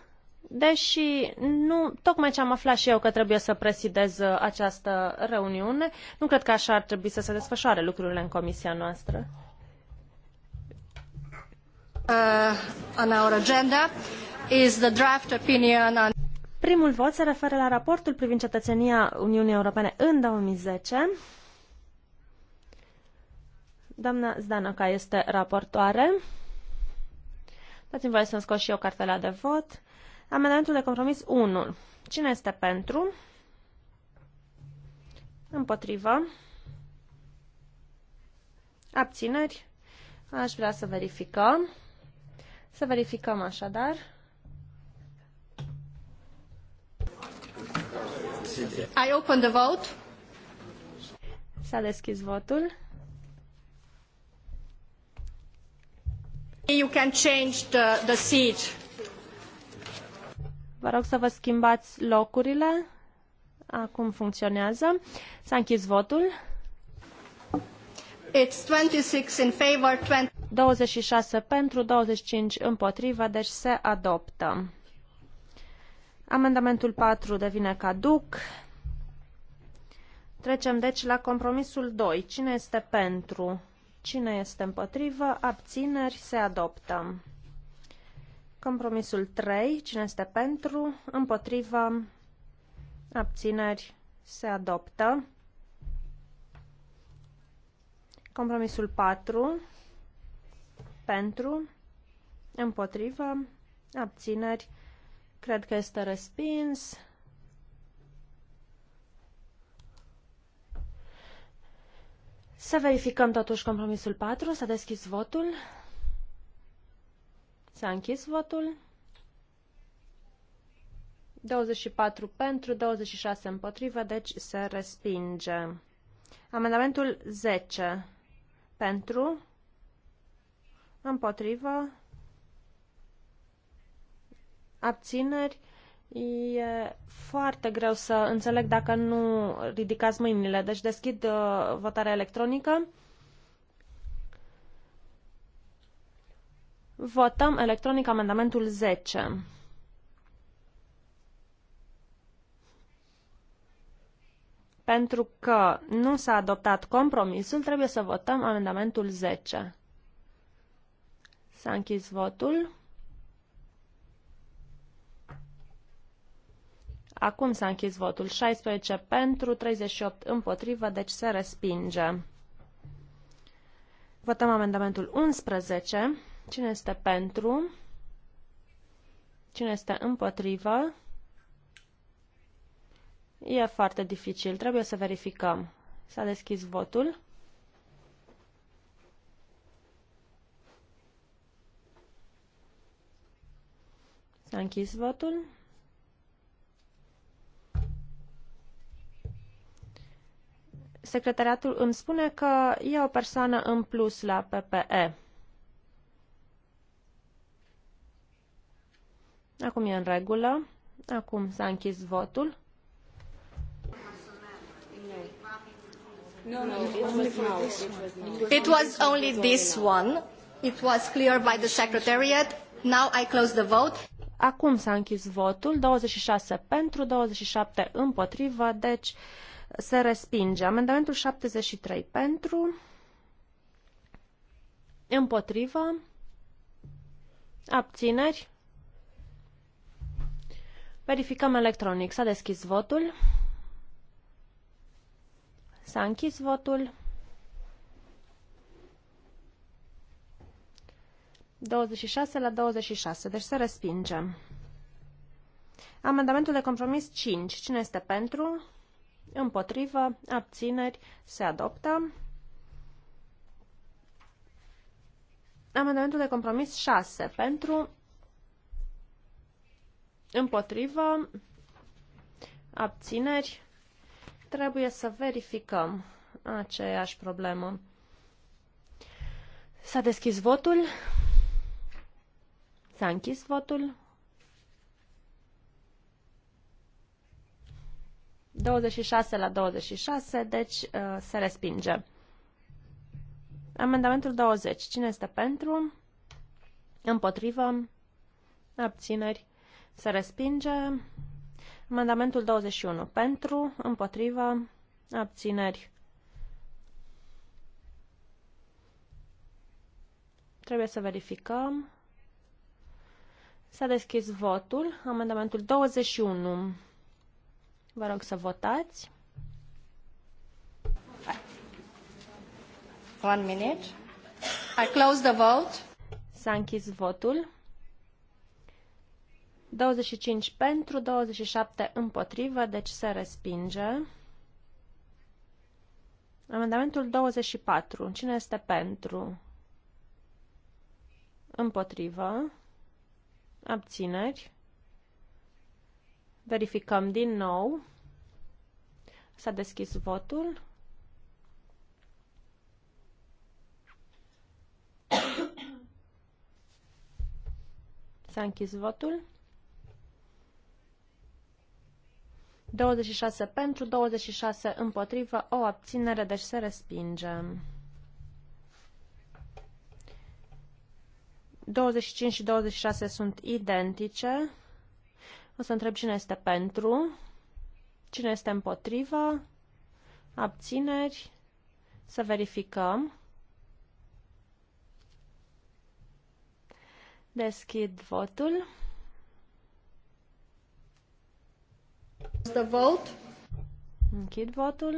Deși nu, tocmai ce am aflat și eu că trebuie să presidez uh, această reuniune, nu cred că așa ar trebui să se desfășoare lucrurile în comisia noastră. Uh, on our agenda is the draft opinion on... Primul vot se referă la raportul privind cetățenia Uniunii Europene în 2010. Doamna Zdanoca este raportoare. Dați-mi voie să-mi scot și eu cartela de vot. Amendamentul de compromis 1. Cine este pentru? Împotrivă. Abțineri. Aș vrea să verificăm. Să verificăm așadar. I open the vote. S-a deschis votul. You can change the, the seat. Vă rog să vă schimbați locurile. Acum funcționează. S-a închis votul. It's 26 in favor, 20... 26 pentru, 25 împotriva, deci se adoptă. Amendamentul 4 devine caduc. Trecem deci la compromisul 2. Cine este pentru? Cine este împotrivă? Abțineri. Se adoptă. Compromisul 3. Cine este pentru? Împotrivă? Abțineri. Se adoptă. Compromisul 4. Pentru. Împotrivă. Abțineri. Cred că este respins. Să verificăm totuși compromisul 4. S-a deschis votul. S-a închis votul. 24 pentru, 26 împotrivă, deci se respinge. Amendamentul 10 pentru, împotrivă, abțineri, E foarte greu să înțeleg dacă nu ridicați mâinile. Deci deschid uh, votarea electronică. Votăm electronic amendamentul 10. Pentru că nu s-a adoptat compromisul, trebuie să votăm amendamentul 10. S-a închis votul. Acum s-a închis votul. 16 pentru, 38 împotrivă, deci se respinge. Votăm amendamentul 11. Cine este pentru? Cine este împotrivă? E foarte dificil. Trebuie să verificăm. S-a deschis votul. S-a închis votul. Secretariatul îmi spune că e o persoană în plus la PPE. Acum e în regulă. Acum s-a închis votul. it was only this one. It was clear by the secretariat. Now I close the vote. Acum s-a închis votul, 26 pentru, 27 împotrivă, deci se respinge. Amendamentul 73 pentru, împotrivă, abțineri. Verificăm electronic. S-a deschis votul. S-a închis votul. 26 la 26, deci se respinge. Amendamentul de compromis 5. Cine este pentru? Împotrivă. Abțineri. Se adoptă. Amendamentul de compromis 6. Pentru. Împotrivă. Abțineri. Trebuie să verificăm aceeași problemă. S-a deschis votul. S-a închis votul. 26 la 26, deci uh, se respinge. Amendamentul 20. Cine este pentru? Împotrivă? Abțineri? Se respinge. Amendamentul 21. Pentru? Împotrivă? Abțineri? Trebuie să verificăm. S-a deschis votul. Amendamentul 21. Vă rog să votați. One minute. I close the vote. S-a închis votul. 25 pentru, 27 împotrivă, deci se respinge. Amendamentul 24. Cine este pentru? Împotrivă. Abțineri. Verificăm din nou. S-a deschis votul. S-a închis votul. 26 pentru, 26 împotrivă, o abținere, deci se respinge. 25 și 26 sunt identice. O să întreb cine este pentru. Cine este împotrivă? Abțineri? Să verificăm. Deschid votul. The vote. Închid votul.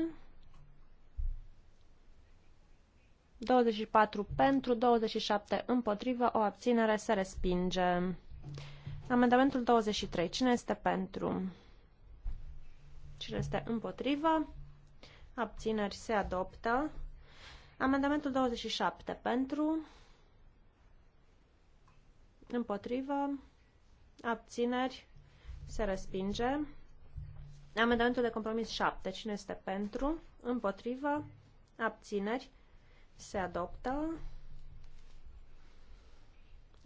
24 pentru, 27 împotrivă, o abținere se respinge. Amendamentul 23. Cine este pentru? Cine este împotrivă? Abțineri se adoptă. Amendamentul 27 pentru. Împotrivă. Abțineri se respinge. Amendamentul de compromis 7. Cine este pentru? Împotrivă. Abțineri se adoptă.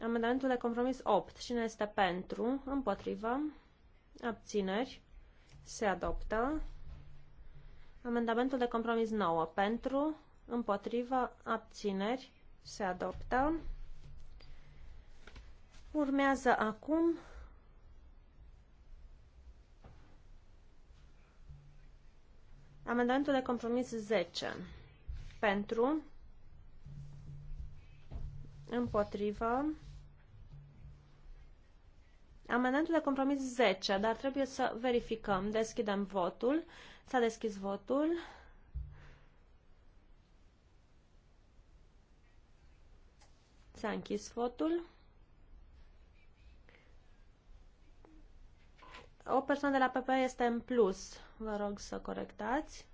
Amendamentul de compromis 8. Cine este pentru? Împotrivă. Abțineri se adoptă. Amendamentul de compromis 9 pentru, împotrivă, abțineri, se adoptă. Urmează acum amendamentul de compromis 10 pentru, împotrivă, Amendamentul de compromis 10, dar trebuie să verificăm. Deschidem votul. S-a deschis votul. S-a închis votul. O persoană de la PP este în plus. Vă rog să corectați.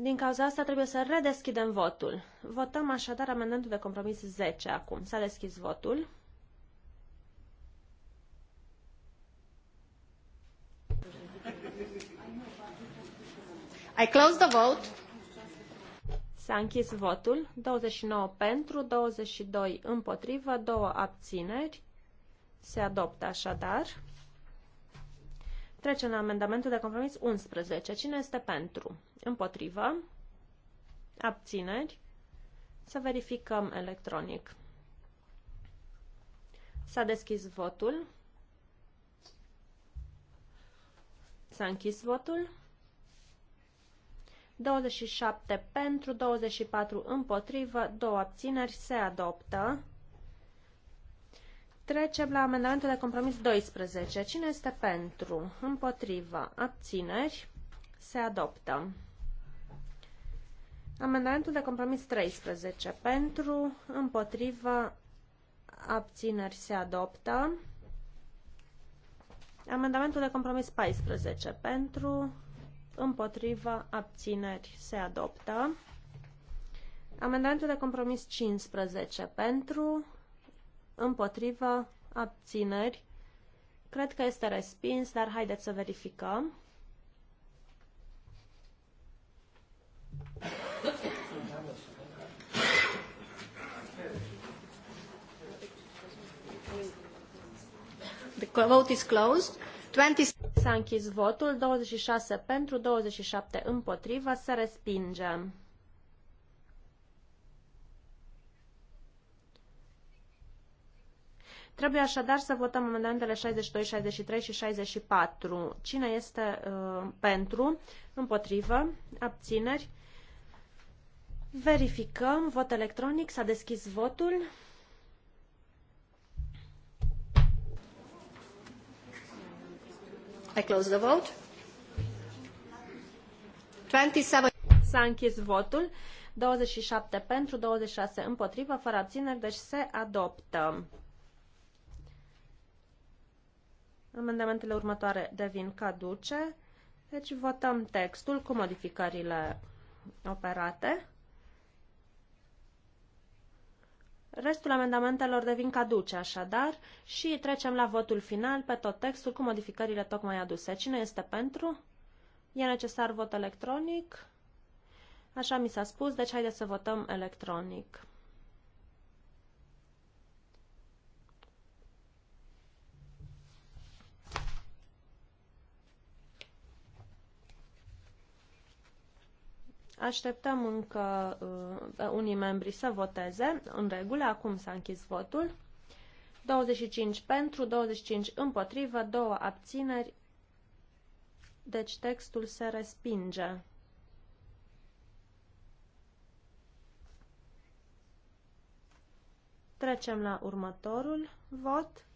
Din cauza asta trebuie să redeschidem votul. Votăm așadar amendamentul de compromis 10 acum. S-a deschis votul. I close the vote. S-a închis votul. 29 pentru, 22 împotrivă, 2 abțineri. Se adoptă așadar. Trecem la amendamentul de compromis 11. Cine este pentru? Împotrivă. Abțineri. Să verificăm electronic. S-a deschis votul. S-a închis votul. 27 pentru, 24 împotrivă, 2 abțineri, se adoptă. Trecem la amendamentul de compromis 12. Cine este pentru? Împotrivă. Abțineri. Se adoptă. Amendamentul de compromis 13. Pentru, împotrivă, abțineri se adoptă. Amendamentul de compromis 14. Pentru, împotrivă, abțineri se adoptă. Amendamentul de compromis 15. Pentru, împotrivă, abțineri. Cred că este respins, dar haideți să verificăm. The vote is closed. S-a închis votul, 26 pentru, 27 împotriva, se respinge. Trebuie așadar să votăm amendamentele 62, 63 și 64. Cine este uh, pentru? Împotrivă? Abțineri? Verificăm. Vot electronic. S-a deschis votul. I close the vote. 27. S-a închis votul. 27 pentru, 26 împotrivă, fără abțineri, deci se adoptă. Amendamentele următoare devin caduce. Deci votăm textul cu modificările operate. Restul amendamentelor devin caduce, așadar, și trecem la votul final pe tot textul cu modificările tocmai aduse. Cine este pentru? E necesar vot electronic? Așa mi s-a spus, deci haideți să votăm electronic. Așteptăm încă uh, unii membri să voteze. În regulă, acum s-a închis votul. 25 pentru, 25 împotrivă, 2 abțineri. Deci textul se respinge. Trecem la următorul vot.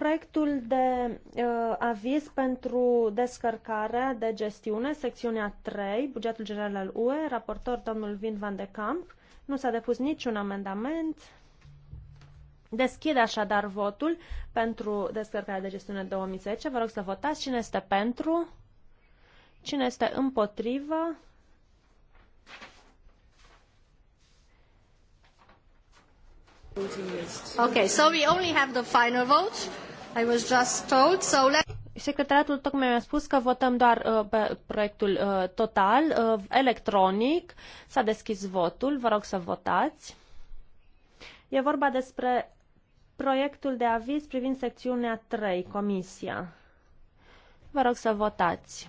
Proiectul de uh, aviz pentru descărcarea de gestiune, secțiunea 3, bugetul general al UE, raportor domnul Vin van de Camp. Nu s-a depus niciun amendament. Deschid așadar votul pentru descărcarea de gestiune 2010. Vă rog să votați cine este pentru, cine este împotrivă. Okay, so we only have the final vote. I was just told, so let... Secretariatul tocmai mi-a spus că votăm doar uh, pe proiectul uh, total, uh, electronic. S-a deschis votul, vă rog să votați. E vorba despre proiectul de aviz privind secțiunea 3, Comisia. Vă rog să votați.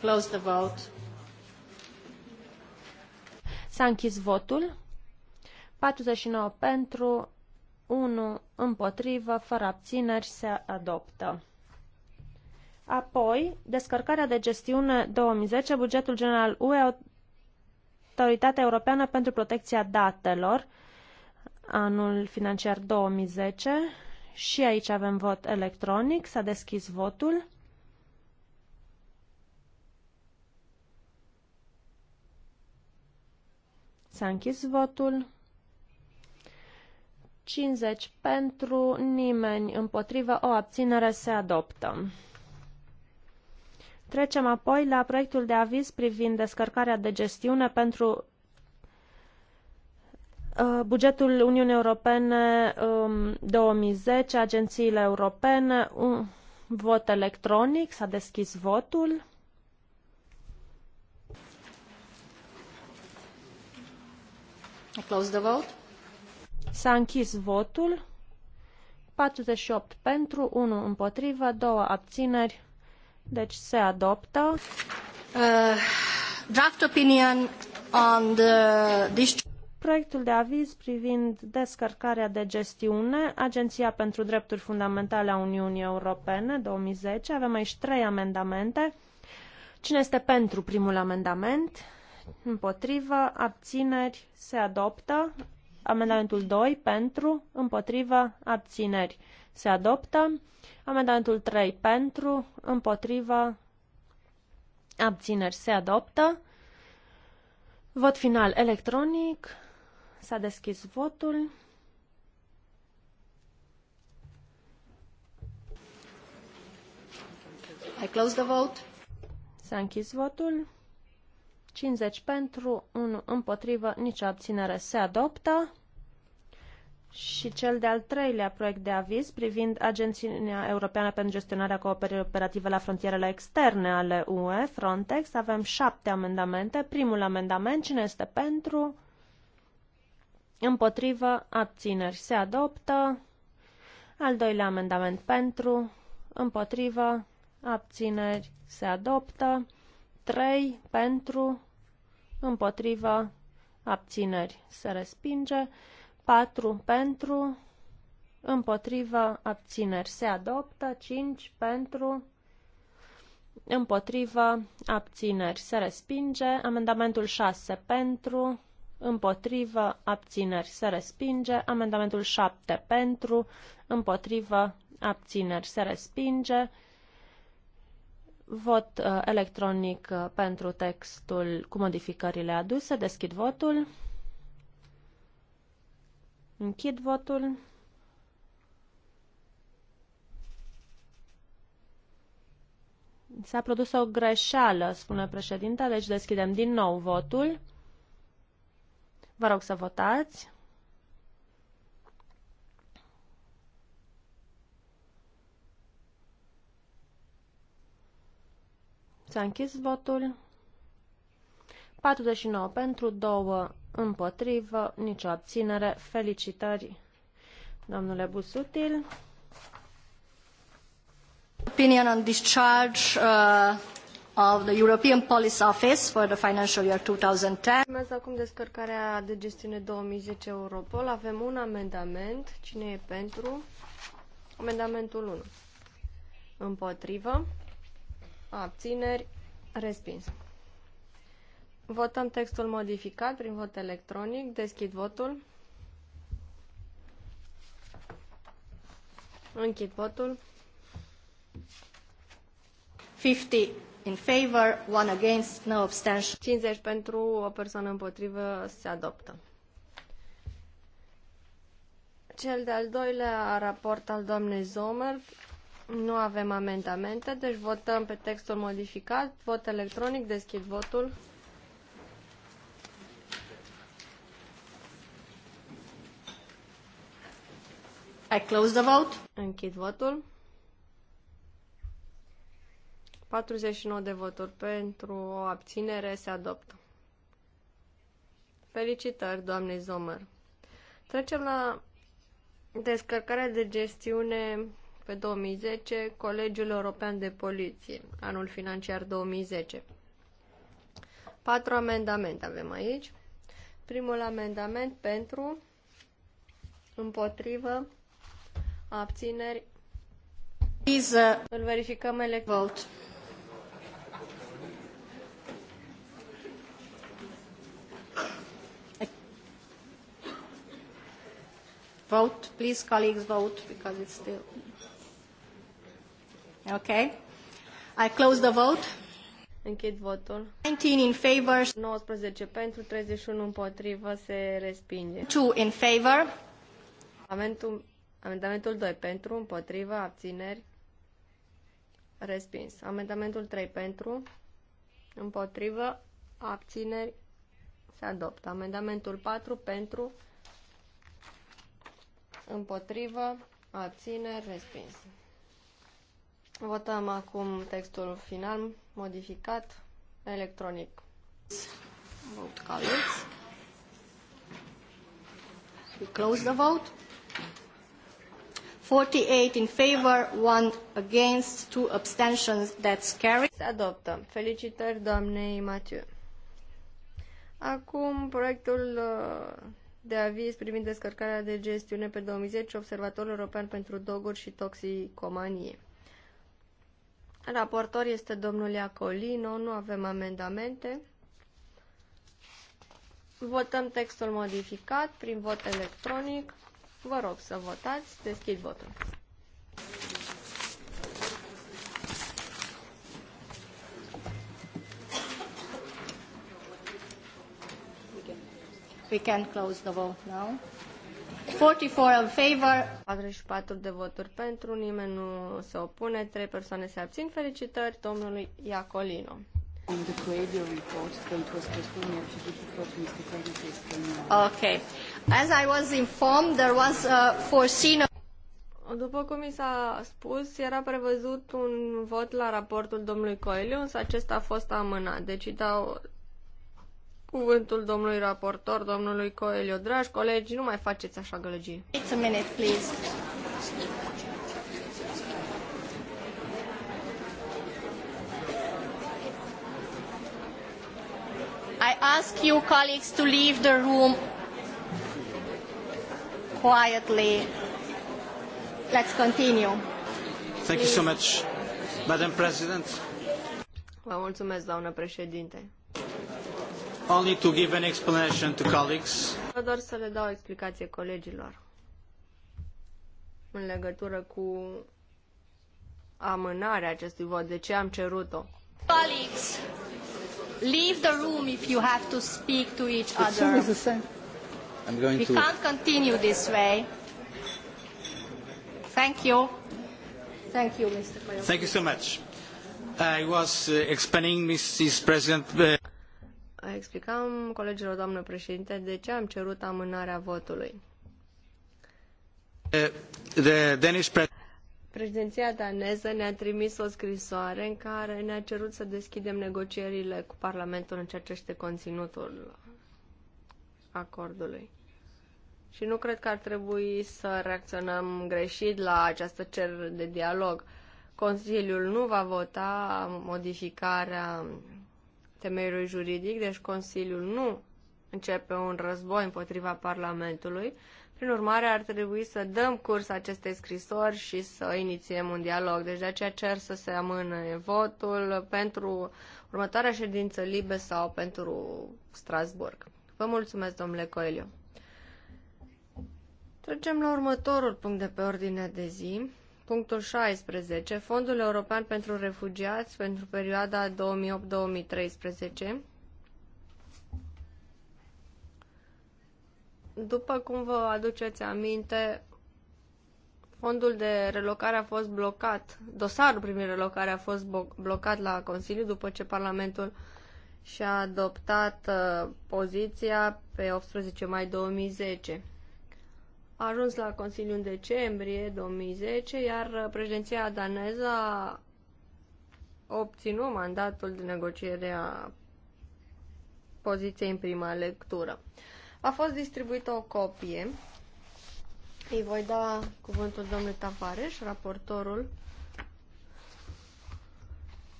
Close the vote. S-a închis votul. 49 pentru, 1 împotrivă, fără abțineri, se adoptă. Apoi, descărcarea de gestiune 2010, bugetul general UE, Autoritatea Europeană pentru Protecția Datelor, anul financiar 2010. Și aici avem vot electronic, s-a deschis votul. S-a închis votul. 50 pentru, nimeni împotrivă, o abținere se adoptă. Trecem apoi la proiectul de aviz privind descărcarea de gestiune pentru uh, bugetul Uniunii Europene 2010, um, agențiile europene, un vot electronic, s-a deschis votul. I close the vote. S-a închis votul. 48 pentru, 1 împotrivă, 2 abțineri. Deci se adoptă. Uh, draft opinion on the Proiectul de aviz privind descărcarea de gestiune, Agenția pentru Drepturi Fundamentale a Uniunii Europene 2010. Avem aici trei amendamente. Cine este pentru primul amendament? împotrivă, abțineri, se adoptă. Amendamentul 2 pentru, împotrivă, abțineri, se adoptă. Amendamentul 3 pentru, împotrivă, abțineri, se adoptă. Vot final electronic. S-a deschis votul. I close the vote. S-a închis votul. 50 pentru, 1 împotrivă, nicio abținere se adoptă. Și cel de-al treilea proiect de aviz privind Agenția Europeană pentru Gestionarea Cooperării Operative la Frontierele Externe ale UE, Frontex, avem șapte amendamente. Primul amendament, cine este pentru? Împotrivă, abțineri se adoptă. Al doilea amendament pentru, împotrivă, abțineri se adoptă. 3 pentru, împotriva, abțineri se respinge, 4 pentru, împotriva, abțineri se adoptă, 5 pentru, împotriva, abțineri se respinge, amendamentul 6 pentru, împotrivă, abțineri se respinge, amendamentul 7 pentru, împotrivă, abțineri se respinge, Vot uh, electronic uh, pentru textul cu modificările aduse. Deschid votul. Închid votul. S-a produs o greșeală, spune președinta, deci deschidem din nou votul. Vă rog să votați. ți a închis votul. 49 pentru, 2 împotrivă, nicio abținere. Felicitări, domnule Busutil. Opinion on discharge uh, of the European Police Office for the financial year 2010. acum descărcarea de gestiune 2010 Europol. Avem un amendament. Cine e pentru? Amendamentul 1. Împotrivă abțineri, respins. Votăm textul modificat prin vot electronic. Deschid votul. Închid votul. 50 in favor, one against, no abstention. 50 pentru, o persoană împotrivă se adoptă. Cel de-al doilea raport al doamnei Zomer nu avem amendamente, deci votăm pe textul modificat. Vot electronic, deschid votul. I close the vote. Închid votul. 49 de voturi pentru o abținere se adoptă. Felicitări, doamnei Zomer. Trecem la descărcarea de gestiune pe 2010 Colegiul European de Poliție, anul financiar 2010. Patru amendamente avem aici. Primul amendament pentru, împotrivă, abțineri. Iză, uh, Îl verificăm electronic. Vote. vote please colleagues vote because it's still Ok? I close the vote. Închid votul. 19 in favor. 19 pentru, 31 împotrivă, se respinge. 2 in favor. Amendamentul, amendamentul 2 pentru, împotrivă, abțineri, respins. Amendamentul 3 pentru, împotrivă, abțineri, se adoptă. Amendamentul 4 pentru, împotrivă, abțineri, respins. Votăm acum textul final, modificat, electronic. Vote colors. We close the vote. 48 in favor, 1 against, 2 abstentions. That's carried. Se adoptă. Felicitări doamnei Mathieu. Acum proiectul uh, de aviz privind descărcarea de gestiune pe 2010 Observatorul European pentru Doguri și Toxicomanie. Raportor este domnul Iacolino, nu avem amendamente. Votăm textul modificat prin vot electronic. Vă rog să votați. Deschid votul. We can close the vote now. 44 in favor. 44 de voturi pentru, nimeni nu se opune, 3 persoane se abțin. Felicitări domnului Iacolino. Okay. As I was informed, there was a foreseen după cum mi s-a spus, era prevăzut un vot la raportul domnului Coelho, însă acesta a fost amânat. Deci dau cuvântul domnului raportor, domnului Coelho. Dragi colegi, nu mai faceți așa gălăgie. It's a minute, please. I ask you colleagues to leave the room quietly. Let's continue. Thank you so much, Madam President. Vă mulțumesc, doamnă președinte. Only to give an explanation to colleagues. Doar să le dau o explicație colegilor în legătură cu amânarea acestui vot. De ce am cerut-o? Colleagues, leave the room if you have to speak to each other. I'm going We to... can't continue this way. Thank you. Thank you, Mr. President. Thank you so much. I was uh, explaining, Mrs. President. Uh, explicam colegilor, doamnă președinte, de ce am cerut amânarea votului. The, the Danish Președinția daneză ne-a trimis o scrisoare în care ne-a cerut să deschidem negocierile cu Parlamentul în ceea ce este conținutul acordului. Și nu cred că ar trebui să reacționăm greșit la această cerere de dialog. Consiliul nu va vota modificarea temeiului juridic, deci Consiliul nu începe un război împotriva Parlamentului. Prin urmare, ar trebui să dăm curs acestei scrisori și să inițiem un dialog. Deci de aceea cer să se amâne votul pentru următoarea ședință libe sau pentru Strasburg. Vă mulțumesc, domnule Coelho. Trecem la următorul punct de pe ordinea de zi. Punctul 16. Fondul European pentru Refugiați pentru perioada 2008-2013. După cum vă aduceți aminte, fondul de relocare a fost blocat, dosarul primii relocare a fost blocat la Consiliu după ce Parlamentul și-a adoptat uh, poziția pe 18 mai 2010 a ajuns la Consiliu în decembrie 2010, iar președinția daneză a obținut mandatul de negociere a poziției în prima lectură. A fost distribuită o copie. Îi voi da cuvântul domnului Tavares, raportorul.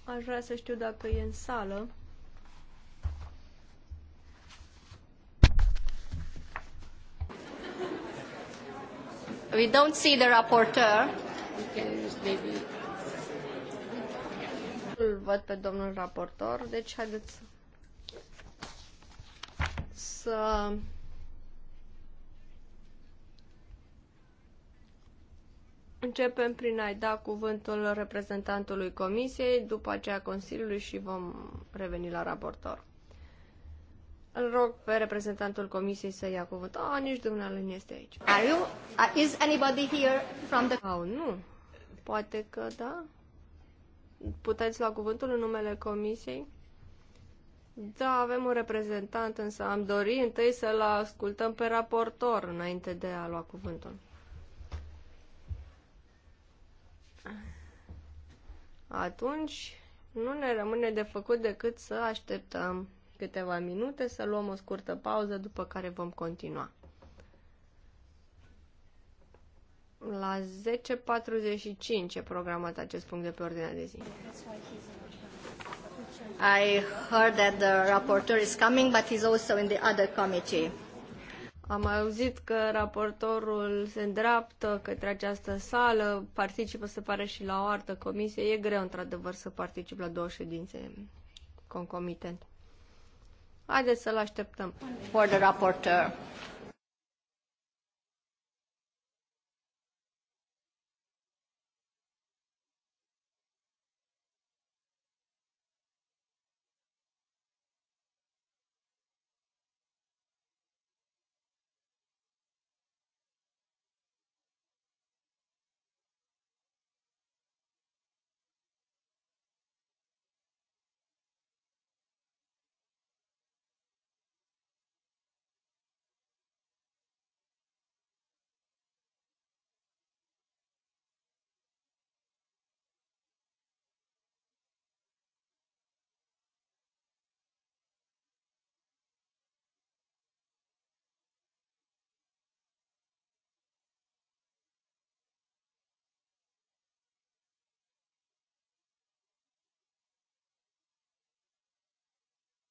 Aș vrea să știu dacă e în sală. We don't see the rapporteur. Îl văd pe domnul raportor, deci haideți să Începem prin a-i da cuvântul reprezentantului Comisiei, după aceea Consiliului și vom reveni la raportor. Îl rog pe reprezentantul comisiei să ia cuvântul. Ah, nici dumneavoastră nu este aici. Are you? Uh, is anybody here from the... Oh, nu. Poate că da. Puteți lua cuvântul în numele comisiei? Da, avem un reprezentant, însă am dorit întâi să-l ascultăm pe raportor înainte de a lua cuvântul. Atunci, nu ne rămâne de făcut decât să așteptăm câteva minute, să luăm o scurtă pauză, după care vom continua. La 10.45 e programat acest punct de pe ordinea de zi. I heard that the rapporteur is coming, but he's also in the other committee. Am auzit că raportorul se îndreaptă către această sală, participă, se pare, și la o altă comisie. E greu, într-adevăr, să particip la două ședințe concomitent. Haideți să-l așteptăm. For the rapporteur.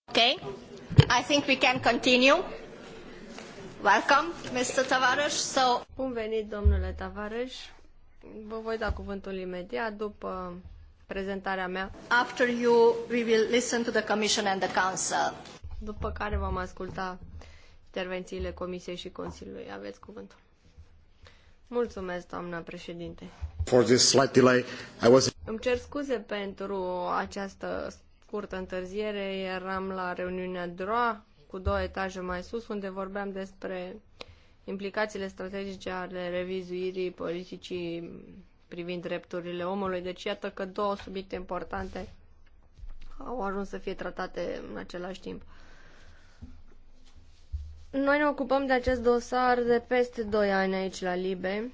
Okay, I think we can continue. Welcome, Mr. Tavares. So... Bun venit, domnule Tavares. Vă voi da cuvântul imediat după prezentarea mea. After you, we will listen to the Commission and the Council. După care vom asculta intervențiile Comisiei și Consiliului. Aveți cuvântul. Mulțumesc, doamna președinte. For this slight delay, I was... Îmi cer scuze pentru această scurtă întârziere, eram la reuniunea DROA cu două etaje mai sus, unde vorbeam despre implicațiile strategice ale revizuirii politicii privind drepturile omului. Deci iată că două subiecte importante au ajuns să fie tratate în același timp. Noi ne ocupăm de acest dosar de peste 2 ani aici la Libe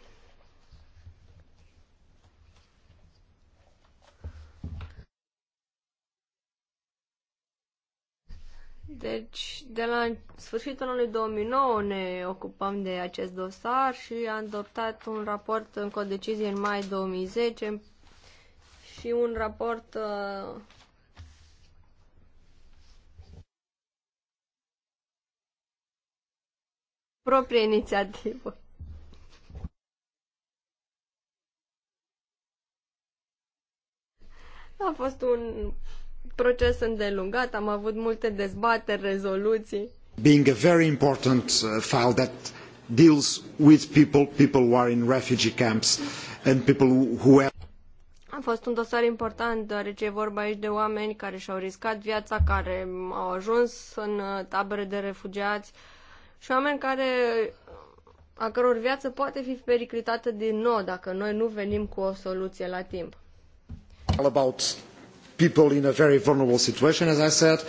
Deci, de la sfârșitul anului 2009 ne ocupăm de acest dosar și am adoptat un raport în codecizie în mai 2010 și un raport uh, proprie inițiativă. A fost un proces îndelungat, am avut multe dezbateri, rezoluții. Being a very important uh, file that deals with people, people who are in refugee camps and people who have a fost un dosar important, deoarece e vorba aici de oameni care și-au riscat viața, care au ajuns în uh, tabere de refugiați și oameni care, a căror viață poate fi periclitată din nou dacă noi nu venim cu o soluție la timp. All about people in a very vulnerable situation, as I said.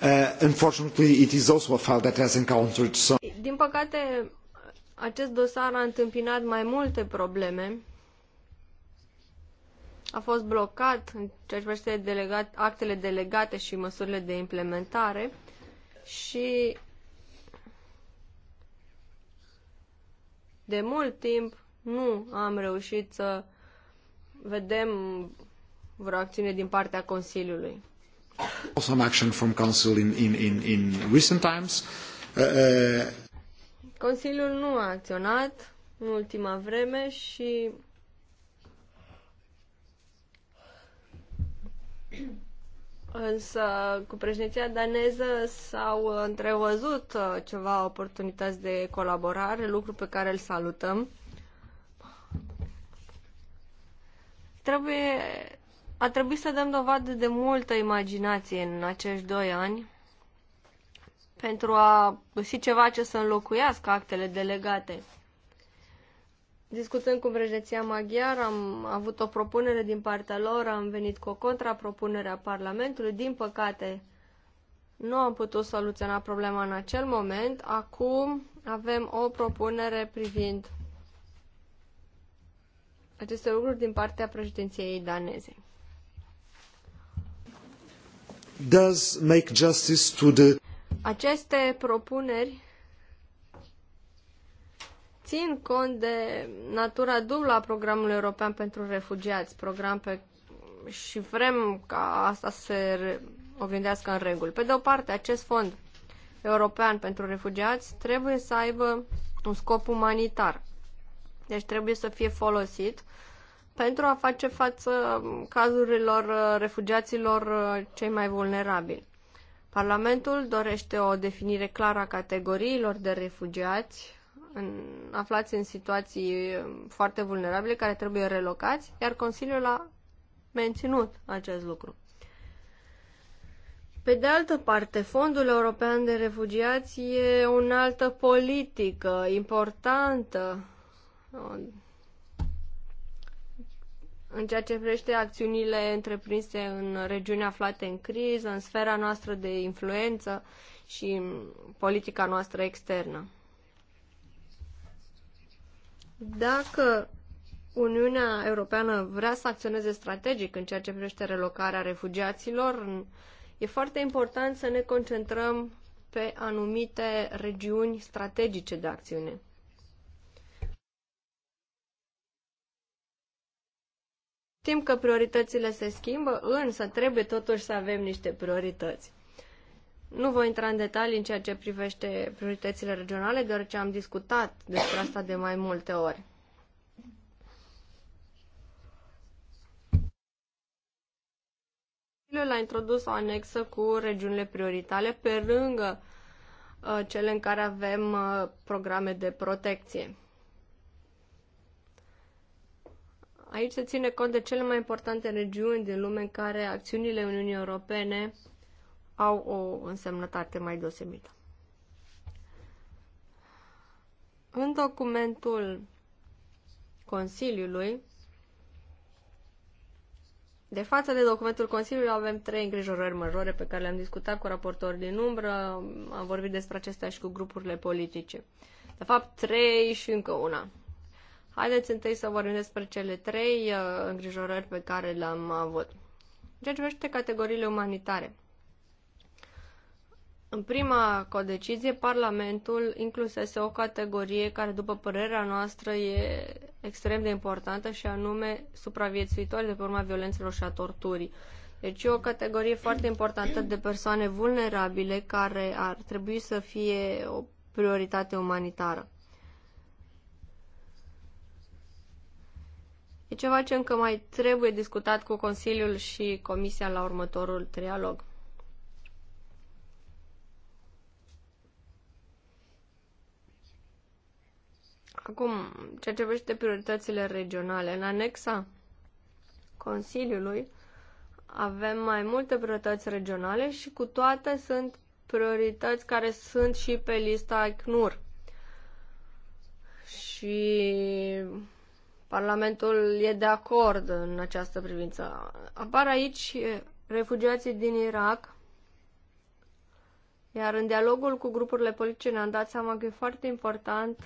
Uh, unfortunately, it is also a file that has encountered some... Din păcate, acest dosar a întâmpinat mai multe probleme. A fost blocat în ceea ce privește delegat, actele delegate și măsurile de implementare și de mult timp nu am reușit să vedem vreo acțiune din partea Consiliului. Some action from Council in, in, in, in recent times. Uh, uh, Consiliul nu a acționat în ultima vreme și Însă, cu președinția daneză s-au întrevăzut uh, ceva oportunități de colaborare, lucru pe care îl salutăm. Trebuie a trebuit să dăm dovadă de multă imaginație în acești doi ani pentru a găsi ceva ce să înlocuiască actele delegate. Discutând cu Vrăjeția Maghiar, am avut o propunere din partea lor, am venit cu o contrapropunere a Parlamentului. Din păcate, nu am putut soluționa problema în acel moment. Acum avem o propunere privind aceste lucruri din partea președinției daneze does make justice to the Aceste propuneri țin cont de natura dublă a programului european pentru refugiați, program pe și vrem ca asta să se oglindească în reguli. Pe de o parte, acest fond european pentru refugiați trebuie să aibă un scop umanitar. Deci trebuie să fie folosit uh, pentru a face față cazurilor uh, refugiaților uh, cei mai vulnerabili. Parlamentul dorește o definire clară a categoriilor de refugiați în, aflați în situații uh, foarte vulnerabile care trebuie relocați, iar Consiliul a menținut acest lucru. Pe de altă parte, Fondul European de Refugiați e o altă politică importantă în ceea ce privește acțiunile întreprinse în regiuni aflate în criză, în sfera noastră de influență și în politica noastră externă. Dacă Uniunea Europeană vrea să acționeze strategic în ceea ce privește relocarea refugiaților, e foarte important să ne concentrăm pe anumite regiuni strategice de acțiune. Știm că prioritățile se schimbă, însă trebuie totuși să avem niște priorități. Nu voi intra în detalii în ceea ce privește prioritățile regionale, deoarece am discutat despre asta de mai multe ori. Consiliul a introdus o anexă cu regiunile prioritare pe lângă uh, cele în care avem uh, programe de protecție. Aici se ține cont de cele mai importante regiuni din lume în care acțiunile Uniunii Europene au o însemnătate mai deosebită. În documentul Consiliului, de față de documentul Consiliului avem trei îngrijorări majore pe care le-am discutat cu raportori din umbră, am vorbit despre acestea și cu grupurile politice. De fapt, trei și încă una. Haideți întâi să vorbim despre cele trei uh, îngrijorări pe care le-am avut. Ceea ce privește categoriile umanitare. În prima codecizie, Parlamentul inclusese o categorie care, după părerea noastră, e extrem de importantă și anume supraviețuitori de pe urma violențelor și a torturii. Deci e o categorie foarte importantă de persoane vulnerabile care ar trebui să fie o prioritate umanitară. E ceva ce încă mai trebuie discutat cu Consiliul și Comisia la următorul trialog. Acum, ceea ce privește prioritățile regionale, în anexa Consiliului avem mai multe priorități regionale și cu toate sunt priorități care sunt și pe lista ICNUR. Și Parlamentul e de acord în această privință. Apar aici refugiații din Irak, iar în dialogul cu grupurile politice ne-am dat seama că e foarte important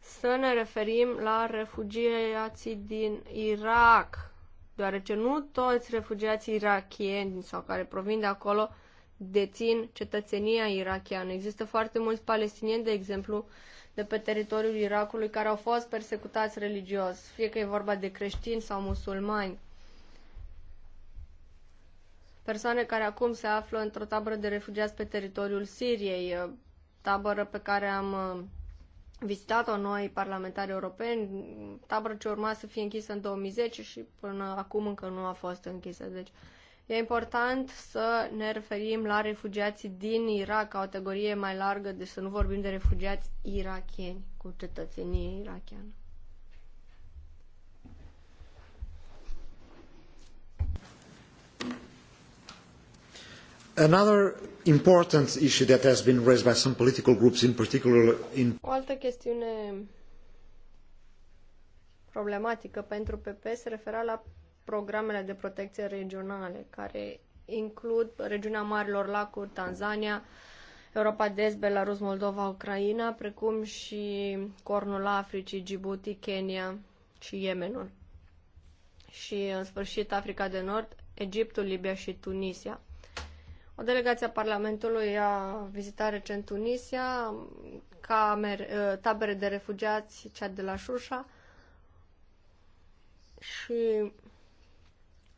să ne referim la refugiații din Irak, deoarece nu toți refugiații irakieni sau care provin de acolo dețin cetățenia irakiană. Există foarte mulți palestinieni, de exemplu, de pe teritoriul Irakului care au fost persecutați religios, fie că e vorba de creștini sau musulmani. Persoane care acum se află într-o tabără de refugiați pe teritoriul Siriei, tabără pe care am vizitat-o noi, parlamentari europeni, tabără ce urma să fie închisă în 2010 și până acum încă nu a fost închisă. Deci, uh, E important să ne referim la refugiații din Irak, ca o categorie mai largă, deci să nu vorbim de refugiați irakieni cu cetățenie irakiană. Another important issue that has been raised by some political groups, in particular in... O altă chestiune problematică pentru PP se refera la programele de protecție regionale, care includ regiunea Marilor Lacuri, Tanzania, Europa de Est, Belarus, Moldova, Ucraina, precum și Cornul Africii, Djibouti, Kenya și Yemenul. Și, în sfârșit, Africa de Nord, Egiptul, Libia și Tunisia. O delegație a Parlamentului a vizitat recent Tunisia, camer, ă, tabere de refugiați, cea de la Șușa și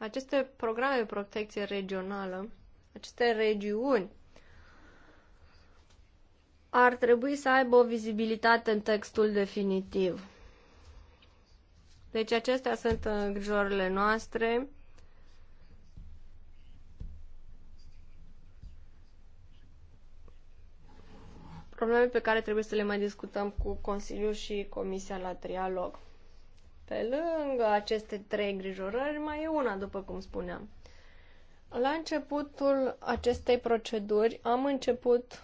aceste programe de protecție regională, aceste regiuni, ar trebui să aibă o vizibilitate în textul definitiv. Deci acestea sunt îngrijorările noastre. Probleme pe care trebuie să le mai discutăm cu Consiliul și Comisia la trialog. Pe lângă aceste trei îngrijorări, mai e una, după cum spuneam. La începutul acestei proceduri am început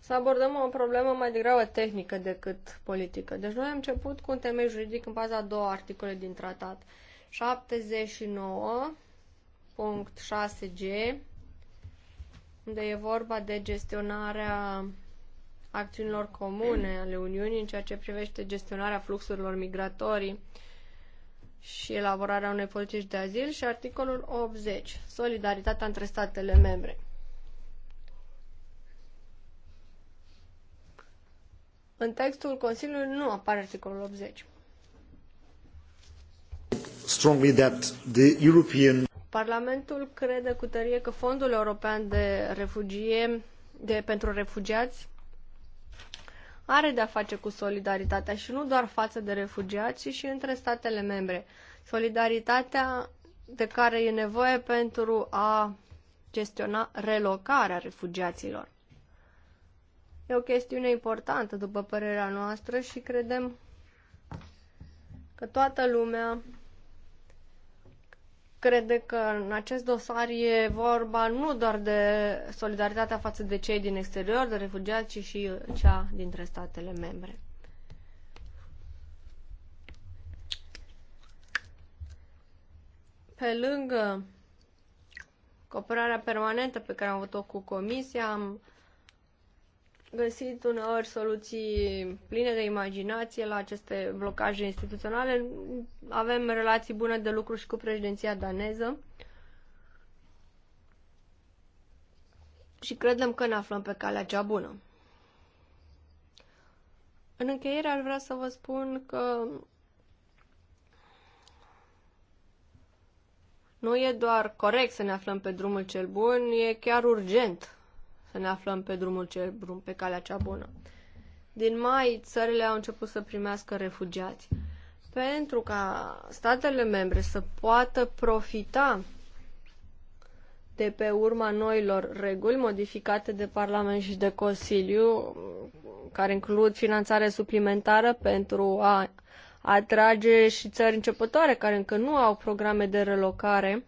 să abordăm o problemă mai degrabă tehnică decât politică. Deci noi am început cu un temei juridic în baza a două articole din tratat. 79.6g unde e vorba de gestionarea acțiunilor comune ale Uniunii în ceea ce privește gestionarea fluxurilor migratorii și elaborarea unei politici de azil și articolul 80, solidaritatea între statele membre. În textul Consiliului nu apare articolul 80. Strongly that the European Parlamentul crede cu tărie că Fondul European de Refugie, de, pentru Refugiați are de-a face cu solidaritatea și nu doar față de refugiați, ci și între statele membre. Solidaritatea de care e nevoie pentru a gestiona relocarea refugiaților. E o chestiune importantă, după părerea noastră, și credem că toată lumea crede că în acest dosar e vorba nu doar de solidaritatea față de cei din exterior, de refugiați, ci și cea dintre statele membre. Pe lângă cooperarea permanentă pe care am avut-o cu Comisia, am găsit uneori soluții pline de imaginație la aceste blocaje instituționale. Avem relații bune de lucru și cu președinția daneză. Și credem că ne aflăm pe calea cea bună. În încheiere ar vrea să vă spun că nu e doar corect să ne aflăm pe drumul cel bun, e chiar urgent să ne aflăm pe drumul cel bun, pe calea cea bună. Din mai, țările au început să primească refugiați. Pentru ca statele membre să poată profita de pe urma noilor reguli modificate de Parlament și de Consiliu, care includ finanțare suplimentară pentru a atrage și țări începătoare care încă nu au programe de relocare, dar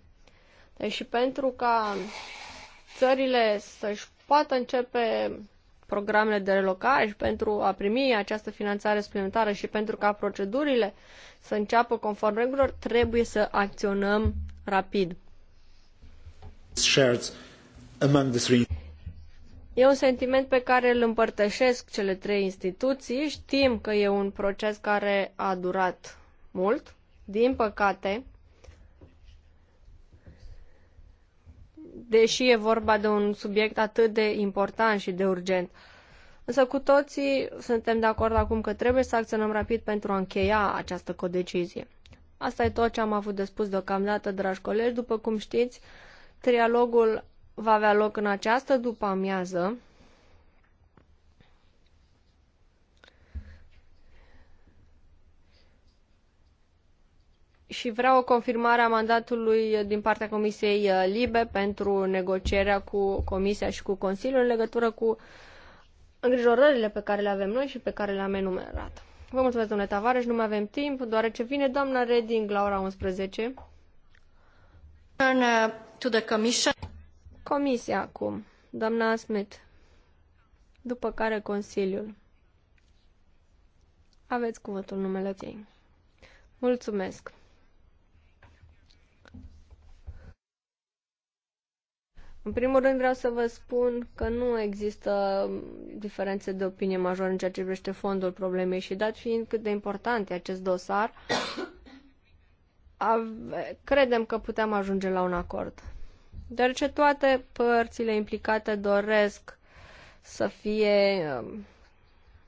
deci și pentru ca țările să-și poată începe programele de relocare și pentru a primi această finanțare suplimentară și pentru ca procedurile să înceapă conform regulilor, trebuie să acționăm rapid. E un sentiment pe care îl împărtășesc cele trei instituții. Știm că e un proces care a durat mult. Din păcate, deși e vorba de un subiect atât de important și de urgent. Însă cu toții suntem de acord acum că trebuie să acționăm rapid pentru a încheia această codecizie. Asta e tot ce am avut de spus deocamdată, dragi colegi. După cum știți, trialogul va avea loc în această după amiază și vreau o confirmare a mandatului din partea Comisiei uh, Libe pentru negocierea cu Comisia și cu Consiliul în legătură cu îngrijorările pe care le avem noi și pe care le-am enumerat. Vă mulțumesc, domnule Tavares, nu mai avem timp, deoarece vine doamna Reding la ora 11. Turn uh, to the commission. Comisia acum, doamna Smith, după care Consiliul. Aveți cuvântul numele ei. Mulțumesc. În primul rând vreau să vă spun că nu există diferențe de opinie majore în ceea ce privește fondul problemei și dat fiind cât de important e acest dosar, credem că putem ajunge la un acord. Deoarece toate părțile implicate doresc să fie um,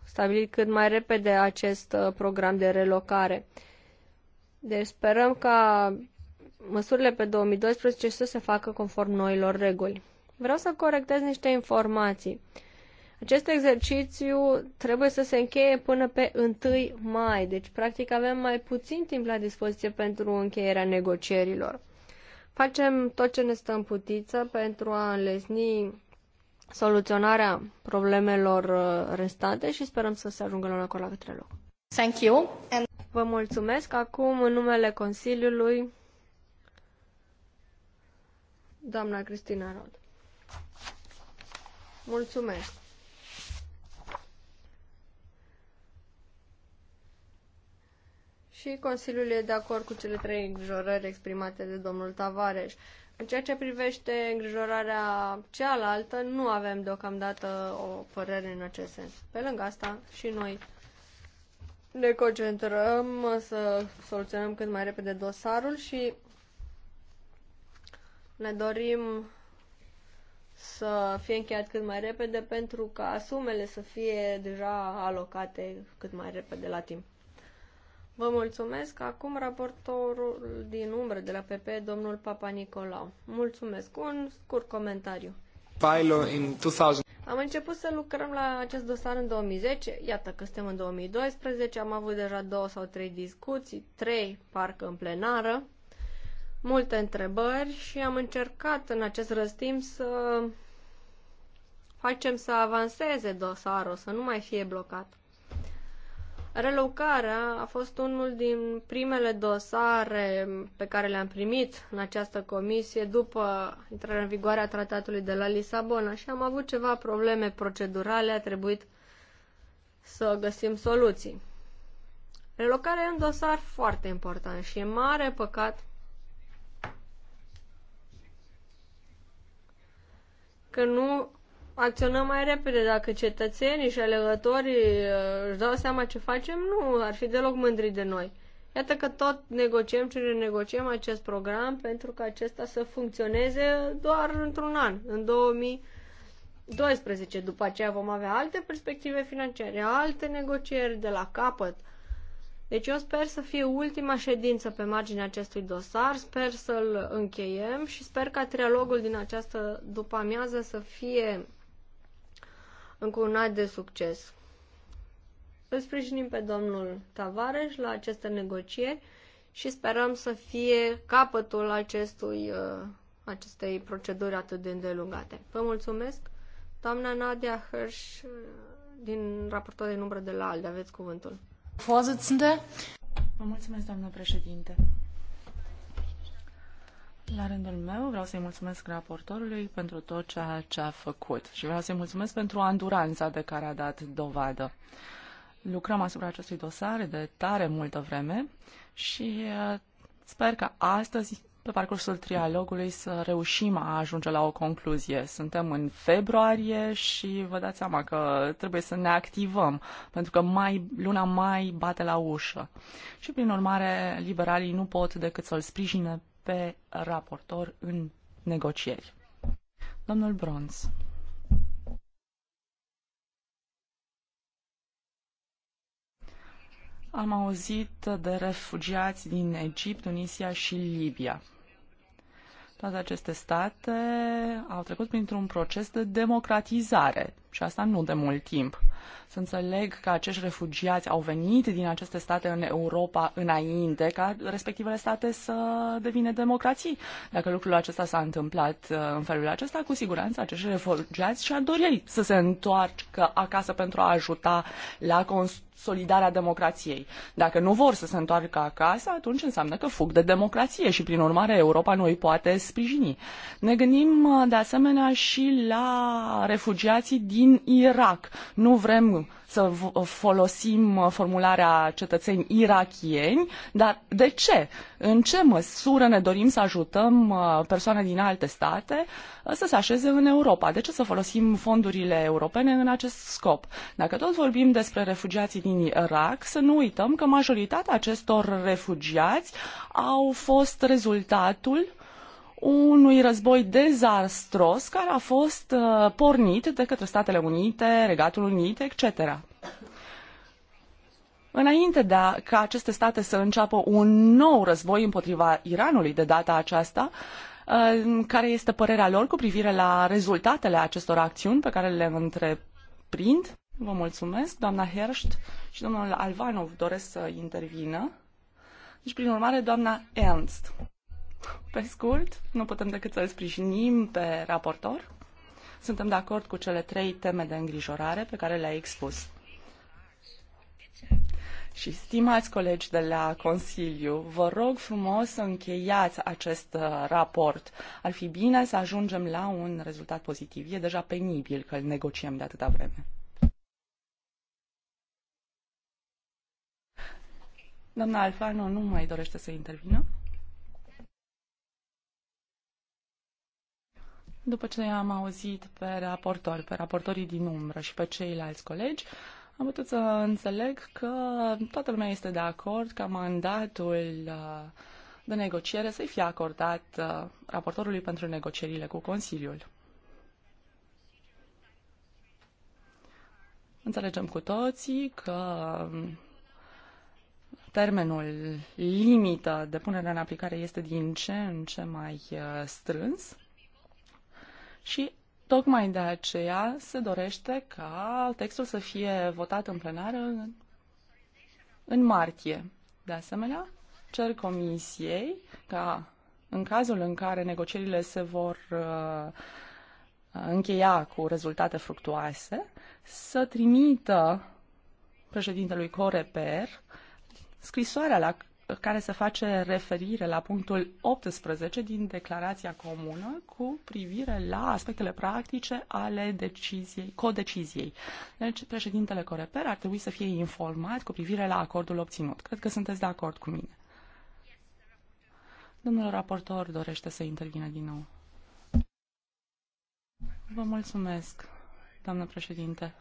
stabilit cât mai repede acest uh, program de relocare. Deci sperăm ca măsurile pe 2012 să se facă conform noilor reguli. Vreau să corectez niște informații. Acest exercițiu trebuie să se încheie până pe 1 mai, deci practic avem mai puțin timp la dispoziție pentru încheierea negocierilor. Facem tot ce ne stă în putiță pentru a înlesni soluționarea problemelor uh, restante și sperăm să se ajungă la un acord la către loc. Thank you. And... Vă mulțumesc. Acum, în numele Consiliului, doamna Cristina Rod. Mulțumesc! Și Consiliul e de acord cu cele trei îngrijorări exprimate de domnul Tavares. În ceea ce privește îngrijorarea cealaltă, nu avem deocamdată o părere în acest sens. Pe lângă asta, și noi ne concentrăm să soluționăm cât mai repede dosarul și ne dorim să fie încheiat cât mai repede pentru ca sumele să fie deja alocate cât mai repede la timp. Vă mulțumesc. Acum raportorul din umbră de la PP, domnul Papa Nicolau. Mulțumesc. Un scurt comentariu. Am început să lucrăm la acest dosar în 2010, iată că suntem în 2012, am avut deja două sau trei discuții, trei parcă în plenară multe întrebări și am încercat în acest răstim să facem să avanseze dosarul, să nu mai fie blocat. Relocarea a fost unul din primele dosare pe care le-am primit în această comisie după intrarea în vigoare a tratatului de la Lisabona și am avut ceva probleme procedurale, a trebuit să găsim soluții. Relocarea e un dosar foarte important și e mare păcat că nu acționăm mai repede. Dacă cetățenii și alegătorii uh, își dau seama ce facem, nu ar fi deloc mândri de noi. Iată că tot negociem și renegociem acest program pentru că acesta să funcționeze doar într-un an, în 2012. După aceea vom avea alte perspective financiare, alte negocieri de la capăt. Deci eu sper să fie ultima ședință pe marginea acestui dosar, sper să-l încheiem și sper ca trialogul din această după-amiază să fie încununat de succes. Îl sprijinim pe domnul Tavares la aceste negocieri și sperăm să fie capătul acestui, uh, acestei proceduri atât de îndelungate. Vă mulțumesc! Doamna Nadia Hirsch, uh, din raportul de număr de la ALDE, aveți cuvântul. Vorsitzende. Vă mulțumesc, doamnă președinte. La rândul meu vreau să-i mulțumesc raportorului pentru tot ceea ce a făcut și vreau să-i mulțumesc pentru anduranța de care a dat dovadă. Lucrăm asupra acestui dosar de tare multă vreme și uh, sper că astăzi pe parcursul trialogului să reușim a ajunge la o concluzie. Suntem în februarie și vă dați seama că trebuie să ne activăm, pentru că mai, luna mai bate la ușă. Și prin urmare, liberalii nu pot decât să-l sprijine pe raportor în negocieri. Domnul Bronz. Am auzit de refugiați din Egipt, Tunisia și Libia. Toate aceste state au trecut printr-un proces de democratizare și asta nu de mult timp. Să înțeleg că acești refugiați au venit din aceste state în Europa înainte ca respectivele state să devină democrații. Dacă lucrul acesta s-a întâmplat uh, în felul acesta, cu siguranță acești refugiați și-ar dori să se întoarcă acasă pentru a ajuta la consolidarea democrației. Dacă nu vor să se întoarcă acasă, atunci înseamnă că fug de democrație și, prin urmare, Europa nu îi poate sprijini. Ne gândim, uh, de asemenea, și la refugiații din din Irak. Nu vrem să folosim uh, formularea cetățeni irakieni, dar de ce? În ce măsură ne dorim să ajutăm uh, persoane din alte state uh, să se așeze în Europa? De ce să folosim fondurile europene în acest scop? Dacă tot vorbim despre refugiații din Irak, să nu uităm că majoritatea acestor refugiați au fost rezultatul unui război dezastros care a fost uh, pornit de către Statele Unite, Regatul Unit, etc. Înainte de a, ca aceste state să înceapă un nou război împotriva Iranului de data aceasta, uh, care este părerea lor cu privire la rezultatele acestor acțiuni pe care le întreprind? Vă mulțumesc. Doamna Herst și domnul Alvanov doresc să intervină. Deci, prin urmare, doamna Ernst. Pe scurt, nu putem decât să-l sprijinim pe raportor. Suntem de acord cu cele trei teme de îngrijorare pe care le-a expus. Și stimați colegi de la Consiliu, vă rog frumos să încheiați acest uh, raport. Ar fi bine să ajungem la un rezultat pozitiv. E deja penibil că îl negociem de atâta vreme. Doamna Alfano nu mai dorește să intervină. După ce am auzit pe raportori, pe raportorii din umbră și pe ceilalți colegi, am putut să înțeleg că toată lumea este de acord ca mandatul uh, de negociere să-i fie acordat uh, raportorului pentru negocierile cu Consiliul. Înțelegem cu toții că um, termenul limită de punere în aplicare este din ce în ce mai uh, strâns și tocmai de aceea se dorește ca textul să fie votat în plenară în, în martie. De asemenea, cer comisiei ca în cazul în care negocierile se vor uh, încheia cu rezultate fructuoase, să trimită președintelui Coreper scrisoarea la care se face referire la punctul 18 din declarația comună cu privire la aspectele practice ale deciziei, codeciziei. Deci, președintele Coreper ar trebui să fie informat cu privire la acordul obținut. Cred că sunteți de acord cu mine. Domnul raportor dorește să intervină din nou. Vă mulțumesc, doamnă președinte.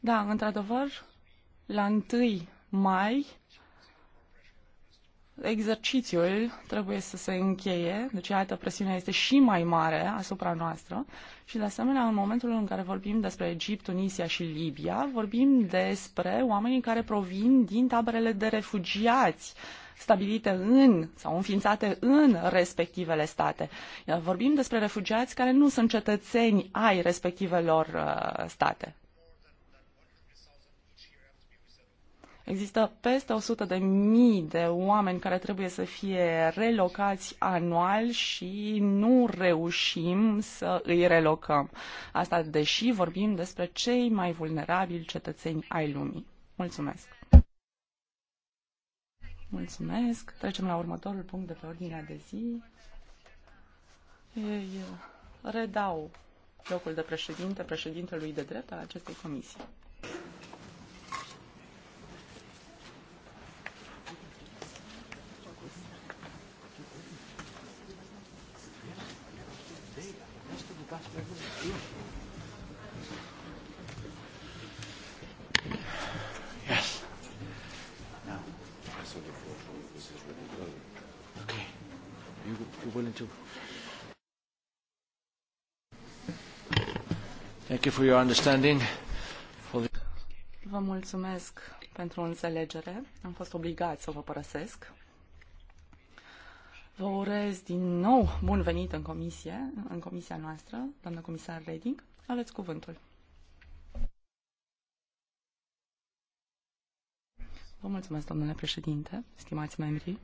Da, într-adevăr, la 1 mai exercițiul trebuie să se încheie, deci iată presiunea este și mai mare asupra noastră și de asemenea în momentul în care vorbim despre Egipt, Tunisia și Libia, vorbim despre oamenii care provin din taberele de refugiați stabilite în sau înființate în respectivele state. Vorbim despre refugiați care nu sunt cetățeni ai respectivelor uh, state. Există peste 100 de mii de oameni care trebuie să fie relocați anual și nu reușim să îi relocăm. Asta deși vorbim despre cei mai vulnerabili cetățeni ai lumii. Mulțumesc! Mulțumesc! Trecem la următorul punct de pe ordinea de zi. Ei, redau locul de președinte președintelui de drept al acestei comisii. Thank you for your understanding. Vă mulțumesc pentru înțelegere. Am fost obligat să vă părăsesc. Vă urez din nou bun venit în comisie, în comisia noastră, doamnă comisar Reding. Aveți cuvântul. Vă mulțumesc, domnule președinte, stimați membri.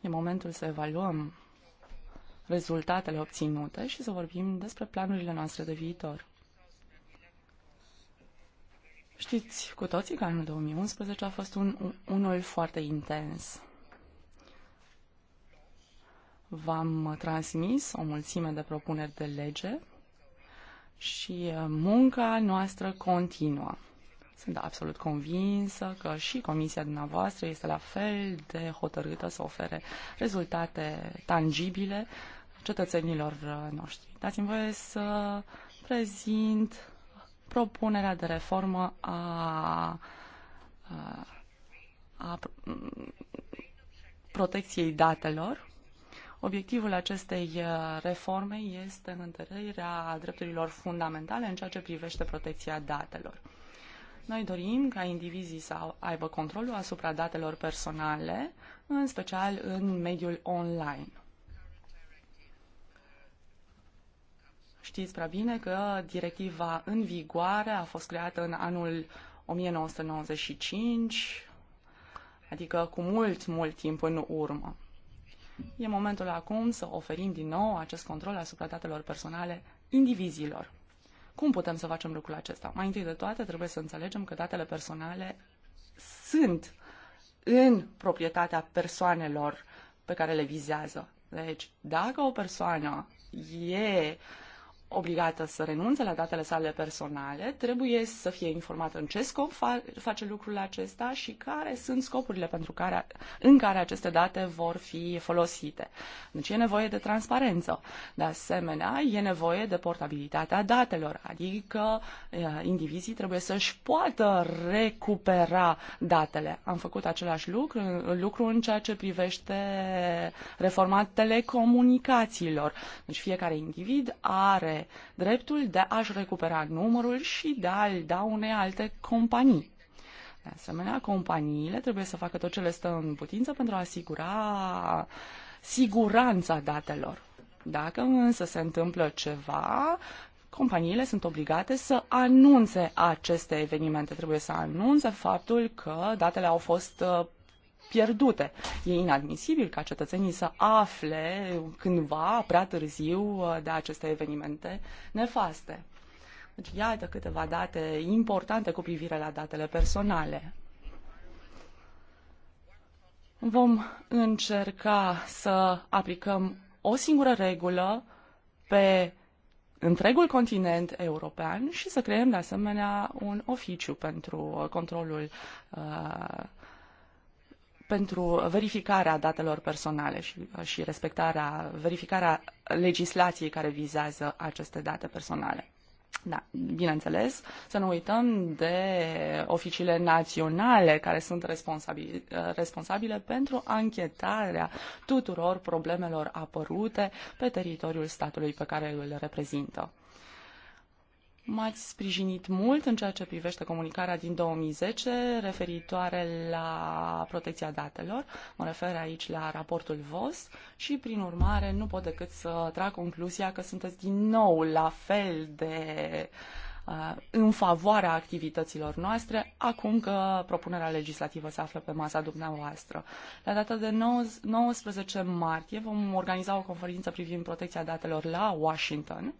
E momentul să evaluăm rezultatele obținute și să vorbim despre planurile noastre de viitor. Știți cu toții că anul 2011 a fost un, unul foarte intens. V-am transmis o mulțime de propuneri de lege și uh, munca noastră continuă. Sunt absolut convinsă că și comisia dumneavoastră este la fel de hotărâtă să ofere rezultate tangibile cetățenilor uh, noștri. Dați-mi voie să prezint propunerea de reformă a, a, a protecției datelor. Obiectivul acestei uh, reforme este întărirea drepturilor fundamentale în ceea ce privește protecția datelor. Noi dorim ca indivizii să aibă controlul asupra datelor personale, în special în mediul online. Știți prea bine că directiva în vigoare a fost creată în anul 1995, adică cu mult, mult timp în urmă. E momentul acum să oferim din nou acest control asupra datelor personale indivizilor. Cum putem să facem lucrul acesta? Mai întâi de toate trebuie să înțelegem că datele personale sunt în proprietatea persoanelor pe care le vizează. Deci, dacă o persoană e uh, obligată să renunțe la datele sale personale, trebuie să fie informată în ce scop face lucrul acesta și care sunt scopurile pentru care, în care aceste date vor fi folosite. Deci e nevoie de transparență. De asemenea, e nevoie de portabilitatea datelor, adică indivizii trebuie să-și poată recupera datele. Am făcut același lucru, lucru în ceea ce privește reforma telecomunicațiilor. Deci fiecare individ are dreptul de a-și recupera numărul și de a-l da unei alte companii. De asemenea, companiile trebuie să facă tot ce le stă în putință pentru a asigura siguranța datelor. Dacă însă se întâmplă ceva, companiile sunt obligate să anunțe aceste evenimente. Trebuie să anunțe faptul că datele au fost uh, pierdute. E inadmisibil ca cetățenii să afle cândva, prea târziu, de aceste evenimente nefaste. Deci, iată câteva date importante cu privire la datele personale. Vom încerca să aplicăm o singură regulă pe întregul continent european și să creăm de asemenea un oficiu pentru controlul uh, pentru verificarea datelor personale și, și respectarea, verificarea legislației care vizează aceste date personale. Da, bineînțeles, să nu uităm de oficiile naționale care sunt responsabile, responsabile pentru anchetarea tuturor problemelor apărute pe teritoriul statului pe care îl reprezintă. M-ați sprijinit mult în ceea ce privește comunicarea din 2010 referitoare la protecția datelor. Mă refer aici la raportul VOS și, prin urmare, nu pot decât să trag concluzia că sunteți din nou la fel de uh, în favoarea activităților noastre, acum că propunerea legislativă se află pe masa dumneavoastră. La data de 19 martie vom organiza o conferință privind protecția datelor la Washington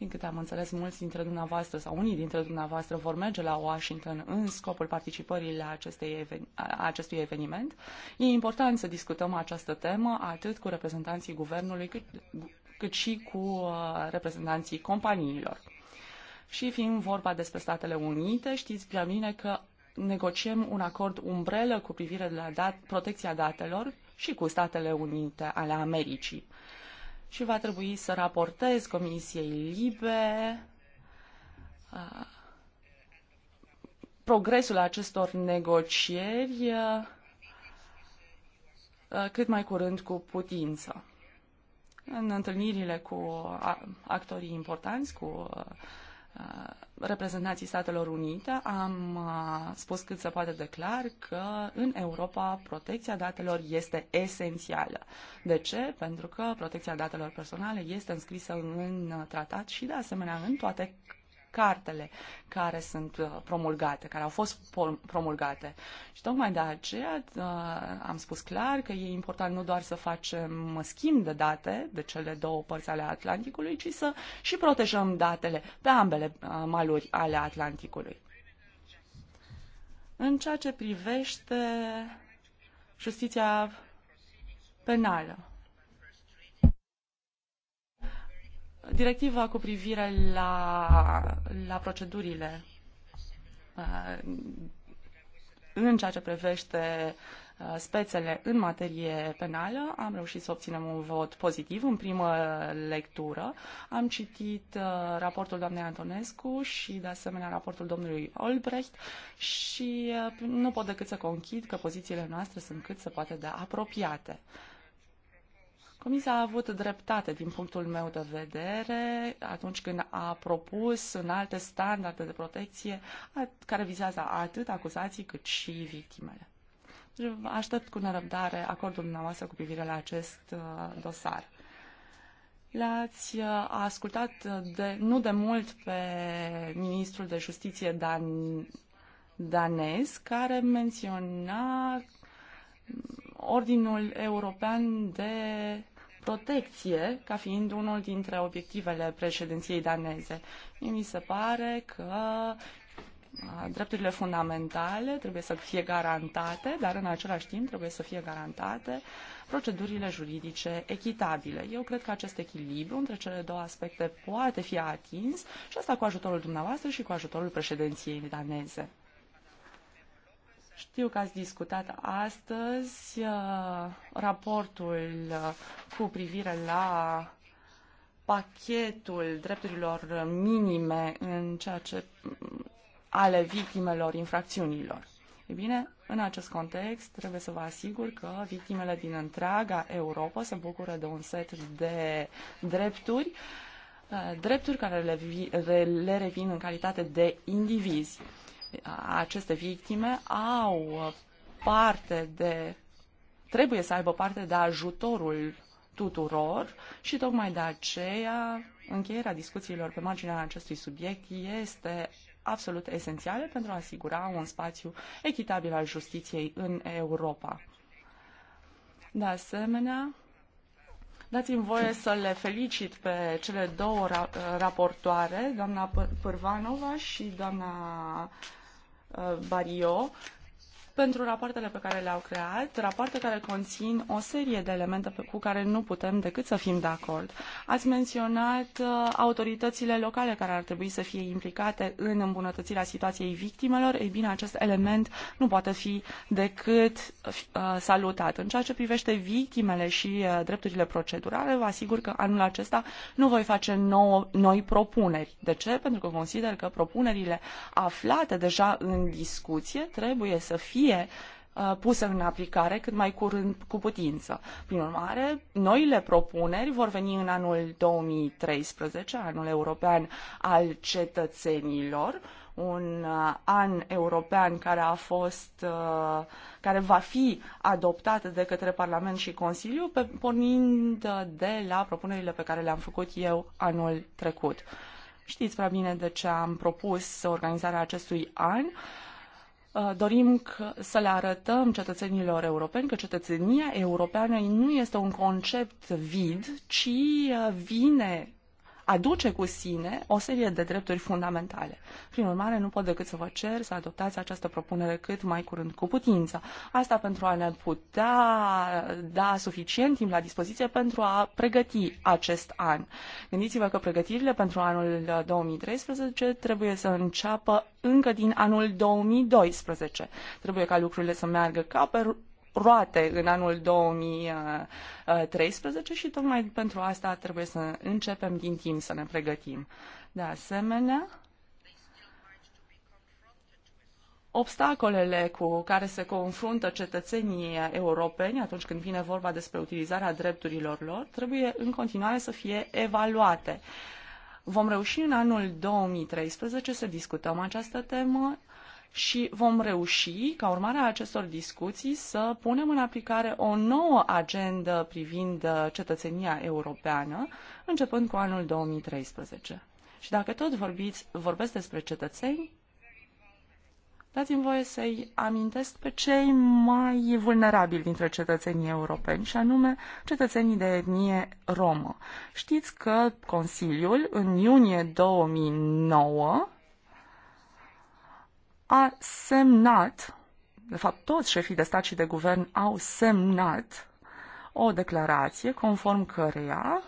din câte am înțeles, mulți dintre dumneavoastră sau unii dintre dumneavoastră vor merge la Washington în scopul participării la acestei even, acestui eveniment. E important să discutăm această temă atât cu reprezentanții guvernului cât, cât și cu uh, reprezentanții companiilor. Și fiind vorba despre Statele Unite, știți prea bine că negociem un acord umbrelă cu privire la dat- protecția datelor și cu Statele Unite ale Americii și va trebui să raportez Comisiei Libe progresul acestor negocieri cât mai curând cu putință. În întâlnirile cu actorii importanți, cu Uh, reprezentanții Statelor Unite, am uh, spus cât se poate declar că în Europa protecția datelor este esențială. De ce? Pentru că protecția datelor personale este înscrisă în uh, tratat și, de asemenea, în toate cartele care sunt uh, promulgate, care au fost promulgate. Și tocmai de aceea uh, am spus clar că e important nu doar să facem uh, schimb de date de cele două părți ale Atlanticului, ci să și protejăm datele pe ambele maluri ale Atlanticului. În ceea ce privește justiția penală. directiva cu privire la, la procedurile uh, în ceea ce privește uh, spețele în materie penală, am reușit să obținem un vot pozitiv în primă lectură. Am citit uh, raportul doamnei Antonescu și, de asemenea, raportul domnului Olbrecht și nu pot decât să conchid că pozițiile noastre sunt cât se poate de apropiate. Comisia a avut dreptate din punctul meu de vedere atunci când a propus în alte standarde de protecție care vizează atât acuzații cât și victimele. Aștept cu nerăbdare acordul dumneavoastră cu privire la acest uh, dosar. L-ați uh, ascultat de, nu de mult pe ministrul de justiție dan, danez, care menționa Ordinul European de protecție ca fiind unul dintre obiectivele președinției daneze. Mi se pare că drepturile fundamentale trebuie să fie garantate, dar în același timp trebuie să fie garantate procedurile juridice echitabile. Eu cred că acest echilibru între cele două aspecte poate fi atins și asta cu ajutorul dumneavoastră și cu ajutorul președinției daneze. Știu că ați discutat astăzi uh, raportul uh, cu privire la pachetul drepturilor minime în ceea ce ale victimelor infracțiunilor. E bine, în acest context trebuie să vă asigur că victimele din întreaga Europa se bucură de un set de drepturi, uh, drepturi care le, le revin în calitate de indivizi aceste victime au parte de, trebuie să aibă parte de ajutorul tuturor și tocmai de aceea încheierea discuțiilor pe marginea acestui subiect este absolut esențială pentru a asigura un spațiu echitabil al justiției în Europa. De asemenea, Dați-mi voie să le felicit pe cele două ra- raportoare, doamna Pârvanova și doamna Uh, Barrio pentru rapoartele pe care le-au creat, rapoarte care conțin o serie de elemente cu care nu putem decât să fim de acord. Ați menționat uh, autoritățile locale care ar trebui să fie implicate în îmbunătățirea situației victimelor. Ei bine, acest element nu poate fi decât uh, salutat. În ceea ce privește victimele și uh, drepturile procedurale, vă asigur că anul acesta nu voi face nou, noi propuneri. De ce? Pentru că consider că propunerile aflate deja în discuție trebuie să fie fie uh, puse în aplicare cât mai curând cu putință. Prin urmare, noile propuneri vor veni în anul 2013, anul european al cetățenilor, un uh, an european care a fost uh, care va fi adoptat de către Parlament și Consiliu pornind de la propunerile pe care le-am făcut eu anul trecut. Știți prea bine de ce am propus organizarea acestui an. Uh, Uh, dorim să le arătăm cetățenilor europeni că cetățenia europeană nu este un concept vid, ci uh, vine aduce cu sine o serie de drepturi fundamentale. Prin urmare, nu pot decât să vă cer să adoptați această propunere cât mai curând cu putință. Asta pentru a ne putea da suficient timp la dispoziție pentru a pregăti acest an. Gândiți-vă că pregătirile pentru anul 2013 trebuie să înceapă încă din anul 2012. Trebuie ca lucrurile să meargă ca pe roate în anul 2013 și tocmai pentru asta trebuie să începem din timp să ne pregătim. De asemenea, obstacolele cu care se confruntă cetățenii europeni atunci când vine vorba despre utilizarea drepturilor lor trebuie în continuare să fie evaluate. Vom reuși în anul 2013 să discutăm această temă, și vom reuși, ca urmare a acestor discuții, să punem în aplicare o nouă agendă privind uh, cetățenia europeană, începând cu anul 2013. Și dacă tot vorbiți, vorbesc despre cetățeni, dați-mi voie să-i amintesc pe cei mai vulnerabili dintre cetățenii europeni, și anume cetățenii de etnie romă. Știți că Consiliul, în iunie 2009, a semnat, de fapt toți șefii de stat și de guvern au semnat o declarație conform căreia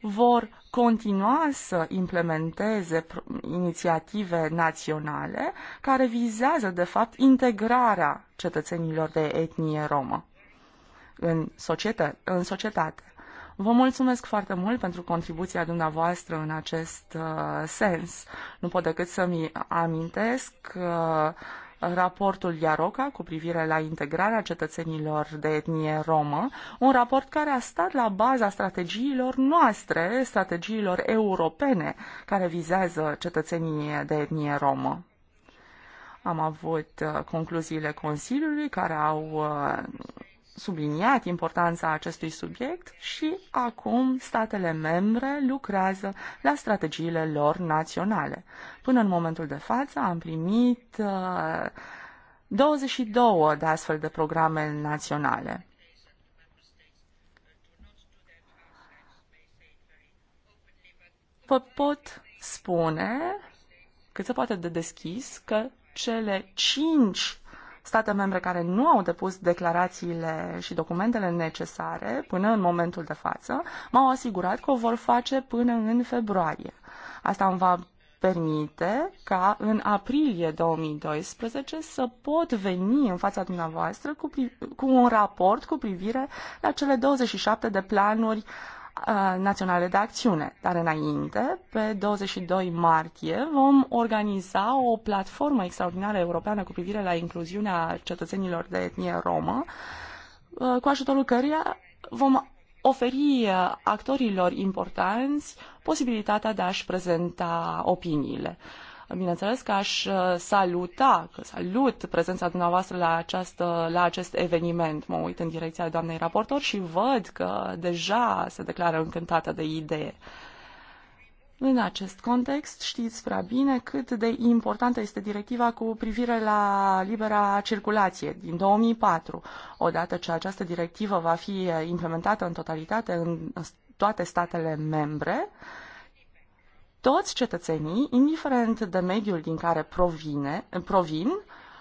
vor continua să implementeze inițiative naționale care vizează, de fapt, integrarea cetățenilor de etnie romă în, în societate. Vă mulțumesc foarte mult pentru contribuția dumneavoastră în acest uh, sens. Nu pot decât să-mi amintesc uh, raportul Iaroca cu privire la integrarea cetățenilor de etnie romă, un raport care a stat la baza strategiilor noastre, strategiilor europene care vizează cetățenii de etnie romă. Am avut uh, concluziile Consiliului care au uh, subliniat importanța acestui subiect și acum statele membre lucrează la strategiile lor naționale. Până în momentul de față am primit uh, 22 de astfel de programe naționale. Vă pot spune cât se poate de deschis că cele cinci state membre care nu au depus declarațiile și documentele necesare până în momentul de față, m-au asigurat că o vor face până în februarie. Asta îmi va permite ca în aprilie 2012 să pot veni în fața dumneavoastră cu, cu un raport cu privire la cele 27 de planuri uh, naționale de acțiune. Dar înainte, pe 22 martie, vom organiza o platformă extraordinară europeană cu privire la incluziunea cetățenilor de etnie romă, cu ajutorul căreia vom oferi actorilor importanți posibilitatea de a-și prezenta opiniile. Uh, Bineînțeles că aș uh, saluta, că salut prezența dumneavoastră la, această, la acest eveniment. Mă uit în direcția doamnei raportor și văd că deja se declară încântată de idee. În acest context, știți prea bine cât de importantă este directiva cu privire la libera circulație din 2004. Odată ce această directivă va fi uh, implementată în totalitate în toate statele membre, uh, toți cetățenii, indiferent de mediul din care provine, provin,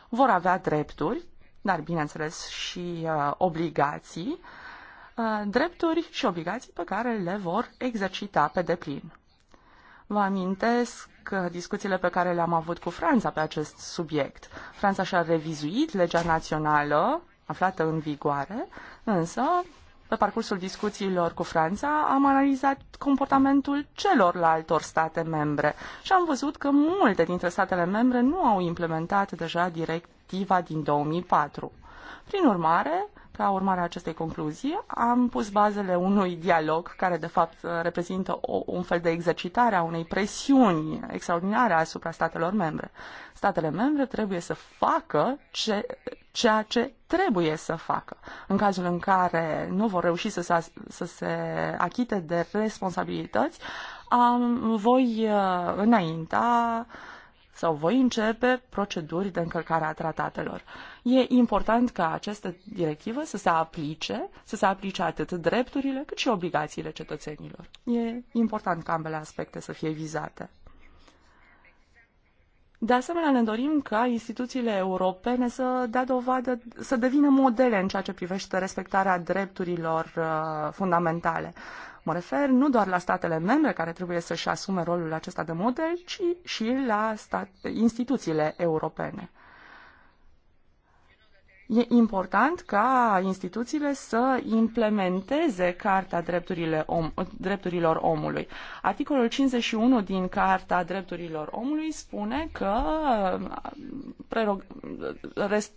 vor avea drepturi, dar bineînțeles și uh, obligații, uh, drepturi și obligații pe care le vor exercita pe deplin. Vă amintesc uh, discuțiile pe care le-am avut cu Franța pe acest subiect. Franța și-a revizuit legea națională aflată în vigoare, însă pe parcursul discuțiilor cu Franța, am analizat comportamentul celorlaltor state membre și am văzut că multe dintre statele membre nu au implementat deja directiva din 2004. Prin urmare, ca urmare a acestei concluzii, am pus bazele unui dialog care, de fapt, reprezintă o, un fel de exercitare a unei presiuni extraordinare asupra statelor membre. Statele membre trebuie să facă ce, ceea ce trebuie să facă. În cazul în care nu vor reuși să se, să se achite de responsabilități, am, voi uh, înainta sau voi începe proceduri de încălcare a tratatelor. E important ca această directivă să se aplice, să se aplice atât drepturile cât și obligațiile cetățenilor. E important ca ambele aspecte să fie vizate. De asemenea, ne dorim ca instituțiile europene să dea dovadă, să devină modele în ceea ce privește respectarea drepturilor uh, fundamentale. Mă refer nu doar la statele membre care trebuie să-și asume rolul acesta de model, ci și la stat, instituțiile europene. E important ca instituțiile să implementeze Carta Drepturile om, Drepturilor Omului. Articolul 51 din Carta Drepturilor Omului spune că uh, prerog, uh, rest,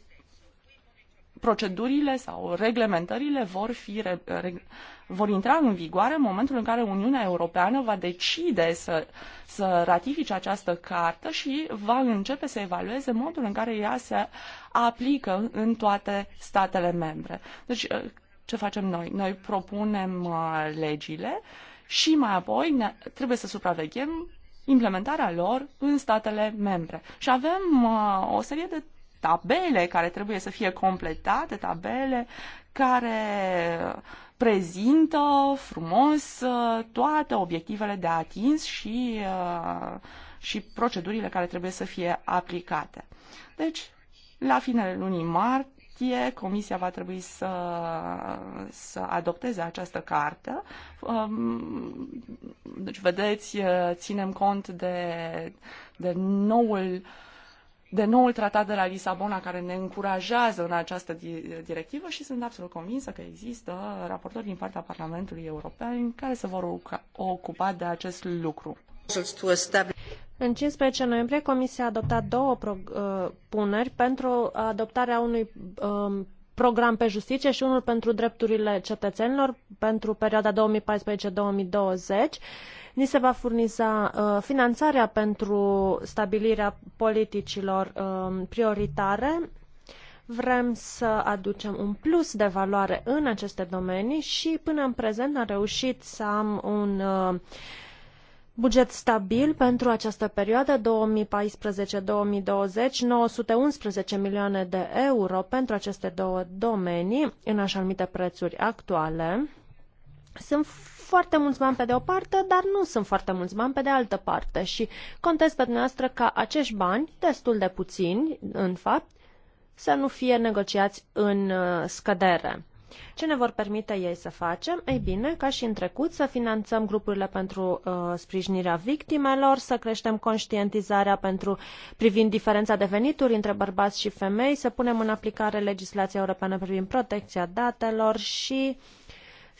procedurile sau reglementările vor, fi, re, re, vor intra în vigoare în momentul în care Uniunea Europeană va decide să, să ratifice această cartă și va începe să evalueze modul în care ea se aplică în toate statele membre. Deci, ă, ce facem noi? Noi propunem ă, legile și mai apoi ne, trebuie să supraveghem implementarea lor în statele membre. Și avem ă, o serie de tabele care trebuie să fie completate, tabele care prezintă frumos uh, toate obiectivele de atins și, uh, și procedurile care trebuie să fie aplicate. Deci, la finele lunii martie, Comisia va trebui să, să adopteze această carte. Um, deci, vedeți, uh, ținem cont de, de noul uh, de noul tratat de la Lisabona care ne încurajează în această directivă și sunt absolut convinsă că există raportori din partea Parlamentului European care se vor ocupa de acest lucru. În 15 noiembrie, Comisia a adoptat două propuneri uh, pentru adoptarea unui um, program pe justiție și unul pentru drepturile cetățenilor pentru perioada 2014-2020 Ni se va furniza uh, finanțarea pentru stabilirea politicilor uh, prioritare. Vrem să aducem un plus de valoare în aceste domenii și până în prezent am reușit să am un uh, buget stabil pentru această perioadă 2014-2020, 911 milioane de euro pentru aceste două domenii, în așa numite prețuri actuale. Sunt foarte mulți bani pe de o parte, dar nu sunt foarte mulți bani pe de altă parte și contez pe dumneavoastră ca acești bani, destul de puțini, în fapt, să nu fie negociați în uh, scădere. Ce ne vor permite ei să facem? Ei bine, ca și în trecut, să finanțăm grupurile pentru uh, sprijinirea victimelor, să creștem conștientizarea pentru privind diferența de venituri între bărbați și femei, să punem în aplicare legislația europeană privind protecția datelor și uh,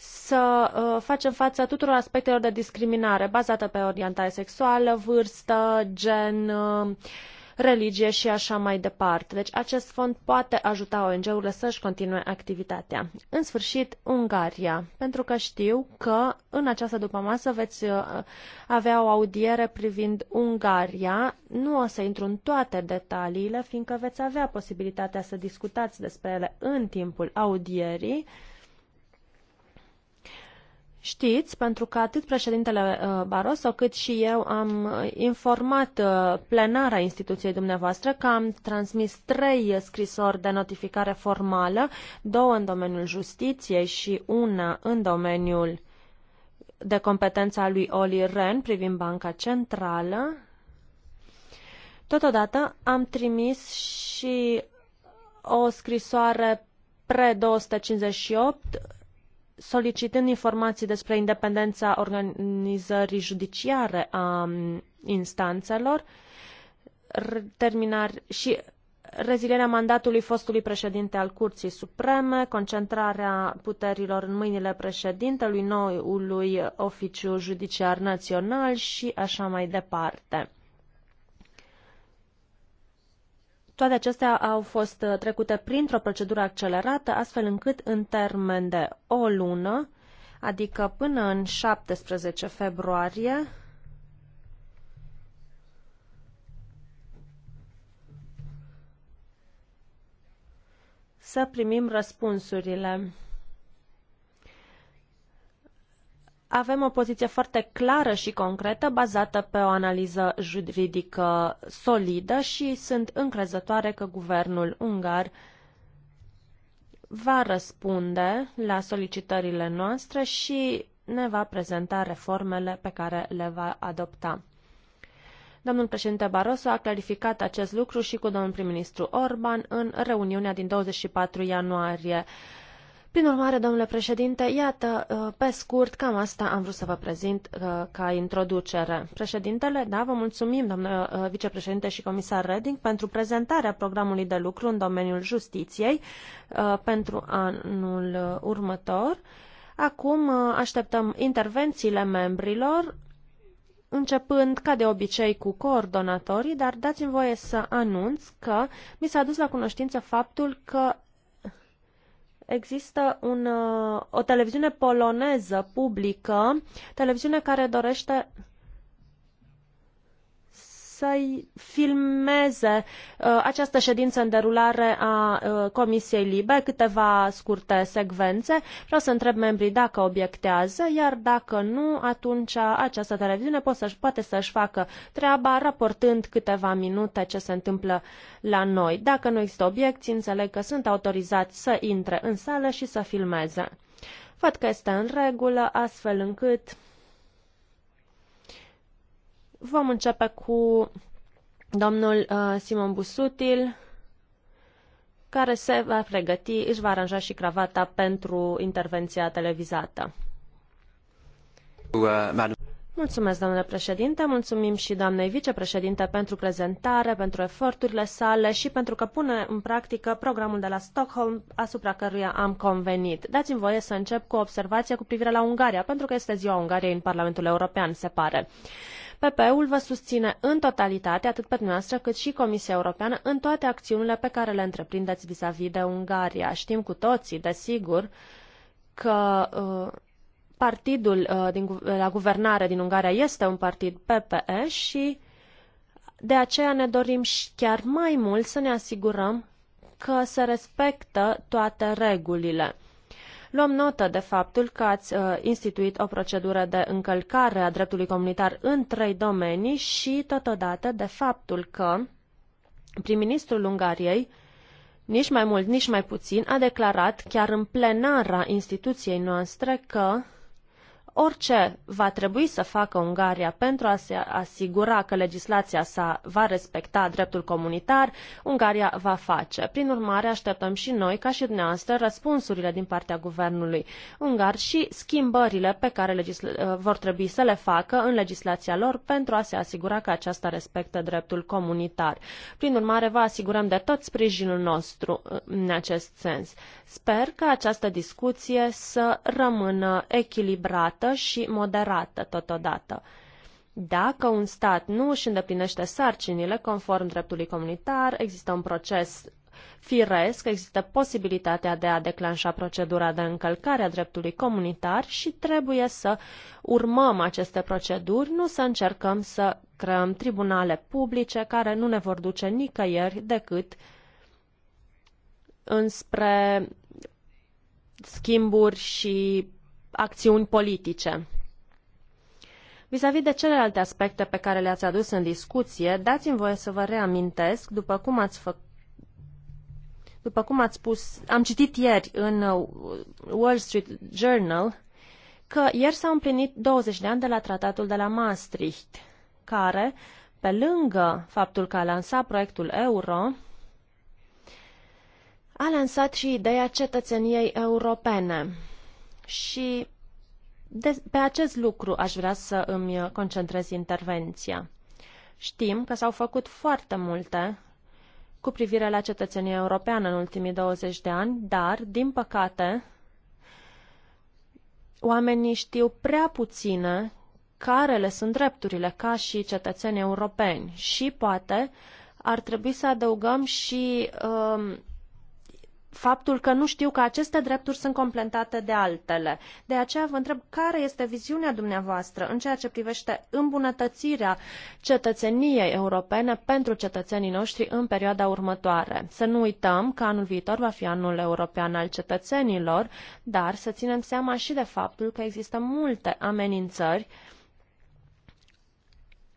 să uh, facem față tuturor aspectelor de discriminare bazată pe orientare sexuală, vârstă, gen, uh, religie și așa mai departe. Deci acest fond poate ajuta ONG-urile să-și continue activitatea. În sfârșit, Ungaria, pentru că știu că în această dupămasă veți uh, avea o audiere privind Ungaria. Nu o să intru în toate detaliile, fiindcă veți avea posibilitatea să discutați despre ele în timpul audierii. Știți, pentru că atât președintele uh, Barroso cât și eu am uh, informat uh, plenara instituției dumneavoastră că am transmis trei scrisori de notificare formală, două în domeniul justiției și una în domeniul de competența lui Oli Ren privind Banca Centrală. Totodată am trimis și o scrisoare pre-258 solicitând informații despre independența organizării judiciare a um, instanțelor terminar și rezilierea mandatului fostului președinte al Curții Supreme, concentrarea puterilor în mâinile președintelui noului oficiu judiciar național și așa mai departe. Toate acestea au fost uh, trecute printr-o procedură accelerată, astfel încât în termen de o lună, adică până în 17 februarie, să primim răspunsurile. avem o poziție foarte clară și concretă, bazată pe o analiză juridică solidă și sunt încrezătoare că guvernul ungar va răspunde la solicitările noastre și ne va prezenta reformele pe care le va adopta. Domnul președinte Barroso a clarificat acest lucru și cu domnul prim-ministru Orban în reuniunea din 24 ianuarie. Prin urmare, domnule președinte, iată, uh, pe scurt, cam asta am vrut să vă prezint uh, ca introducere. Președintele, da, vă mulțumim, domnule uh, vicepreședinte și comisar Reding, pentru prezentarea programului de lucru în domeniul justiției pentru anul următor. Acum așteptăm intervențiile membrilor, începând ca de obicei cu coordonatorii, dar dați-mi voie să anunț că mi s-a dus la cunoștință faptul că există un, uh, o televiziune poloneză publică, televiziune care dorește să-i filmeze uh, această ședință în derulare a uh, Comisiei Libe, câteva scurte secvențe. Vreau să întreb membrii dacă obiectează, iar dacă nu, atunci această televiziune poate să-și, poate să-și facă treaba raportând câteva minute ce se întâmplă la noi. Dacă nu există obiecții, înțeleg că sunt autorizați să intre în sală și să filmeze. Văd că este în regulă, astfel încât Vom începe cu domnul uh, Simon Busutil, care se va pregăti, își va aranja și cravata pentru intervenția televizată. Uh, Mulțumesc, domnule președinte, mulțumim și doamnei vicepreședinte pentru prezentare, pentru eforturile sale și pentru că pune în practică programul de la Stockholm asupra căruia am convenit. Dați-mi voie să încep cu o observație cu privire la Ungaria, pentru că este ziua Ungariei în Parlamentul European, se pare ppe ul vă susține în totalitate, atât pe dumneavoastră cât și Comisia Europeană, în toate acțiunile pe care le întreprindeți vis-a-vis -vis de Ungaria. Știm cu toții, desigur, că uh, partidul uh, din, la guvernare din Ungaria este un partid PPE și de aceea ne dorim și chiar mai mult să ne asigurăm că se respectă toate regulile. Luăm notă de faptul că ați uh, instituit o procedură de încălcare a dreptului comunitar în trei domenii și totodată de faptul că prim-ministrul Ungariei nici mai mult, nici mai puțin, a declarat chiar în plenara instituției noastre că orice va trebui să facă Ungaria pentru a se asigura că legislația sa va respecta dreptul comunitar, Ungaria va face. Prin urmare, așteptăm și noi, ca și dumneavoastră, răspunsurile din partea guvernului ungar și schimbările pe care uh, vor trebui să le facă în legislația lor pentru a se asigura că aceasta respectă dreptul comunitar. Prin urmare, vă asigurăm de tot sprijinul nostru uh, în acest sens. Sper că această discuție să rămână echilibrată și moderată totodată. Dacă un stat nu își îndeplinește sarcinile conform dreptului comunitar, există un proces firesc, există posibilitatea de a declanșa procedura de încălcare a dreptului comunitar și trebuie să urmăm aceste proceduri, nu să încercăm să creăm tribunale publice care nu ne vor duce nicăieri decât înspre schimburi și acțiuni politice. Vis-a-vis -vis de celelalte aspecte pe care le-ați adus în discuție, dați-mi voie să vă reamintesc, după cum ați făcut după cum ați spus, am citit ieri în uh, Wall Street Journal că ieri s-au împlinit 20 de ani de la tratatul de la Maastricht, care, pe lângă faptul că a lansat proiectul euro, a lansat și ideea cetățeniei europene și de, pe acest lucru aș vrea să îmi concentrez intervenția. Știm că s-au făcut foarte multe cu privire la cetățenia europeană în ultimii 20 de ani, dar, din păcate, oamenii știu prea puține care le sunt drepturile ca și cetățeni europeni și poate ar trebui să adăugăm și uh, faptul că nu știu că aceste drepturi sunt completate de altele. De aceea vă întreb care este viziunea dumneavoastră în ceea ce privește îmbunătățirea cetățeniei europene pentru cetățenii noștri în perioada următoare. Să nu uităm că anul viitor va fi anul european al cetățenilor, dar să ținem seama și de faptul că există multe amenințări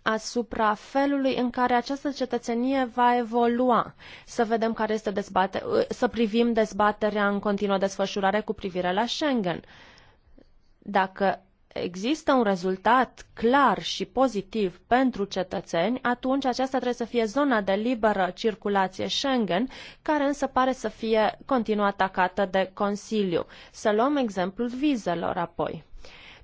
asupra felului în care această cetățenie va evolua. Să vedem care este dezbate, să privim dezbaterea în continuă desfășurare cu privire la Schengen. Dacă există un rezultat clar și pozitiv pentru cetățeni, atunci aceasta trebuie să fie zona de liberă circulație Schengen, care însă pare să fie continuă atacată de Consiliu. Să luăm exemplul vizelor apoi.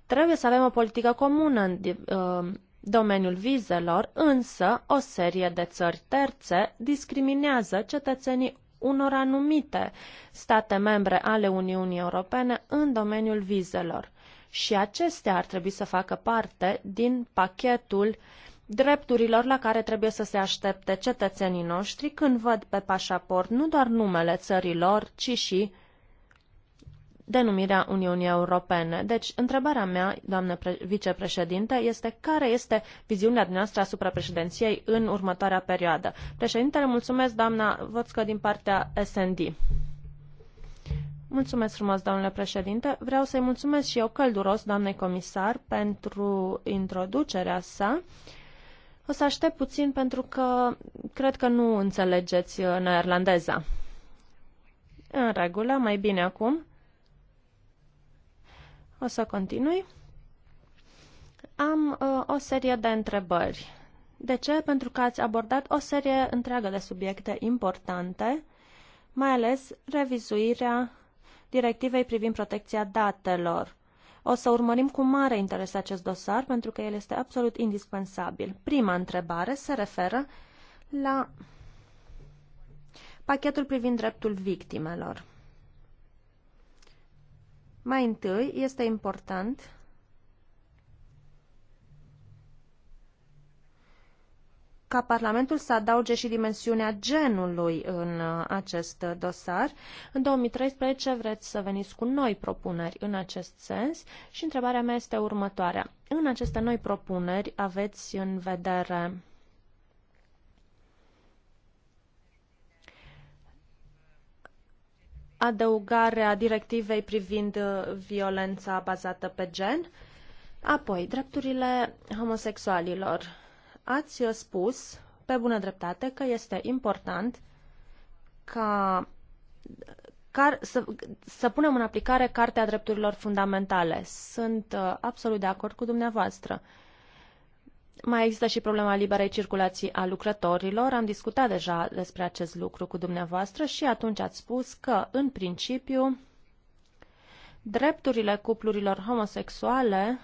Trebuie să avem o politică comună în uh, domeniul vizelor, însă o serie de țări terțe discriminează cetățenii unor anumite state membre ale Uniunii Europene în domeniul vizelor. Și acestea ar trebui să facă parte din pachetul drepturilor la care trebuie să se aștepte cetățenii noștri când văd pe pașaport nu doar numele țărilor, ci și denumirea Uniunii Europene. Deci, întrebarea mea, doamnă vicepreședinte, este care este viziunea noastră asupra președinției în următoarea perioadă. Președintele, mulțumesc, doamna Voțcă, din partea SND. Mulțumesc frumos, domnule președinte. Vreau să-i mulțumesc și eu călduros, doamnei comisar, pentru introducerea sa. O să aștept puțin pentru că cred că nu înțelegeți neerlandeza. În regulă, mai bine acum. O să continui. Am uh, o serie de întrebări. De ce? Pentru că ați abordat o serie întreagă de subiecte importante, mai ales revizuirea directivei privind protecția datelor. O să urmărim cu mare interes acest dosar, pentru că el este absolut indispensabil. Prima întrebare se referă la pachetul privind dreptul victimelor. Mai întâi, este important ca Parlamentul să adauge și dimensiunea genului în uh, acest dosar. În 2013 vreți să veniți cu noi propuneri în acest sens și întrebarea mea este următoarea. În aceste noi propuneri aveți în vedere adăugarea directivei privind uh, violența bazată pe gen, apoi drepturile homosexualilor. Ați uh, spus, pe bună dreptate, că este important ca car, să, să punem în aplicare Cartea Drepturilor Fundamentale. Sunt uh, absolut de acord cu dumneavoastră. Uh, mai există și problema liberei circulații a lucrătorilor. Am discutat deja despre acest lucru cu dumneavoastră și atunci ați spus că, în principiu, drepturile cuplurilor homosexuale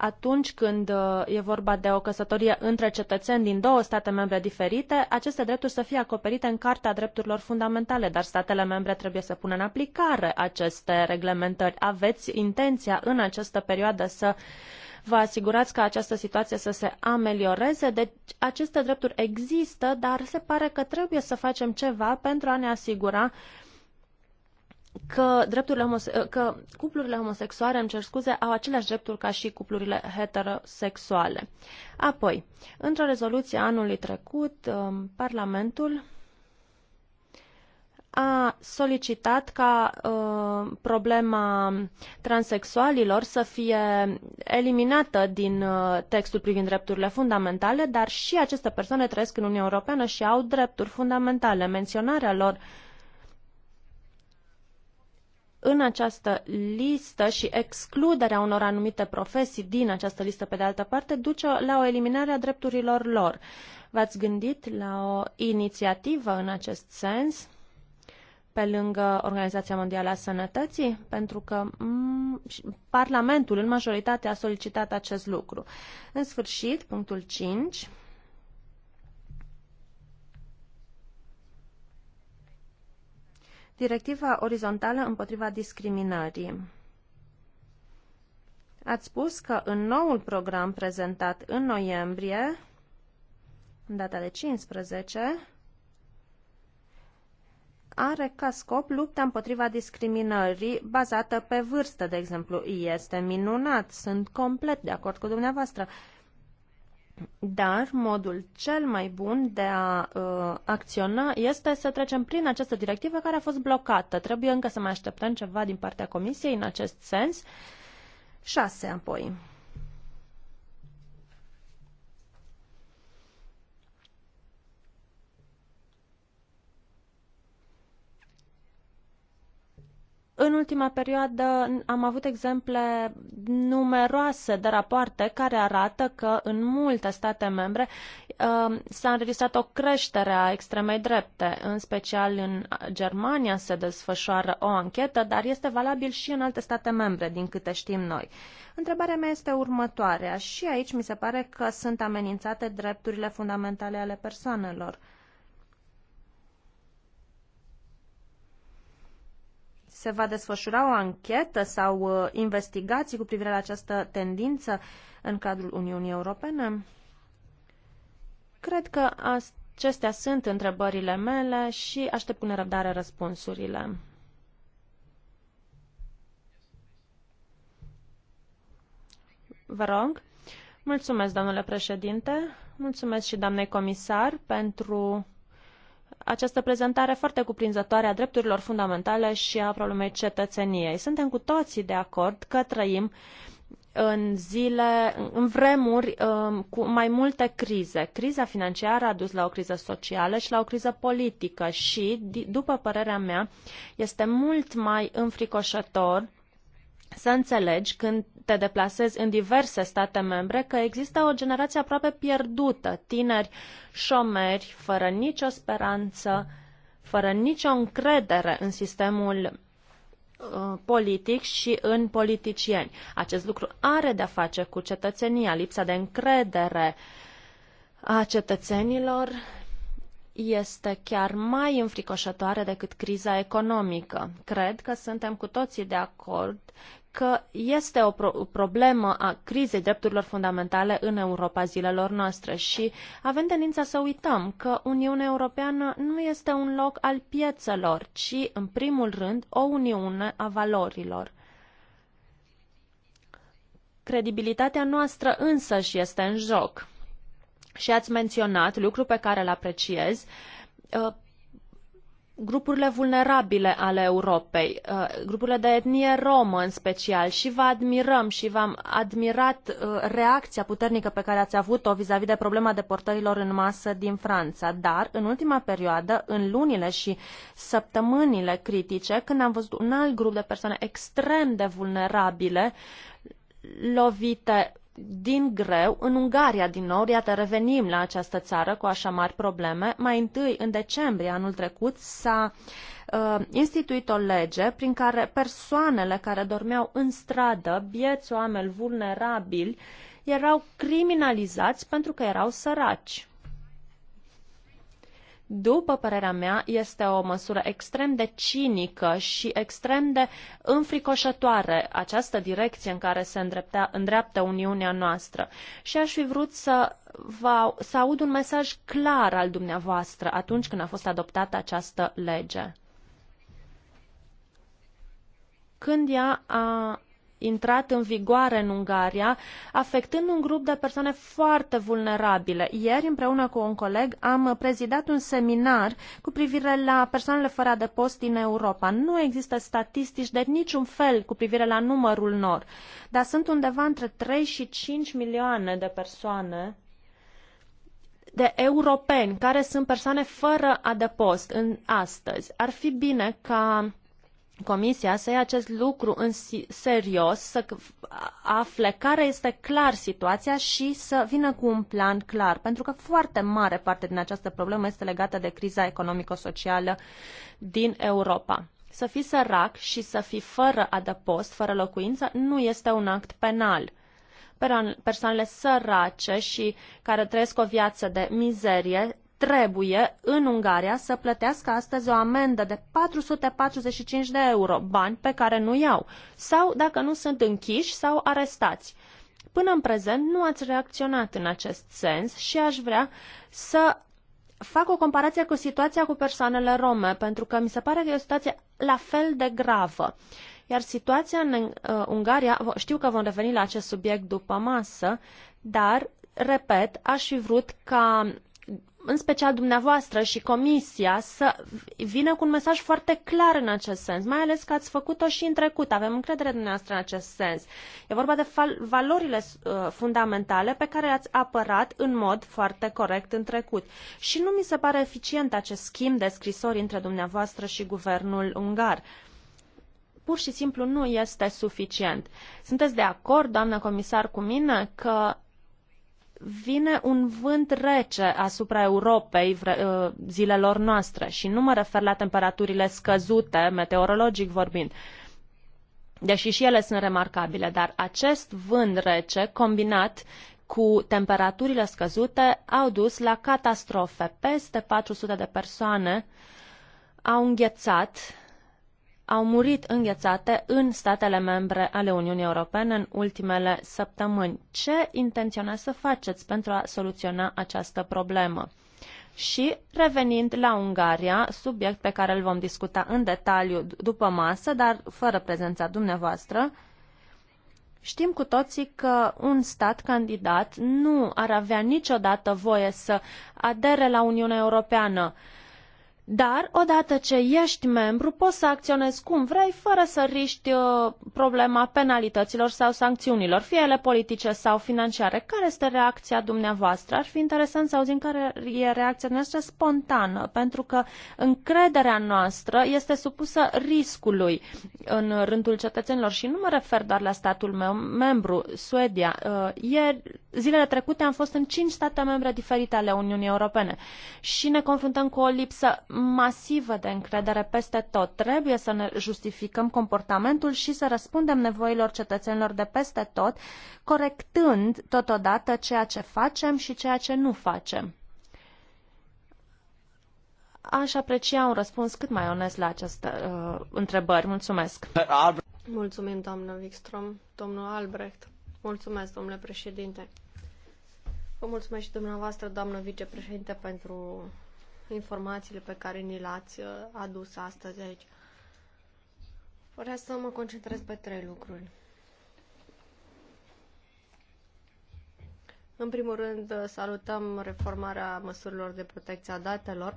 atunci când uh, e vorba de o căsătorie între cetățeni din două state membre diferite, aceste drepturi să fie acoperite în Carta Drepturilor Fundamentale, dar statele membre trebuie să pună în aplicare aceste reglementări. Aveți intenția în această perioadă să vă asigurați că această situație să se amelioreze. Deci aceste drepturi există, dar se pare că trebuie să facem ceva pentru a ne asigura uh, că, drepturile homose- ă, că cuplurile homosexuale, îmi cer scuze, au aceleași drepturi ca și cuplurile heterosexuale. Apoi, într-o rezoluție anului trecut, um, Parlamentul a solicitat ca uh, problema transexualilor să fie eliminată din uh, textul privind drepturile fundamentale, dar și aceste persoane trăiesc în Uniunea Europeană și au drepturi fundamentale. Menționarea lor uh, în această listă și excluderea unor anumite profesii din această listă, pe de altă parte, duce la o eliminare a drepturilor lor. V-ați gândit la o inițiativă în acest sens? pe lângă Organizația Mondială a Sănătății, pentru că mm, Parlamentul în majoritate a solicitat acest lucru. În sfârșit, punctul 5 Directiva orizontală împotriva discriminării. Ați spus că în noul program prezentat în noiembrie, în data de 15, are ca scop lupta împotriva discriminării bazată pe vârstă, de exemplu. Este minunat, sunt complet de acord cu dumneavoastră. Dar modul cel mai bun de a uh, acționa este să trecem prin această directivă care a fost blocată. Trebuie încă să mai așteptăm ceva din partea Comisiei în acest sens. 6. Apoi. În ultima perioadă am avut exemple numeroase de rapoarte care arată că în multe state membre uh, s-a înregistrat o creștere a extremei drepte. În special în Germania se desfășoară o anchetă, dar este valabil și în alte state membre, din câte știm noi. Întrebarea mea este următoarea și aici mi se pare că sunt amenințate drepturile fundamentale ale persoanelor. se va desfășura o anchetă sau uh, investigații cu privire la această tendință în cadrul Uniunii Europene? Cred că acestea sunt întrebările mele și aștept cu nerăbdare răspunsurile. Vă rog. Mulțumesc, domnule președinte. Mulțumesc și doamnei comisar pentru această prezentare foarte cuprinzătoare a drepturilor fundamentale și a problemei cetățeniei. Suntem cu toții de acord că trăim în zile, în vremuri um, cu mai multe crize. Criza financiară a dus la o criză socială și la o criză politică și, după părerea mea, este mult mai înfricoșător să înțelegi când te deplasezi în diverse state membre că există o generație aproape pierdută, tineri șomeri, fără nicio speranță, fără nicio încredere în sistemul uh, politic și în politicieni. Acest lucru are de-a face cu cetățenia, lipsa de încredere a cetățenilor este chiar mai înfricoșătoare decât criza economică. Cred că suntem cu toții de acord că este o, pro- problemă a crizei drepturilor fundamentale în Europa zilelor noastre și avem tendința să uităm că Uniunea Europeană nu este un loc al piețelor, ci, în primul rând, o uniune a valorilor. Credibilitatea noastră însă și este în joc. Și ați menționat, lucru pe care îl apreciez, uh, grupurile vulnerabile ale Europei, uh, grupurile de etnie romă în special și vă admirăm și v-am admirat uh, reacția puternică pe care ați avut-o vis-a-vis de problema deportărilor în masă din Franța, dar în ultima perioadă, în lunile și săptămânile critice, când am văzut un alt grup de persoane extrem de vulnerabile lovite din greu în Ungaria din nou, iată revenim la această țară cu așa mari probleme. Mai întâi, în decembrie anul trecut, s-a uh, instituit o lege prin care persoanele care dormeau în stradă, bieți oameni vulnerabili, erau criminalizați pentru că erau săraci după părerea mea, este o măsură extrem de cinică și extrem de înfricoșătoare această direcție în care se îndreptea, îndreaptă Uniunea noastră. Și aș fi vrut să, vă, să aud un mesaj clar al dumneavoastră atunci când a fost adoptată această lege. Când ea a intrat în vigoare în Ungaria, afectând un grup de persoane foarte vulnerabile. Ieri, împreună cu un coleg, am prezidat un seminar cu privire la persoanele fără adăpost din Europa. Nu există statistici de niciun fel cu privire la numărul lor, dar sunt undeva între 3 și 5 milioane de persoane de europeni care sunt persoane fără adăpost în astăzi. Ar fi bine ca Comisia să ia acest lucru în serios, să afle care este clar situația și să vină cu un plan clar, pentru că foarte mare parte din această problemă este legată de criza economico-socială din Europa. Să fii sărac și să fii fără adăpost, fără locuință, nu este un act penal persoanele sărace și care trăiesc o viață de mizerie trebuie în Ungaria să plătească astăzi o amendă de 445 de euro, bani pe care nu iau, sau dacă nu sunt închiși sau arestați. Până în prezent nu ați reacționat în acest sens și aș vrea să fac o comparație cu situația cu persoanele rome, pentru că mi se pare că e o situație la fel de gravă. Iar situația în uh, Ungaria, știu că vom reveni la acest subiect după masă, dar, repet, aș fi vrut ca în special dumneavoastră și Comisia, să vină cu un mesaj foarte clar în acest sens, mai ales că ați făcut-o și în trecut. Avem încredere dumneavoastră în acest sens. E vorba de valorile uh, fundamentale pe care le-ați apărat în mod foarte corect în trecut. Și nu mi se pare eficient acest schimb de scrisori între dumneavoastră și guvernul ungar pur și simplu nu este suficient. Sunteți de acord, doamnă comisar, cu mine că vine un vânt rece asupra Europei uh, zilelor noastre și nu mă refer la temperaturile scăzute, meteorologic vorbind, deși și ele sunt remarcabile, dar acest vânt rece combinat cu temperaturile scăzute au dus la catastrofe. Peste 400 de persoane au înghețat au murit înghețate în statele membre ale Uniunii Europene în ultimele săptămâni. Ce intenționați să faceți pentru a soluționa această problemă? Și revenind la Ungaria, subiect pe care îl vom discuta în detaliu după masă, dar fără prezența dumneavoastră, Știm cu toții că un stat candidat nu ar avea niciodată voie să adere la Uniunea Europeană. Uh, dar, odată ce ești membru, poți să acționezi cum vrei, fără să riști uh, problema penalităților sau sancțiunilor, fie ele politice sau financiare. Care este reacția dumneavoastră? Ar fi interesant să auzim care e reacția noastră spontană, pentru că încrederea noastră este supusă riscului în rândul cetățenilor și nu mă refer doar la statul meu membru, Suedia. Uh, ieri, zilele trecute am fost în cinci state membre diferite ale Uniunii Europene și ne confruntăm cu o lipsă masivă de încredere peste tot. Trebuie să ne justificăm comportamentul și să răspundem nevoilor cetățenilor de peste tot, corectând totodată ceea ce facem și ceea ce nu facem. Aș aprecia un răspuns cât mai onest la aceste uh, întrebări. Mulțumesc. Mulțumim, doamnă Wikström. Domnul Albrecht. Mulțumesc, domnule președinte. Vă mulțumesc și dumneavoastră, doamnă vicepreședinte, pentru informațiile pe care ni le-ați uh, adus astăzi aici. Vreau să mă concentrez pe trei lucruri. În primul rând, uh, salutăm reformarea măsurilor de protecție a datelor.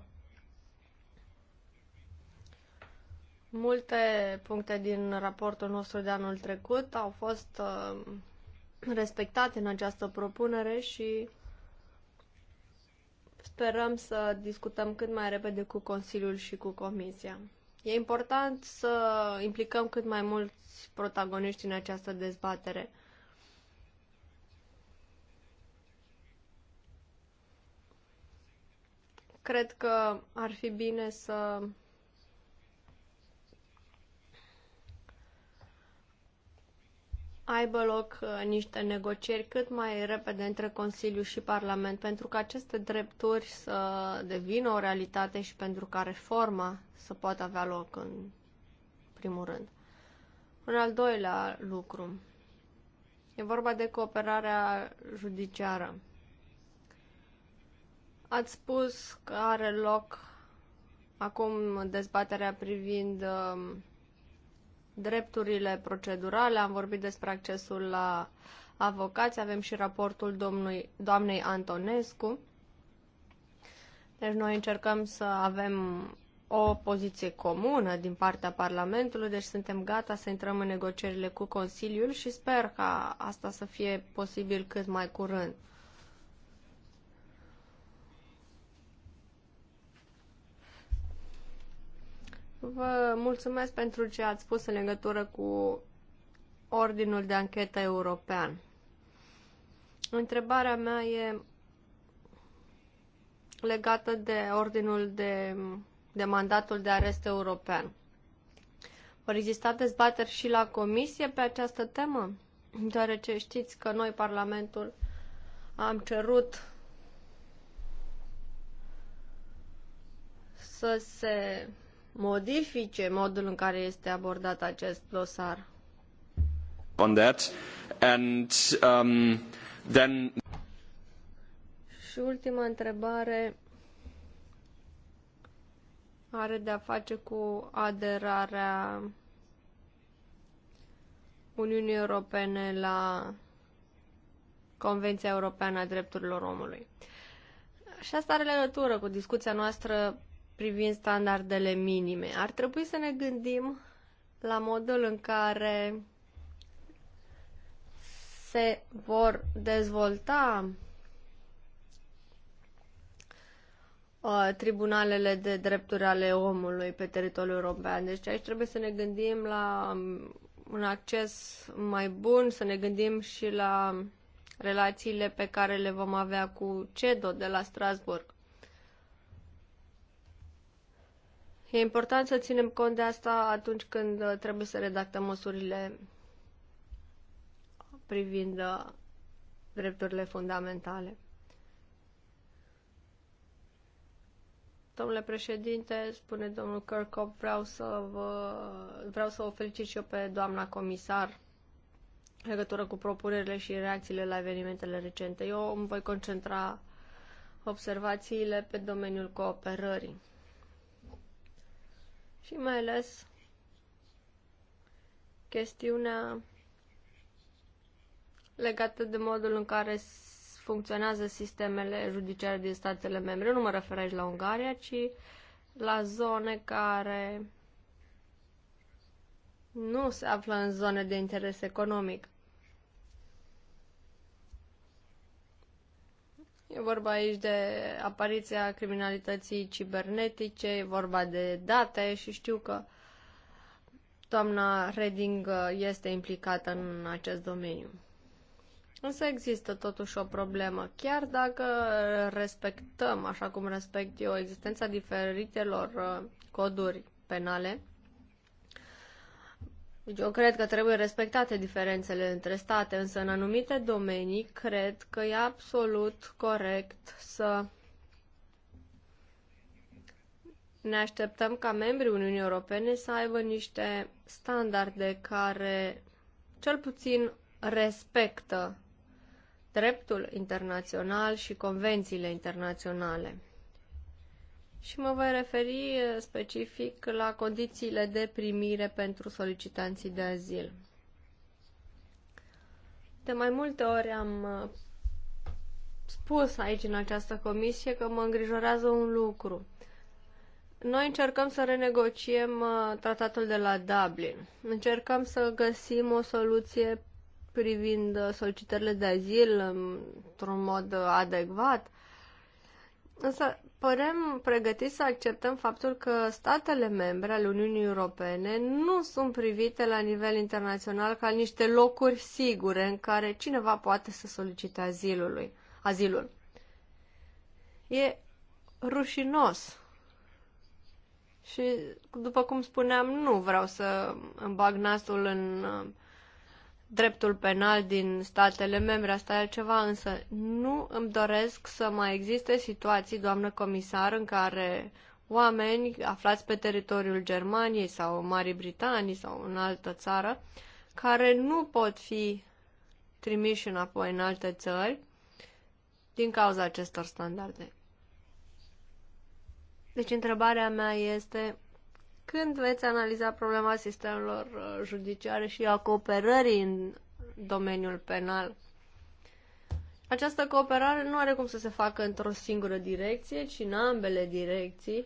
Multe puncte din raportul nostru de anul trecut au fost uh, respectate în această propunere și Sperăm să discutăm cât mai repede cu Consiliul și cu Comisia. E important să implicăm cât mai mulți protagoniști în această dezbatere. Cred că ar fi bine să aibă loc uh, niște negocieri cât mai repede între Consiliu și Parlament pentru ca aceste drepturi să devină o realitate și pentru ca reforma să poată avea loc în primul rând. Un al doilea lucru. E vorba de cooperarea judiciară. Ați spus că are loc acum dezbaterea privind uh, drepturile procedurale, am vorbit despre accesul la avocați, avem și raportul domnului, doamnei Antonescu. Deci noi încercăm să avem o poziție comună din partea Parlamentului, deci suntem gata să intrăm în negocierile cu Consiliul și sper ca asta să fie posibil cât mai curând. Vă mulțumesc pentru ce ați spus în legătură cu Ordinul de Anchetă European. Întrebarea mea e legată de Ordinul de, de Mandatul de Arest European. Vor exista dezbateri și la Comisie pe această temă? Deoarece știți că noi, Parlamentul, am cerut să se modifice modul în care este abordat acest dosar. On that and um, then și ultima întrebare are de a face cu aderarea Uniunii Europene la Convenția Europeană a Drepturilor Omului. Și asta are legătură cu discuția noastră privind standardele minime. Ar trebui să ne gândim la modul în care se vor dezvolta uh, tribunalele de drepturi ale omului pe teritoriul european. Deci aici trebuie să ne gândim la um, un acces mai bun, să ne gândim și la relațiile pe care le vom avea cu CEDO de la Strasburg. E important să ținem cont de asta atunci când uh, trebuie să redactăm măsurile privind uh, drepturile fundamentale. Domnule președinte, spune domnul Kirkhoff, vreau să, vă, vreau să o felicit și eu pe doamna comisar legătură cu propunerile și reacțiile la evenimentele recente. Eu îmi voi concentra observațiile pe domeniul cooperării și mai ales chestiunea legată de modul în care funcționează sistemele judiciare din statele membre. Eu nu mă refer aici la Ungaria, ci la zone care nu se află în zone de interes economic. E vorba aici de apariția criminalității cibernetice, e vorba de date și știu că doamna Reding uh, este implicată în acest domeniu. Însă există totuși o problemă. Chiar dacă respectăm, așa cum respect eu, existența diferitelor uh, coduri penale, deci eu cred că trebuie respectate diferențele între state, însă în anumite domenii cred că e absolut corect să ne așteptăm ca membrii Uniunii Europene să aibă niște standarde care cel puțin respectă dreptul internațional și convențiile internaționale și mă voi referi eh, specific la condițiile de primire pentru solicitanții de azil. De mai multe ori am eh, spus aici în această comisie că mă îngrijorează un lucru. Noi încercăm să renegociem eh, tratatul de la Dublin. Încercăm să găsim o soluție privind solicitările de azil mm, într-un mod adecvat. Însă părem pregătiți să acceptăm faptul că statele membre ale Uniunii Europene nu sunt privite la nivel internațional ca niște locuri sigure în care cineva poate să solicite azilului, azilul. E rușinos. Și, după cum spuneam, nu vreau să îmi bag nasul în dreptul penal din statele membre, asta e altceva, însă nu îmi doresc să mai existe situații, doamnă comisar, în care oameni aflați pe teritoriul Germaniei sau Marii Britanii sau în altă țară, care nu pot fi trimiși înapoi în alte țări din cauza acestor standarde. Deci întrebarea mea este când veți analiza problema sistemelor uh, judiciare și a cooperării în domeniul penal? Această cooperare nu are cum să se facă într-o singură direcție, ci în ambele direcții,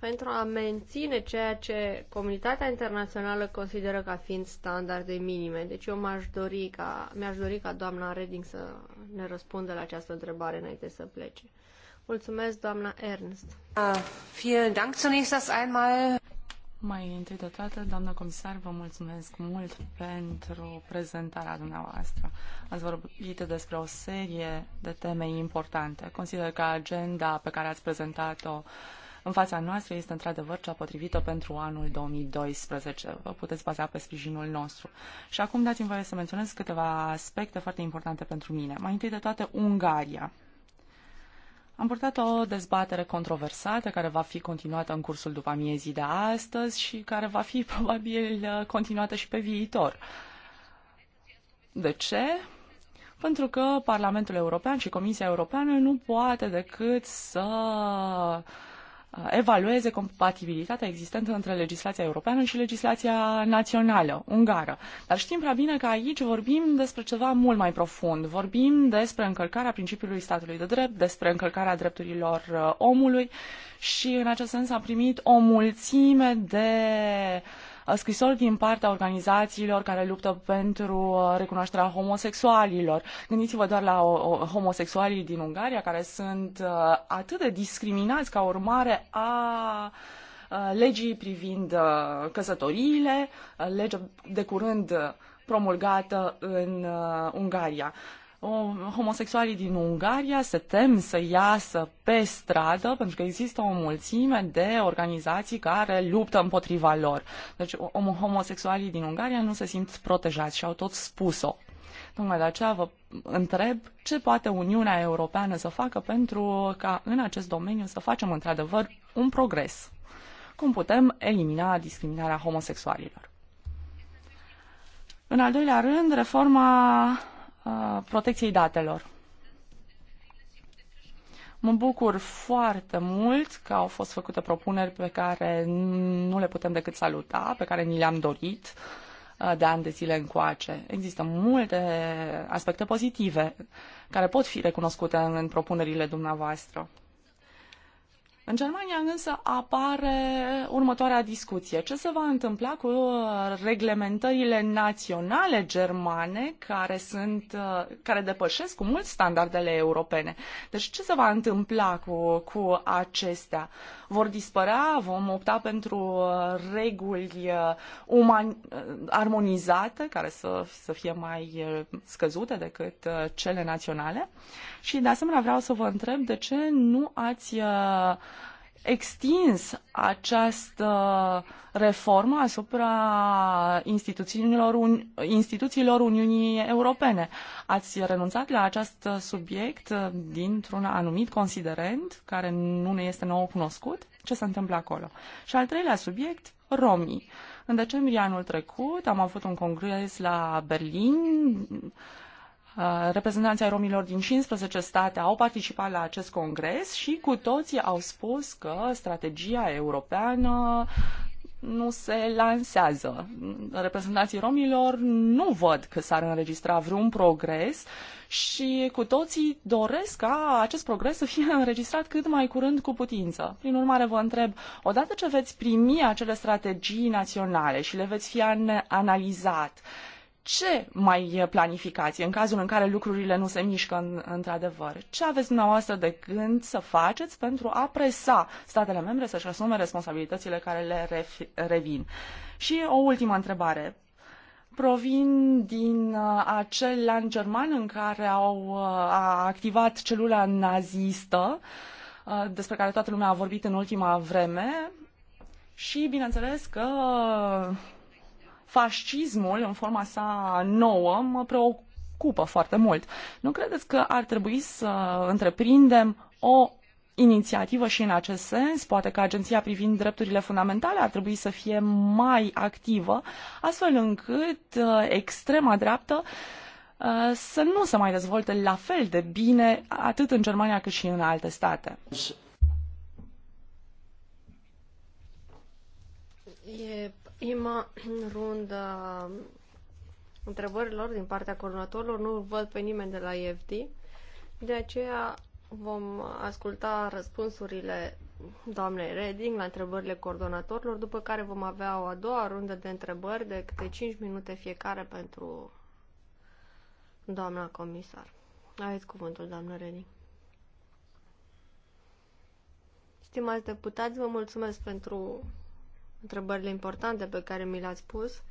pentru a menține ceea ce comunitatea internațională consideră ca fiind standarde minime. Deci eu m-aș dori ca, mi-aș dori ca doamna Reding să ne răspundă la această întrebare înainte să plece. Mulțumesc, doamna Ernst. Da, vielen Dank zunächst einmal. Mai întâi de toate, doamnă comisar, vă mulțumesc mult pentru prezentarea dumneavoastră. Ați vorbit despre o serie de teme importante. Consider că agenda pe care ați prezentat-o în fața noastră este într-adevăr cea potrivită pentru anul 2012. Vă puteți baza pe sprijinul nostru. Și acum dați-mi voie să menționez câteva aspecte foarte importante pentru mine. Mai întâi de toate, Ungaria. Am purtat o dezbatere controversată care va fi continuată în cursul după amiezii de astăzi și care va fi probabil uh, continuată și pe viitor. De ce? Pentru că Parlamentul European și Comisia Europeană nu poate decât să uh, Uh, evalueze compatibilitatea existentă între legislația europeană și legislația națională, ungară. Dar știm prea bine că aici vorbim despre ceva mult mai profund. Vorbim despre încălcarea principiului statului de drept, despre încălcarea drepturilor uh, omului și în acest sens am primit o mulțime de uh, Uh, scrisori din partea organizațiilor care luptă pentru uh, recunoașterea homosexualilor. Gândiți-vă doar la uh, homosexualii din Ungaria care sunt atât de discriminați ca urmare a legii privind căsătoriile, legea de curând promulgată în Ungaria homosexualii din Ungaria se tem să iasă pe stradă pentru că există o mulțime de organizații care luptă împotriva lor. Deci homosexualii din Ungaria nu se simt protejați și au tot spus-o. Tocmai de aceea vă întreb ce poate Uniunea Europeană să facă pentru ca în acest domeniu să facem într-adevăr un progres. Cum putem elimina discriminarea homosexualilor? În al doilea rând, reforma protecției datelor. Mă bucur foarte mult că au fost făcute propuneri pe care nu le putem decât saluta, pe care ni le-am dorit de ani de zile încoace. Există multe aspecte pozitive care pot fi recunoscute în propunerile dumneavoastră. În Germania însă apare următoarea discuție. Ce se va întâmpla cu uh, reglementările naționale germane care, sunt, uh, care depășesc cu mult standardele europene? Deci ce se va întâmpla cu, cu acestea? Uh, vor dispărea, vom opta pentru uh, reguli uh, uman- uh, armonizate, care să, să fie mai scăzute decât cele naționale. Și de asemenea vreau să vă întreb de ce nu ați extins această reformă asupra instituțiilor, instituțiilor Uniunii Europene. Ați renunțat la acest subiect dintr-un anumit considerent care nu ne este nou cunoscut? Ce se întâmplă acolo? Și al treilea subiect, romii. În decembrie anul trecut am avut un congres la Berlin Uh, reprezentanții romilor din 15 state au participat la acest congres și cu toții au spus că strategia europeană nu se lansează. Reprezentanții romilor nu văd că s-ar înregistra vreun progres și cu toții doresc ca acest progres să fie înregistrat cât mai curând cu putință. Prin urmare, vă întreb, odată ce veți primi acele strategii naționale și le veți fi analizat, ce mai planificați în cazul în care lucrurile nu se mișcă în, într-adevăr? Ce aveți dumneavoastră de gând să faceți pentru a presa statele membre să-și asume responsabilitățile care le ref- revin? Și o ultimă întrebare. Provin din uh, acel an german în care au, uh, a activat celula nazistă, uh, despre care toată lumea a vorbit în ultima vreme, și bineînțeles că fascismul, în forma sa nouă, mă preocupă foarte mult. Nu credeți că ar trebui să întreprindem o inițiativă și în acest sens, poate că agenția privind drepturile fundamentale ar trebui să fie mai activă, astfel încât uh, extrema dreaptă uh, să nu se mai dezvolte la fel de bine atât în Germania cât și în alte state. E prima rundă întrebărilor din partea coordonatorilor. Nu văd pe nimeni de la EFD. De aceea vom asculta răspunsurile doamnei Reding la întrebările coordonatorilor, după care vom avea o a doua rundă de întrebări de câte 5 minute fiecare pentru doamna comisar. Aveți cuvântul, doamnă Reding. Stimați deputați, vă mulțumesc pentru întrebările importante pe care mi le-ați pus.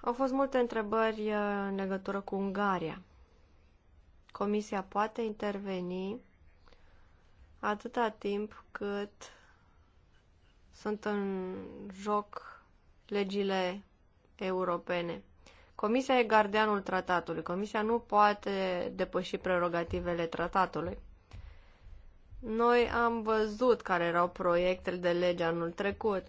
Au fost multe întrebări uh, în legătură cu Ungaria. Comisia poate interveni atâta timp cât sunt în joc legile europene. Comisia e gardianul tratatului. Comisia nu poate depăși prerogativele tratatului. Noi am văzut care erau proiectele de lege anul trecut.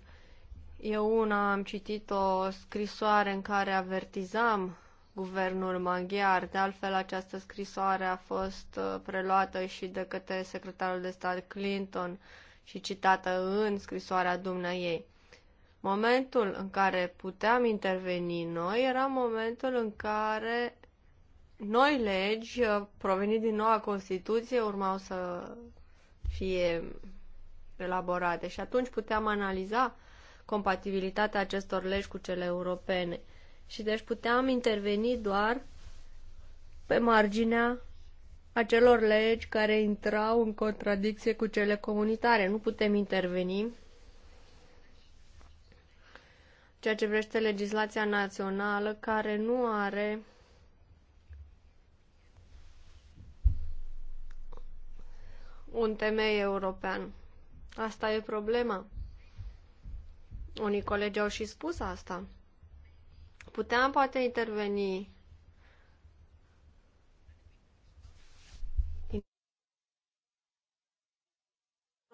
Eu una am citit o scrisoare în care avertizam guvernul maghiar. De altfel, această scrisoare a fost uh, preluată și de către secretarul de stat Clinton și citată în scrisoarea ei. Momentul în care puteam interveni noi era momentul în care noi legi, uh, provenit din noua Constituție, urmau să fie elaborate și atunci puteam analiza compatibilitatea acestor legi cu cele europene. Și deci puteam interveni doar pe marginea acelor legi care intrau în contradicție cu cele comunitare. Nu putem interveni ceea ce vrește legislația națională care nu are un temei european. Asta e problema. Unii colegi au și spus asta. Puteam poate interveni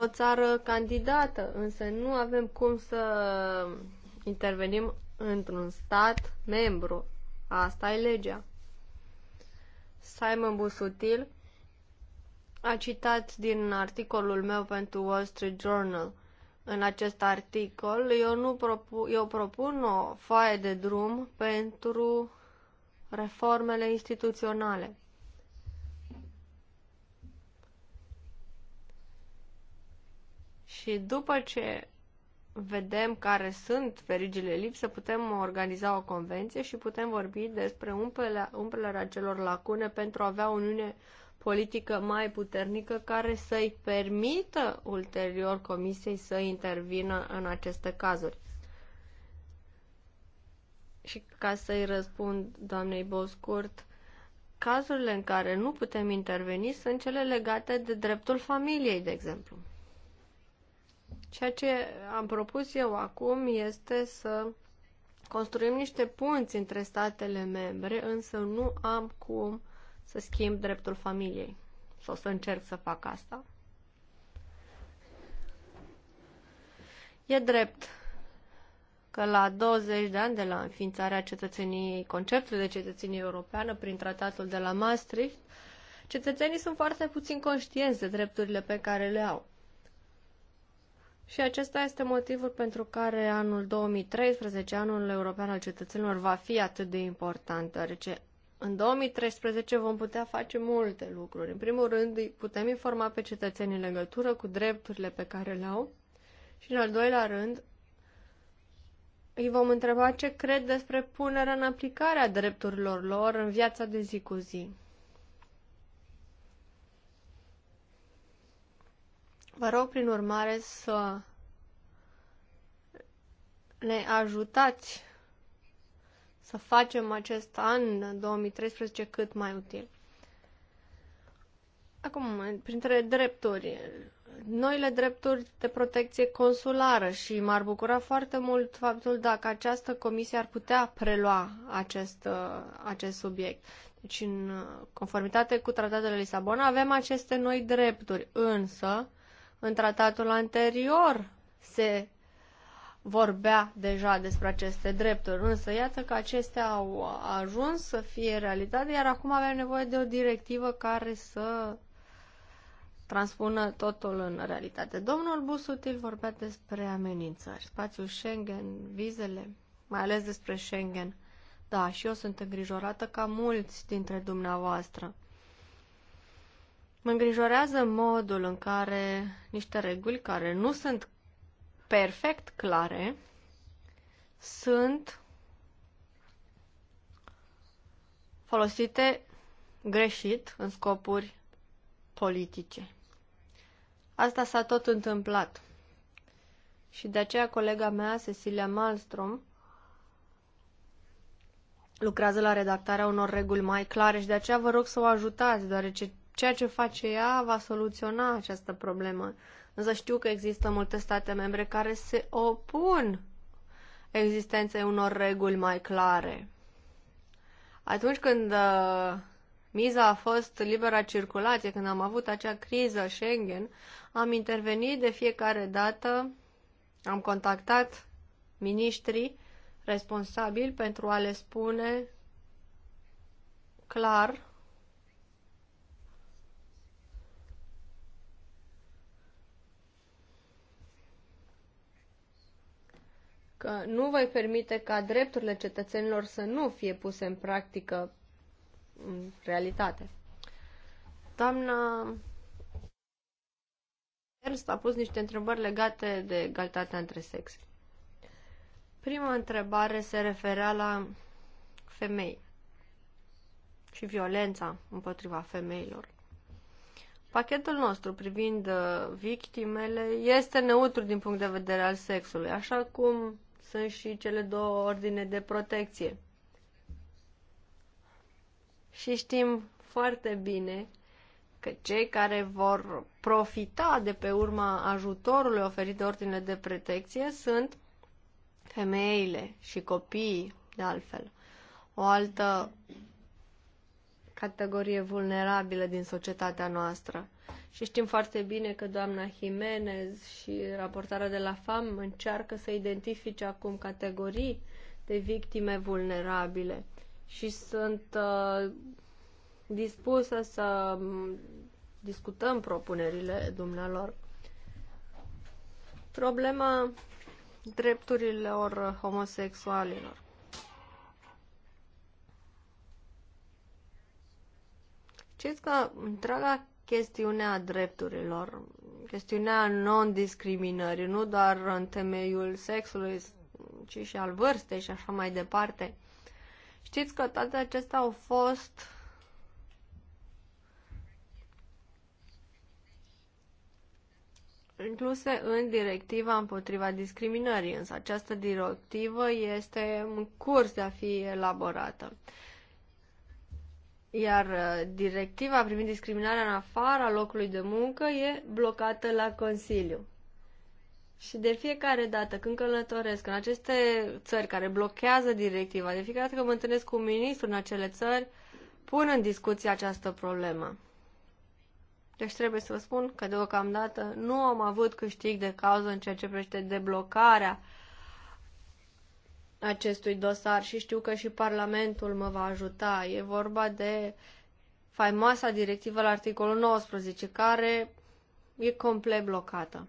o țară candidată, însă nu avem cum să intervenim într-un stat membru. Asta e legea. Simon Busutil a citat din articolul meu pentru Wall Street Journal. În acest articol, eu, nu propu- eu propun o foaie de drum pentru reformele instituționale. Și după ce vedem care sunt verigile lipsă, putem organiza o convenție și putem vorbi despre umplerea, umplerea celor lacune pentru a avea o Uniune politică mai puternică care să-i permită ulterior Comisiei să intervină în aceste cazuri. Și ca să-i răspund doamnei Boscurt, cazurile în care nu putem interveni sunt cele legate de dreptul familiei, de exemplu. Ceea ce am propus eu acum este să construim niște punți între statele membre, însă nu am cum să schimb dreptul familiei sau să încerc să fac asta. E drept că la 20 de ani de la înființarea cetățeniei, conceptul de cetățenie europeană prin tratatul de la Maastricht, cetățenii sunt foarte puțin conștienți de drepturile pe care le au. Și acesta este motivul pentru care anul 2013, anul european al cetățenilor, va fi atât de important, deoarece în 2013 vom putea face multe lucruri. În primul rând, îi putem informa pe cetățenii în legătură cu drepturile pe care le au și, în al doilea rând, îi vom întreba ce cred despre punerea în aplicare a drepturilor lor în viața de zi cu zi. Vă rog, prin urmare, să ne ajutați să facem acest an 2013 cât mai util. Acum, printre drepturi, noile drepturi de protecție consulară și m-ar bucura foarte mult faptul dacă această comisie ar putea prelua acest, acest subiect. Deci, în conformitate cu tratatele Lisabona, avem aceste noi drepturi, însă, în tratatul anterior se vorbea deja despre aceste drepturi, însă iată că acestea au ajuns să fie realitate, iar acum avem nevoie de o directivă care să transpună totul în realitate. Domnul Busutil vorbea despre amenințări, spațiul Schengen, vizele, mai ales despre Schengen. Da, și eu sunt îngrijorată ca mulți dintre dumneavoastră. Mă îngrijorează modul în care niște reguli care nu sunt perfect clare sunt folosite greșit în scopuri politice. Asta s-a tot întâmplat. Și de aceea colega mea, Cecilia Malmström, lucrează la redactarea unor reguli mai clare și de aceea vă rog să o ajutați, deoarece ceea ce face ea va soluționa această problemă. Însă știu că există multe state membre care se opun existenței unor reguli mai clare. Atunci când uh, miza a fost libera circulație, când am avut acea criză Schengen, am intervenit de fiecare dată, am contactat miniștrii responsabili pentru a le spune clar că nu voi permite ca drepturile cetățenilor să nu fie puse în practică în realitate. Doamna Ernst a pus niște întrebări legate de egalitatea între sexe. Prima întrebare se referea la femei și violența împotriva femeilor. Pachetul nostru privind uh, victimele este neutru din punct de vedere al sexului, așa cum sunt și cele două ordine de protecție. Și știm foarte bine că cei care vor profita de pe urma ajutorului oferit de ordine de protecție sunt femeile și copiii, de altfel. O altă categorie vulnerabilă din societatea noastră. Și știm foarte bine că doamna Jimenez și raportarea de la FAM încearcă să identifice acum categorii de victime vulnerabile și sunt uh, dispusă să mm, discutăm propunerile dumnealor. Problema drepturilor homosexualilor. Știți că întreaga chestiunea drepturilor, chestiunea non-discriminării, nu doar în temeiul sexului, ci și al vârstei și așa mai departe. Știți că toate acestea au fost incluse în directiva împotriva discriminării, însă această directivă este în curs de a fi elaborată. Iar uh, directiva privind discriminarea în afara locului de muncă e blocată la Consiliu. Și de fiecare dată când călătoresc în aceste țări care blochează directiva, de fiecare dată când mă întâlnesc cu un ministru în acele țări, pun în discuție această problemă. Deci trebuie să vă spun că deocamdată nu am avut câștig de cauză în ceea ce privește deblocarea uh, acestui dosar și știu că și Parlamentul mă va ajuta. E vorba de faimoasa directivă la articolul 19, care e complet blocată.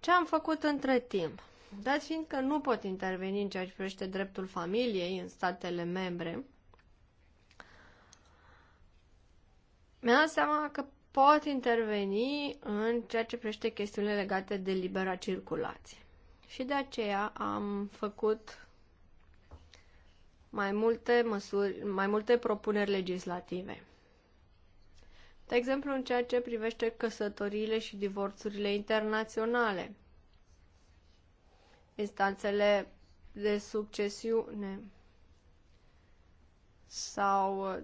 Ce am făcut între timp? Dat fiind că nu pot interveni în ceea ce privește dreptul familiei în statele membre, mi-am dat seama că pot interveni în ceea ce privește chestiunile legate de libera circulație. Și de aceea am făcut mai multe măsuri, mai multe propuneri legislative. De exemplu, în ceea ce privește căsătoriile și divorțurile internaționale, instanțele de succesiune sau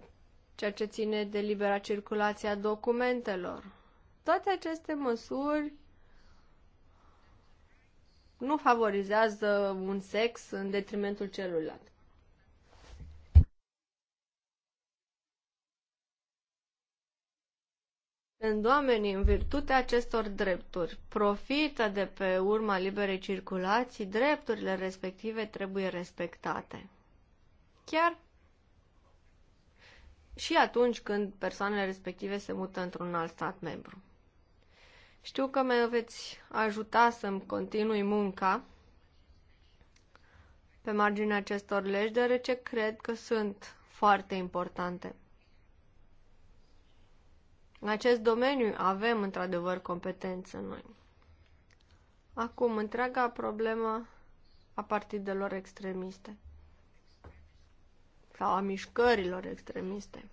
ceea ce ține de libera circulație a documentelor. Toate aceste măsuri nu favorizează un sex în detrimentul celuilalt. Când oamenii, în virtutea acestor drepturi, profită de pe urma liberei circulații, drepturile respective trebuie respectate. Chiar și atunci când persoanele respective se mută într-un alt stat membru. Știu că mă veți ajuta să-mi continui munca pe marginea acestor legi, deoarece cred că sunt foarte importante. În acest domeniu avem într-adevăr competență noi. Acum, întreaga problemă a partidelor extremiste sau a mișcărilor extremiste.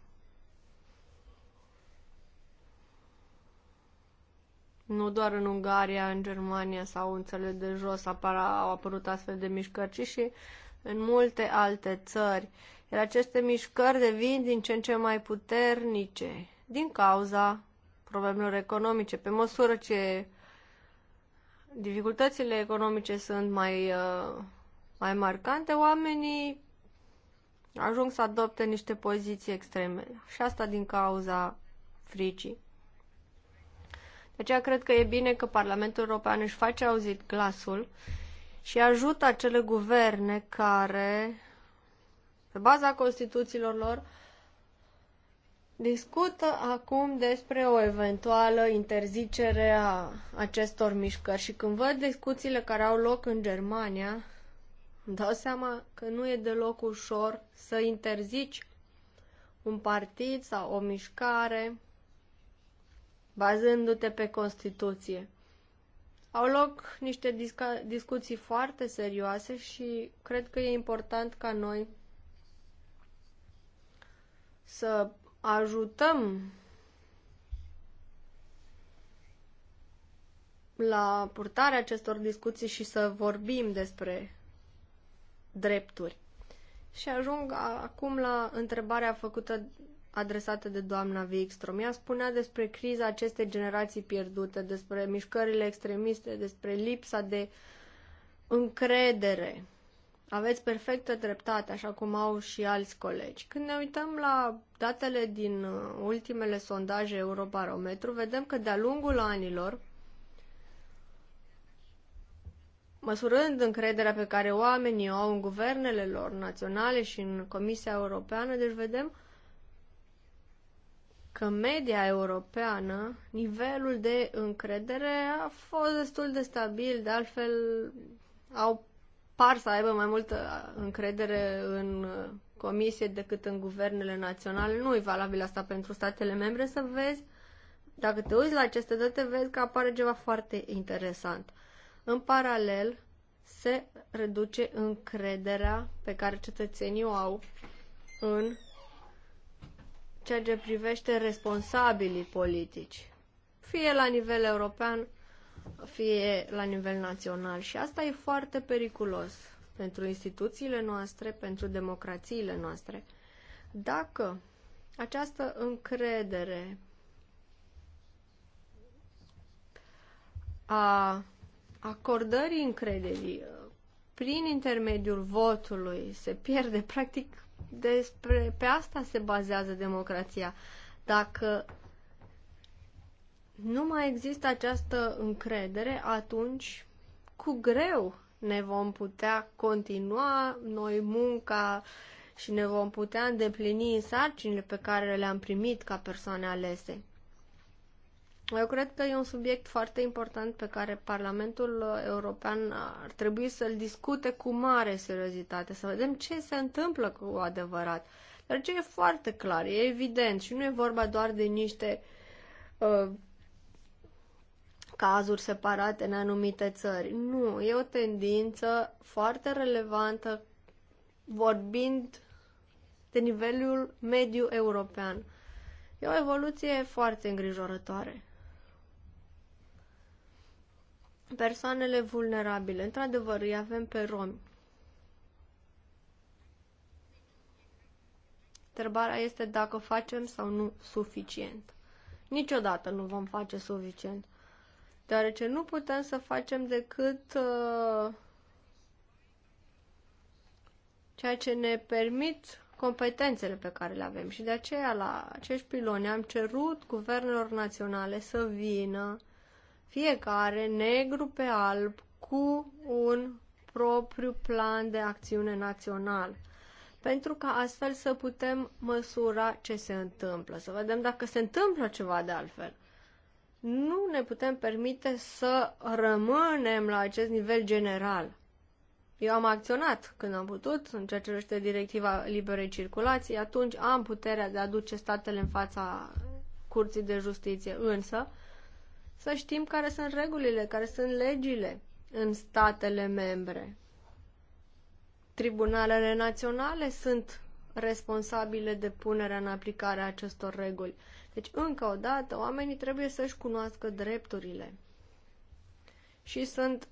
Nu doar în Ungaria, în Germania sau în țările de jos apara, au apărut astfel de mișcări, ci și în multe alte țări. Iar aceste mișcări devin din ce în ce mai puternice din cauza problemelor economice. Pe măsură ce dificultățile economice sunt mai, uh, mai marcante, oamenii ajung să adopte niște poziții extreme. Și asta din cauza fricii. De aceea cred că e bine că Parlamentul European își face auzit glasul și ajută acele guverne care, pe baza Constituțiilor lor, uh, discută acum despre o eventuală interzicere a acestor mișcări și când văd discuțiile care au loc în Germania, îmi dau seama că nu e deloc ușor să interzici un partid sau o mișcare bazându-te pe Constituție. Au loc niște disca- discuții foarte serioase și cred că e important ca noi să ajutăm la purtarea acestor discuții și să vorbim despre drepturi. Și ajung acum la întrebarea făcută adresată de doamna Wikström. Ea spunea despre criza acestei generații pierdute, despre mișcările extremiste, despre lipsa de încredere aveți perfectă dreptate, așa cum au și alți colegi. Când ne uităm la datele din uh, ultimele sondaje Eurobarometru, vedem că de-a lungul anilor, măsurând încrederea pe care oamenii o au în guvernele lor naționale și în Comisia Europeană, deci vedem că media europeană, nivelul de încredere a fost destul de stabil, de altfel au par să aibă mai multă încredere în comisie decât în guvernele naționale. Nu e valabil asta pentru statele membre să vezi. Dacă te uiți la aceste date, vezi că apare ceva foarte interesant. În paralel, se reduce încrederea pe care cetățenii o au în ceea ce privește responsabilii politici, fie la nivel european, fie la nivel național. Și asta e foarte periculos pentru instituțiile noastre, pentru democrațiile noastre. Dacă această încredere a acordării încrederii uh, prin intermediul votului se pierde, practic despre, pe asta se bazează democrația. Dacă nu mai există această încredere, atunci cu greu ne vom putea continua noi munca și ne vom putea îndeplini sarcinile pe care le-am primit ca persoane alese. Eu cred că e un subiect foarte important pe care Parlamentul European ar trebui să-l discute cu mare seriozitate, să vedem ce se întâmplă cu adevărat. Dar ce e foarte clar, e evident și nu e vorba doar de niște uh, cazuri separate în anumite țări. Nu, e o tendință foarte relevantă vorbind de nivelul mediu european. E o evoluție foarte îngrijorătoare. Persoanele vulnerabile. Într-adevăr, îi avem pe romi. Întrebarea este dacă facem sau nu suficient. Niciodată nu vom face suficient deoarece nu putem să facem decât uh, ceea ce ne permit competențele pe care le avem și de aceea la acești piloni am cerut guvernelor naționale să vină fiecare negru pe alb cu un propriu plan de acțiune național pentru ca astfel să putem măsura ce se întâmplă, să vedem dacă se întâmplă ceva de altfel nu ne putem permite să rămânem la acest nivel general. Eu am acționat când am putut, în ceea ce privește directiva liberei circulații, atunci am puterea de a duce statele în fața curții de justiție, însă să știm care sunt regulile, care sunt legile în statele membre. Tribunalele naționale sunt responsabile de punerea în aplicare a acestor reguli. Deci, încă o dată, oamenii trebuie să-și cunoască drepturile. Și sunt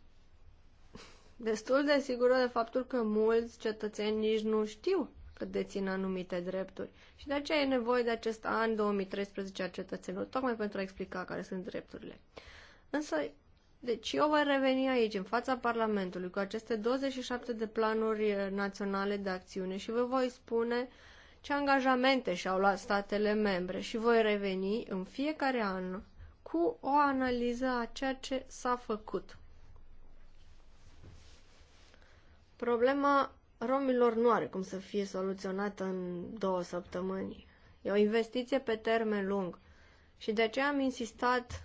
destul de sigură de faptul că mulți cetățeni nici nu știu că dețin anumite drepturi. Și de aceea e nevoie de acest an 2013 a cetățenilor, tocmai pentru a explica care sunt drepturile. Însă, deci eu voi reveni aici, în fața Parlamentului, cu aceste 27 de planuri eh, naționale de acțiune și vă voi spune uh, ce angajamente și-au luat statele membre și voi reveni în fiecare an cu o analiză a ceea ce s-a făcut. Problema romilor nu are cum să fie soluționată în două săptămâni. E o investiție pe termen lung și de aceea am insistat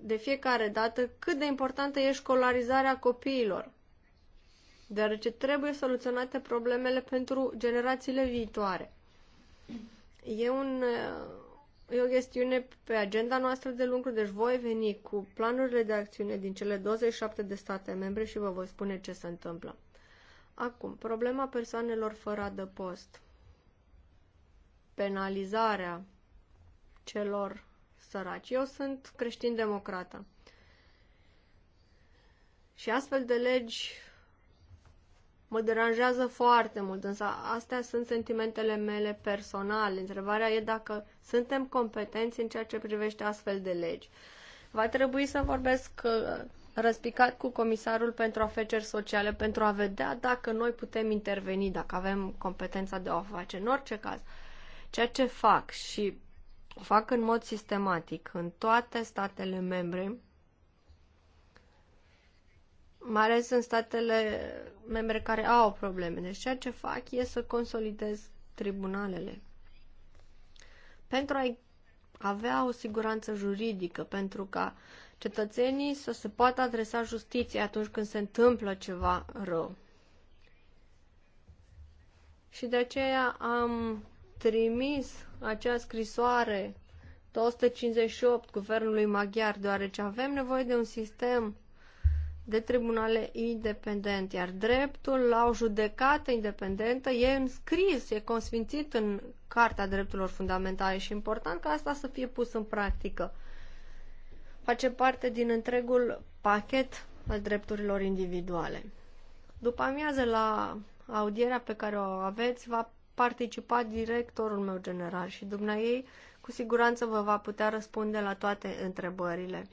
de fiecare dată cât de importantă e școlarizarea copiilor, deoarece trebuie soluționate problemele pentru generațiile viitoare. E, un, uh, e o chestiune pe agenda noastră de lucru, deci voi veni cu planurile de acțiune din cele 27 de state membre și vă voi spune ce se întâmplă. Acum, problema persoanelor fără adăpost. Penalizarea celor săraci. Eu sunt creștin-democrată. Și astfel de legi Mă deranjează foarte mult, însă astea sunt sentimentele mele personale. Întrebarea e dacă suntem competenți în ceea ce privește astfel de legi. Va trebui să vorbesc uh, răspicat cu comisarul pentru afaceri sociale pentru a vedea dacă noi putem interveni, dacă avem competența de a o face. În orice caz, ceea ce fac și o fac în mod sistematic în toate statele membre, mai ales în statele membre care au probleme. Deci ceea ce fac e să consolidez tribunalele. Pentru a avea o siguranță juridică, pentru ca cetățenii să se poată adresa justiției atunci când se întâmplă ceva rău. Și de aceea am trimis acea scrisoare 258 guvernului maghiar, deoarece avem nevoie de un sistem de tribunale independente, iar dreptul la o judecată independentă e înscris, e consfințit în Carta Drepturilor Fundamentale și important ca asta să fie pus în practică. Face parte din întregul pachet al drepturilor individuale. După amiază la audierea pe care o aveți, va participa directorul meu general și dumneai ei cu siguranță vă va putea răspunde la toate întrebările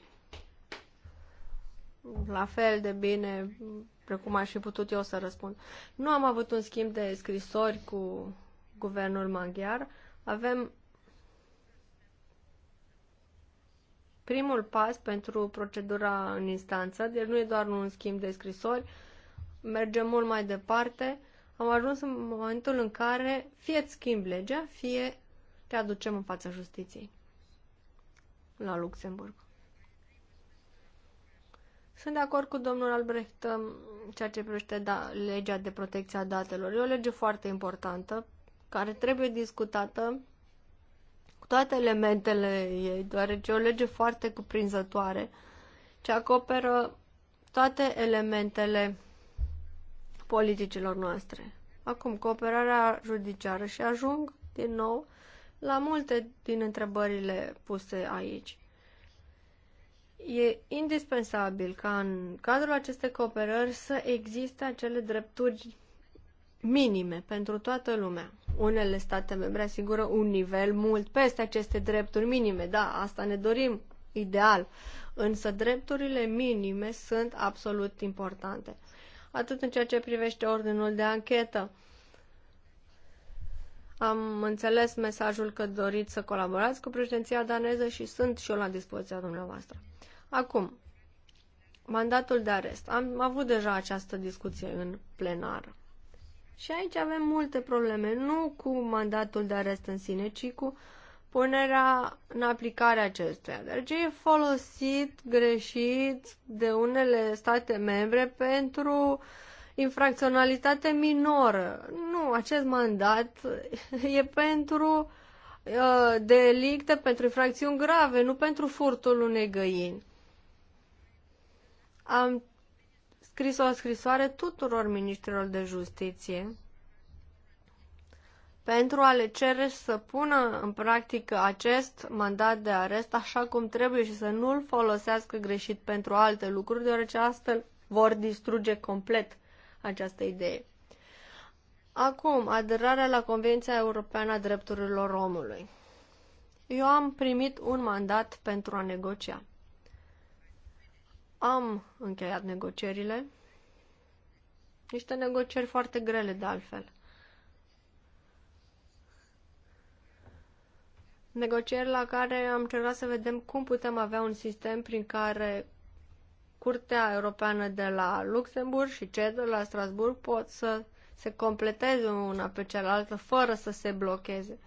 la fel de bine precum aș fi putut eu să răspund. Nu am avut un schimb de scrisori cu guvernul maghiar. Avem primul pas pentru procedura în instanță, deci nu e doar un schimb de scrisori, mergem mult mai departe. Am ajuns în momentul în care fie îți schimbi legea, fie te aducem în fața justiției la Luxemburg. Sunt de acord cu domnul Albrecht ceea ce privește da, legea de protecție a datelor. E o lege foarte importantă care trebuie discutată cu toate elementele ei, deoarece e o lege foarte cuprinzătoare ce acoperă toate elementele politicilor noastre. Acum, cooperarea judiciară și ajung din nou la multe din întrebările puse aici. E indispensabil ca în cadrul acestei cooperări să existe acele drepturi minime pentru toată lumea. Unele state membre asigură un nivel mult peste aceste drepturi minime, da, asta ne dorim, ideal, însă drepturile minime sunt absolut importante. Atât în ceea ce privește ordinul de anchetă, am înțeles mesajul că doriți să colaborați cu președinția daneză și sunt și eu la dispoziția dumneavoastră. Acum, mandatul de arest. Am avut deja această discuție în plenar Și aici avem multe probleme, nu cu mandatul de arest în sine, ci cu punerea în aplicare acestuia. ce e folosit greșit de unele state membre pentru infracționalitate minoră. Nu, acest mandat e pentru uh, delicte, pentru infracțiuni grave, nu pentru furtul unei găini. Am scris o scrisoare tuturor ministrilor de justiție pentru a le cere să pună în practică acest mandat de arest așa cum trebuie și să nu-l folosească greșit pentru alte lucruri, deoarece astfel vor distruge complet această idee. Acum, aderarea la Convenția Europeană a Drepturilor Omului. Eu am primit un mandat pentru a negocia. Am încheiat negocierile. Niște negocieri foarte grele, de altfel. Negocieri la care am cerut să vedem cum putem avea un sistem prin care Curtea Europeană de la Luxemburg și CED de la Strasburg pot să se completeze una pe cealaltă fără să se blocheze.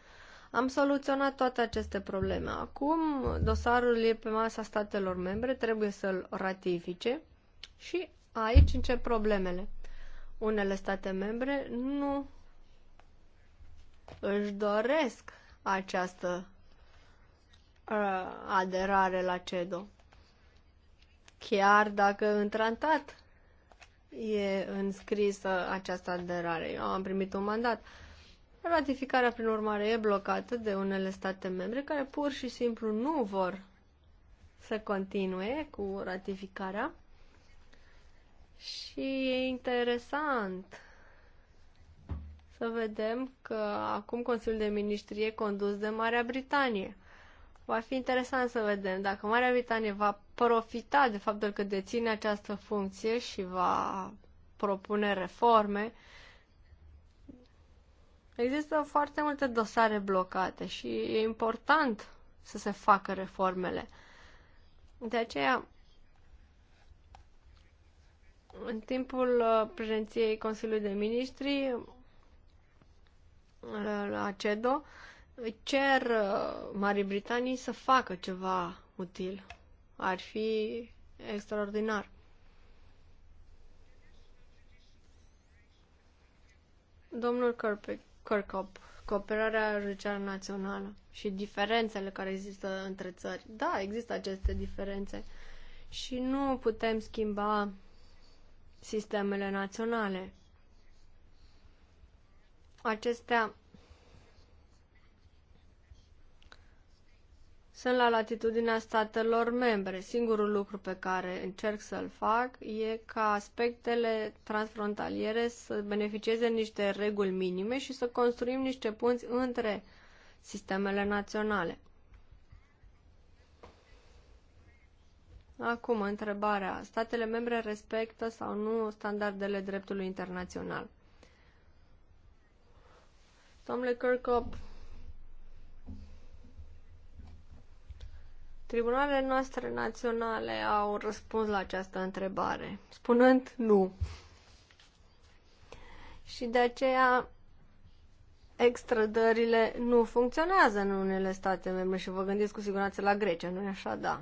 Am soluționat toate aceste probleme. Acum dosarul e pe masa statelor membre, trebuie să-l ratifice și aici încep problemele. Unele state membre nu își doresc această uh, aderare la CEDO. Chiar dacă în tratat e înscrisă această aderare. Eu am primit un mandat. Uh, Ratificarea, prin urmare, e blocată de unele state membre care pur și simplu nu vor să continue cu ratificarea. Și e interesant să vedem că acum Consiliul de Ministri e condus de Marea Britanie. Va fi interesant să vedem dacă Marea Britanie va profita de faptul că deține această funcție și va propune reforme Există foarte multe dosare blocate și e important să se facă reformele. De aceea, în timpul uh, prezenției Consiliului de Ministri uh, la CEDO, cer uh, Marii Britanii să facă ceva util. Ar fi extraordinar. Domnul Kirkpatrick, Kirkhope, cooperarea judiciară națională și diferențele care există între țări. Da, există aceste diferențe și nu putem schimba sistemele naționale. Acestea sunt la latitudinea statelor membre. Singurul lucru pe care încerc să-l fac e ca aspectele transfrontaliere să beneficieze niște reguli minime și să construim niște punți între sistemele naționale. Acum, întrebarea. Statele membre respectă sau nu standardele dreptului internațional? Domnule Kirkhope, Tribunalele noastre naționale au răspuns la această întrebare, spunând nu. Și de aceea extradările nu funcționează în unele state membre și vă gândiți cu siguranță la Grecia, nu-i așa? Da.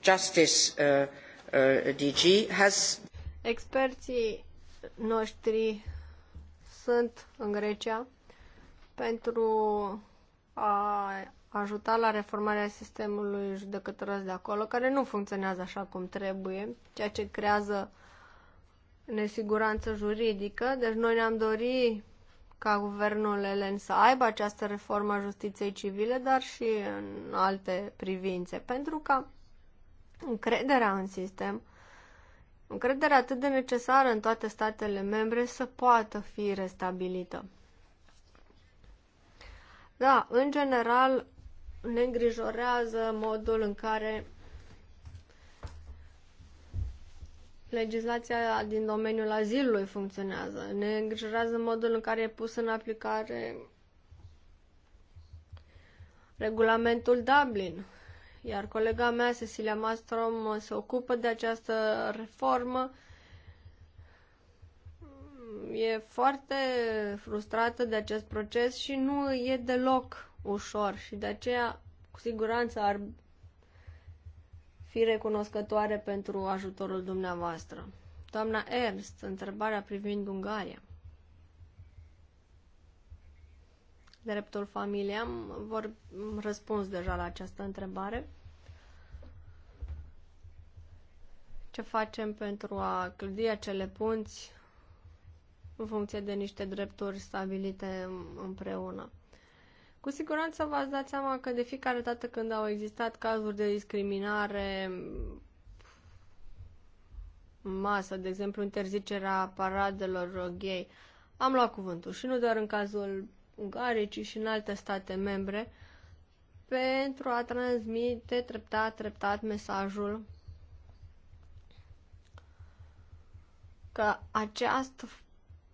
Justice uh, uh, DG has... Experții noștri sunt în Grecia pentru a ajuta la reformarea sistemului judecătoresc de acolo, care nu funcționează așa cum trebuie, ceea ce creează nesiguranță juridică. Deci noi ne-am dorit ca guvernul elen să aibă această reformă a justiției civile, dar și în alte privințe, pentru că încrederea în sistem încrederea atât de necesară în toate statele membre să poată fi restabilită. Da, în general ne îngrijorează modul în care legislația din domeniul azilului funcționează. Ne îngrijorează modul în care e pus în aplicare regulamentul Dublin iar colega mea, Cecilia Mastrom, se ocupă de această reformă. E foarte frustrată de acest proces și nu e deloc ușor și de aceea, cu siguranță, ar fi recunoscătoare pentru ajutorul dumneavoastră. Doamna Ernst, întrebarea privind Ungaria. dreptul familiei. Am vor, răspuns deja la această întrebare. Ce facem pentru a clădi acele punți în funcție de niște drepturi stabilite împreună? Cu siguranță v-ați dat seama că de fiecare dată când au existat cazuri de discriminare masă, de exemplu interzicerea paradelor gay, am luat cuvântul și nu doar în cazul Ungariei, ci și în alte state membre, pentru a transmite treptat, treptat mesajul că această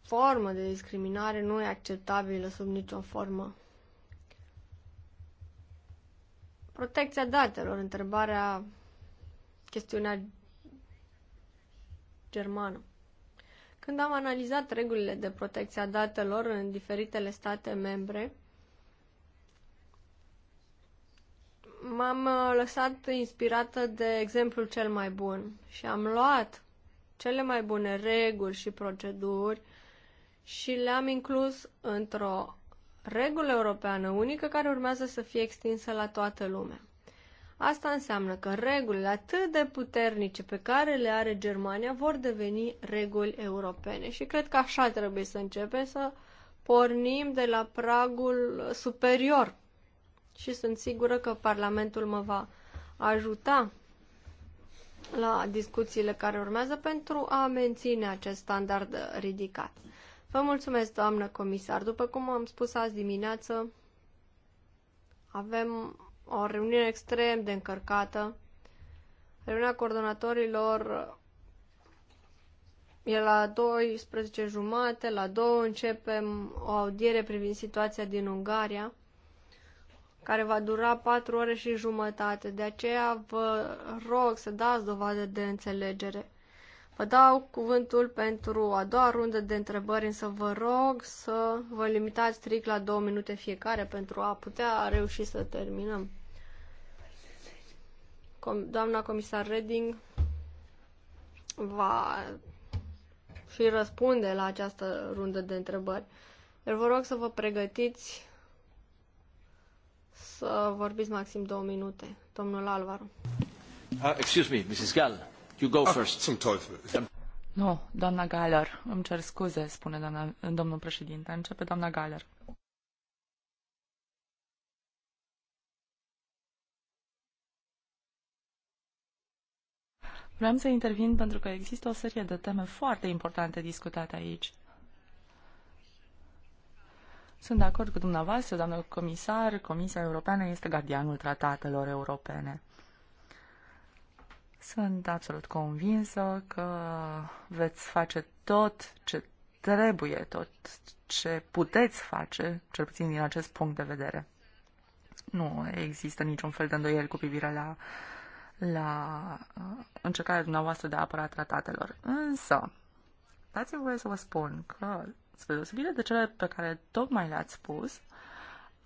formă de discriminare nu e acceptabilă sub nicio formă. Protecția datelor, întrebarea, chestiunea germană. Când am analizat regulile de protecție a datelor în diferitele state membre, m-am uh, lăsat inspirată de exemplul cel mai bun și am luat cele mai bune reguli și proceduri și le-am inclus într-o regulă europeană unică care urmează să fie extinsă la toată lumea. Asta înseamnă că regulile atât de puternice pe care le are Germania vor deveni reguli europene și cred că așa trebuie să începem să pornim de la pragul superior și sunt sigură că Parlamentul mă va ajuta la discuțiile care urmează pentru a menține acest standard ridicat. Vă mulțumesc, doamnă comisar. După cum am spus azi dimineață, avem o reuniune extrem de încărcată. Reuniunea coordonatorilor e la 12 jumate, la 2 începem o audiere privind situația din Ungaria, care va dura 4 ore și jumătate. De aceea vă rog să dați dovadă de înțelegere. Vă dau cuvântul pentru a doua rundă de întrebări, însă vă rog să vă limitați strict la două minute fiecare pentru a putea reuși să terminăm. Com doamna comisar Reding va și răspunde la această rundă de întrebări. Eu deci vă rog să vă pregătiți să vorbiți maxim două minute. Domnul Alvaro. Uh, excuse me, Mrs. Gall, you go ah, first. Zum Nu, no, doamna Galler, îmi cer scuze, spune doamna, domnul președinte. Începe doamna Galler. Vreau să intervin pentru că există o serie de teme foarte importante discutate aici. Sunt de acord cu dumneavoastră, doamnă comisar, Comisia Europeană este gardianul tratatelor europene. Sunt absolut convinsă că veți face tot ce trebuie, tot ce puteți face, cel puțin din acest punct de vedere. Nu există niciun fel de îndoieli cu privire la uh, la uh, încercarea dumneavoastră de a apăra tratatelor. Însă, dați-mi voie să vă spun că, spre deosebire de cele pe care tocmai le-ați spus,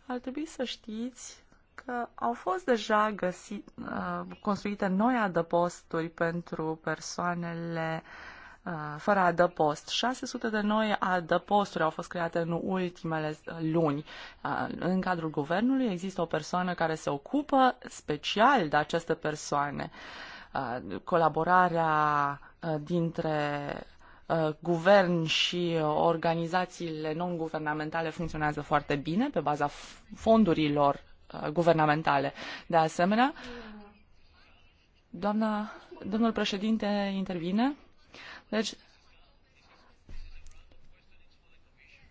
ar trebui să știți că au fost deja găsit, uh, construite noi adăposturi pentru persoanele uh, fără adăpost. 600 de noi adăposturi au fost create în ultimele uh, luni. În cadrul guvernului există o persoană care se ocupă special de aceste persoane. Colaborarea dintre guvern și organizațiile non-guvernamentale funcționează foarte bine pe baza fondurilor guvernamentale. De asemenea, doamna, domnul președinte intervine. Deci,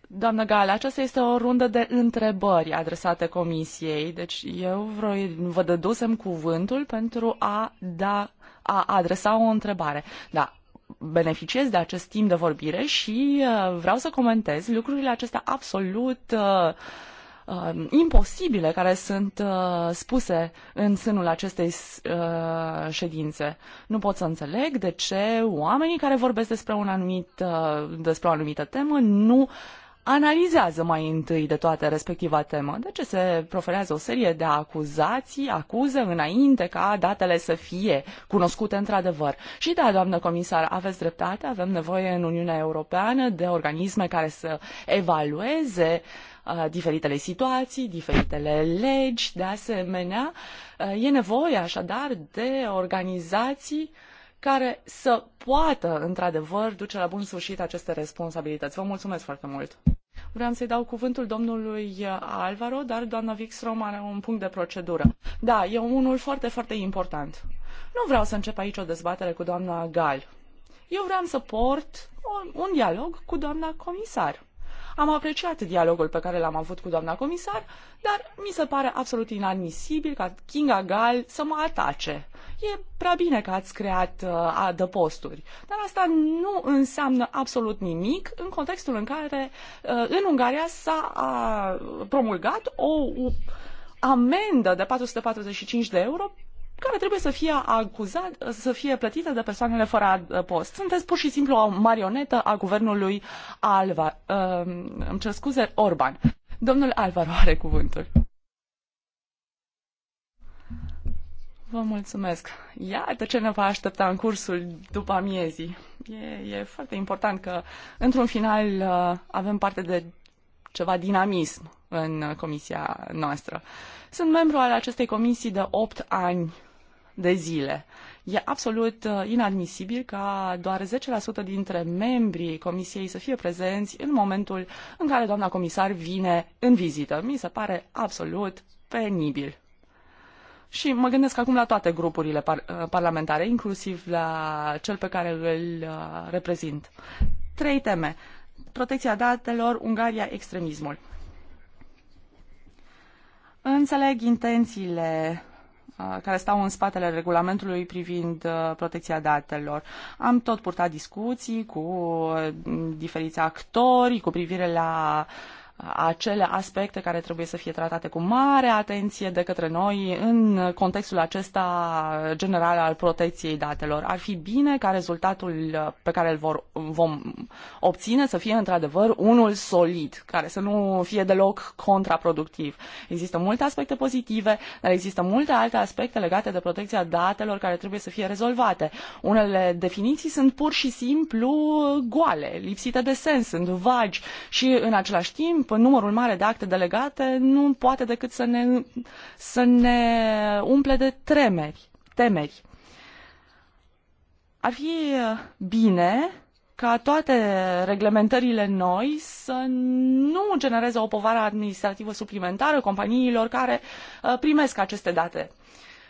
doamnă Gale, aceasta este o rundă de întrebări adresate Comisiei. Deci eu vroi, vă dădusem cuvântul pentru a, da, a adresa o întrebare. Da, beneficiez de acest timp de vorbire și uh, vreau să comentez lucrurile acestea absolut uh, uh, imposibile care sunt uh, spuse în sânul acestei uh, ședințe. Nu pot să înțeleg de ce oamenii care vorbesc despre, un anumit, uh, despre o anumită temă nu analizează mai întâi de toate respectiva temă. De ce se proferează o serie de acuzații, acuze, înainte ca datele să fie cunoscute într-adevăr. Și da, doamnă comisar, aveți dreptate, avem nevoie în Uniunea Europeană de organisme care să evalueze uh, diferitele situații, diferitele legi. De asemenea, e nevoie așadar de organizații care să poată, într-adevăr, duce la bun sfârșit aceste responsabilități. Vă mulțumesc foarte mult! Vreau să-i dau cuvântul domnului Alvaro, dar doamna Vix Rom are un punct de procedură. Da, e unul foarte, foarte important. Nu vreau să încep aici o dezbatere cu doamna Gal. Eu vreau să port un dialog cu doamna comisar. Am apreciat dialogul pe care l-am avut cu doamna comisar, dar mi se pare absolut inadmisibil ca Kinga Gal să mă atace. E prea bine că ați creat uh, adăposturi, dar asta nu înseamnă absolut nimic în contextul în care uh, în Ungaria s-a promulgat o amendă de 445 de euro care trebuie să fie acuzat, să fie plătită de persoanele fără uh, post. Sunteți pur și simplu o marionetă a guvernului Alva, uh, îmi cer scuze, Orban. Domnul Alvaro are cuvântul. Vă mulțumesc. Iată ce ne va aștepta în cursul după amiezii. E, e foarte important că, într-un final, uh, avem parte de ceva dinamism în uh, comisia noastră. Sunt membru al acestei comisii de 8 ani de zile. E absolut uh, inadmisibil ca doar 10% dintre membrii comisiei să fie prezenți în momentul în care doamna comisar vine în vizită. Mi se pare absolut penibil. Și mă gândesc acum la toate grupurile par- uh, parlamentare, inclusiv la cel pe care îl uh, reprezint. Trei teme. Protecția datelor, Ungaria, extremismul. Înțeleg intențiile Uh, care stau în spatele regulamentului privind uh, protecția datelor. Am tot purtat discuții cu uh, diferiți actori cu privire la uh, acele aspecte care trebuie să fie tratate cu mare atenție de către noi în contextul acesta general al protecției datelor. Ar fi bine ca rezultatul uh, pe care îl vor, vom obține să fie într-adevăr unul solid, care să nu fie deloc contraproductiv. Există multe aspecte pozitive, dar există multe alte aspecte legate de protecția datelor care trebuie să fie rezolvate. Unele definiții sunt pur și simplu goale, lipsite de sens, sunt vagi și în același timp după numărul mare de acte delegate nu poate decât să ne, să ne umple de tremeri, temeri. Ar fi uh, bine ca toate reglementările noi să nu genereze o povară administrativă suplimentară companiilor care uh, primesc aceste date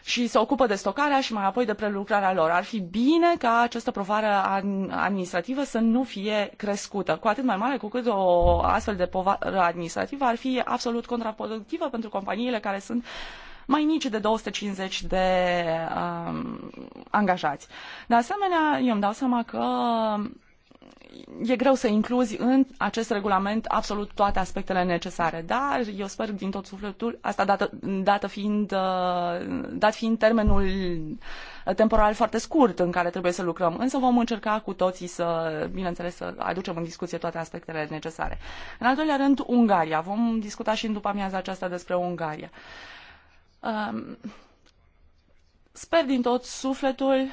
și se ocupă de stocarea și mai apoi de prelucrarea lor. Ar fi bine ca această povară administrativă să nu fie crescută, cu atât mai mare cu cât o astfel de povară administrativă ar fi absolut contraproductivă pentru companiile care sunt mai mici de 250 de um, angajați. De asemenea, eu îmi dau seama că e greu să incluzi în acest regulament absolut toate aspectele necesare, dar eu sper din tot sufletul, asta dată, dată fiind, uh, dat fiind termenul temporal foarte scurt în care trebuie să lucrăm, însă vom încerca cu toții să, bineînțeles, să aducem în discuție toate aspectele necesare. În al doilea rând, Ungaria. Vom discuta și în după amiaza aceasta despre Ungaria. Um, sper din tot sufletul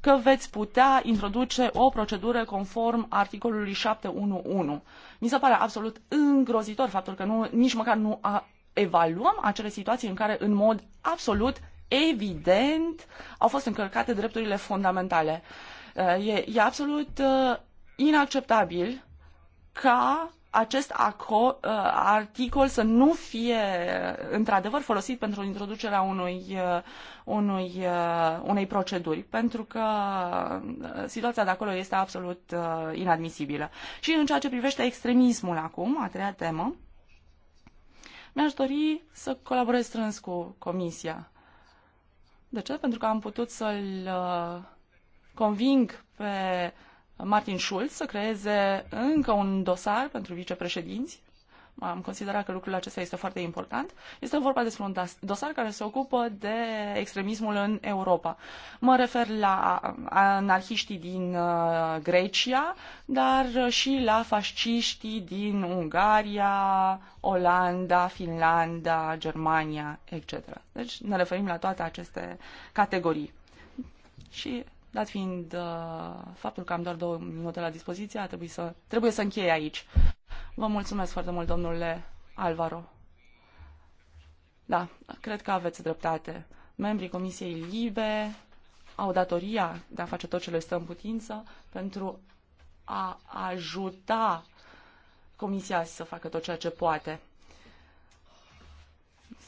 că veți putea introduce o procedură conform articolului 711. Mi se pare absolut îngrozitor faptul că nu, nici măcar nu a, evaluăm acele situații în care, în mod absolut evident, au fost încălcate drepturile fundamentale. E, e absolut uh, inacceptabil ca acest aco- uh, articol să nu fie uh, într-adevăr folosit pentru introducerea unui, uh, unui, unei proceduri, pentru că situația de acolo este absolut inadmisibilă. Și în ceea ce privește extremismul acum, a treia temă, mi-aș dori să colaborez strâns cu Comisia. De ce? Pentru că am putut să-l conving pe Martin Schulz să creeze încă un dosar pentru vicepreședinți. Am considerat că lucrul acesta este foarte important. Este vorba despre un dosar care se ocupă de extremismul în Europa. Mă refer la anarhiștii din uh, Grecia, dar și la fasciștii din Ungaria, Olanda, Finlanda, Germania, etc. Deci ne referim la toate aceste categorii. Și Dat fiind uh, faptul că am doar două minute la dispoziție, trebuie să, trebuie să închei aici. Vă mulțumesc foarte mult, domnule Alvaro. Da, cred că aveți dreptate. Membrii Comisiei Libe au datoria de a face tot ce le stă în putință pentru a ajuta Comisia să facă tot ceea ce poate.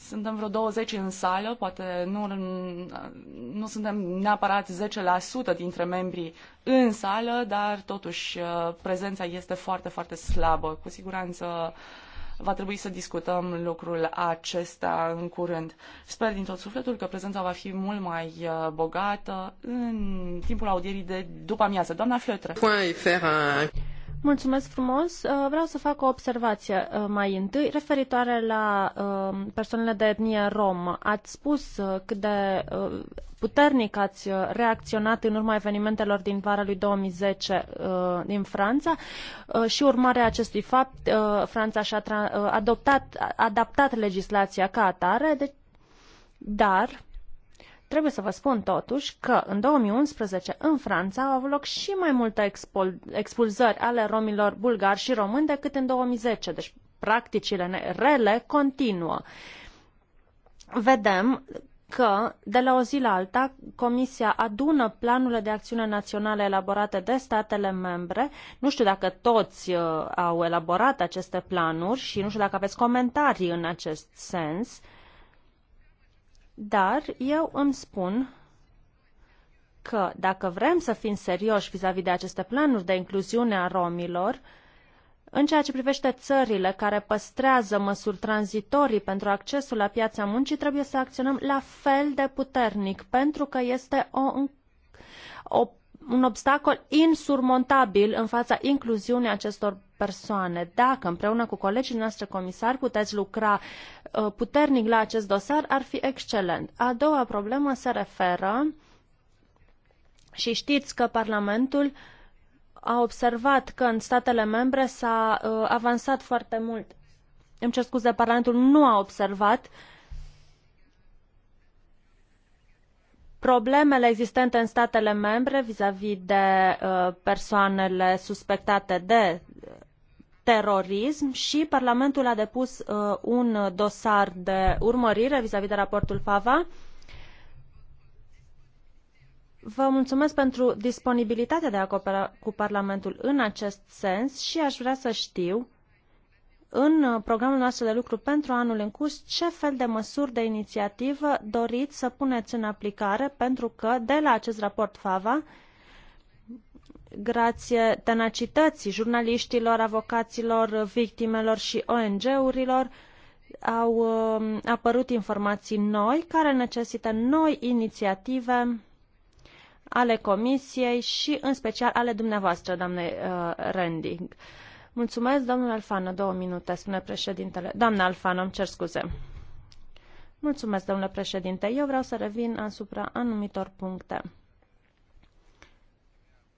Suntem vreo 20 în sală, poate nu, nu suntem neapărat 10% dintre membrii în sală, dar totuși uh, prezența este foarte, foarte slabă. Cu siguranță va trebui să discutăm lucrul acesta în curând. Sper din tot sufletul că prezența va fi mult mai uh, bogată în timpul audierii de după amiază. Doamna Flötră. Mulțumesc frumos. Uh, vreau să fac o observație uh, mai întâi referitoare la uh, persoanele de etnie rom. Ați spus cât de puternic ați reacționat în urma evenimentelor din vara lui 2010 din Franța și urmarea acestui fapt Franța și-a adoptat, adaptat legislația ca atare, de, deci, dar Trebuie să vă spun totuși că în 2011 în Franța au avut loc și mai multe expul- expulzări ale romilor bulgari și români decât în 2010. Deci practicile rele continuă. Vedem că de la o zi la alta Comisia adună planurile de acțiune naționale elaborate de statele membre. Nu știu dacă toți uh, au elaborat aceste planuri și nu știu dacă aveți comentarii în acest sens. Uh, dar eu îmi spun că dacă vrem să fim serioși vis-a-vis -vis de aceste planuri de incluziune a romilor, în ceea ce privește țările care păstrează măsuri tranzitorii pentru accesul la piața muncii, trebuie să acționăm la fel de puternic, pentru că este o, o un obstacol insurmontabil în fața incluziunii acestor persoane. Dacă împreună cu colegii noastre comisari puteți lucra uh, puternic la acest dosar, ar fi excelent. A doua problemă se referă și știți că Parlamentul a observat că în statele membre s-a uh, avansat foarte mult. Îmi cer scuze, Parlamentul nu a observat uh, problemele existente în statele membre vis-a-vis de uh, persoanele suspectate de uh, terorism și Parlamentul a depus uh, un dosar de urmărire vis a -vis de raportul FAVA. Vă mulțumesc pentru disponibilitatea de a coopera cu Parlamentul în acest sens și aș vrea să știu în uh, programul nostru de lucru pentru anul în curs ce fel de măsuri de inițiativă doriți să puneți în aplicare, pentru că de la acest raport FAVA, grație tenacității jurnaliștilor, avocaților, victimelor și ONG-urilor, au um, apărut informații noi care necesită noi inițiative ale Comisiei și în special ale dumneavoastră, doamne uh, Rending. Uh, Mulțumesc, Alfano, două minute, Alfano, cer scuze. Mulțumesc, domnule președinte. Eu vreau să revin asupra anumitor puncte.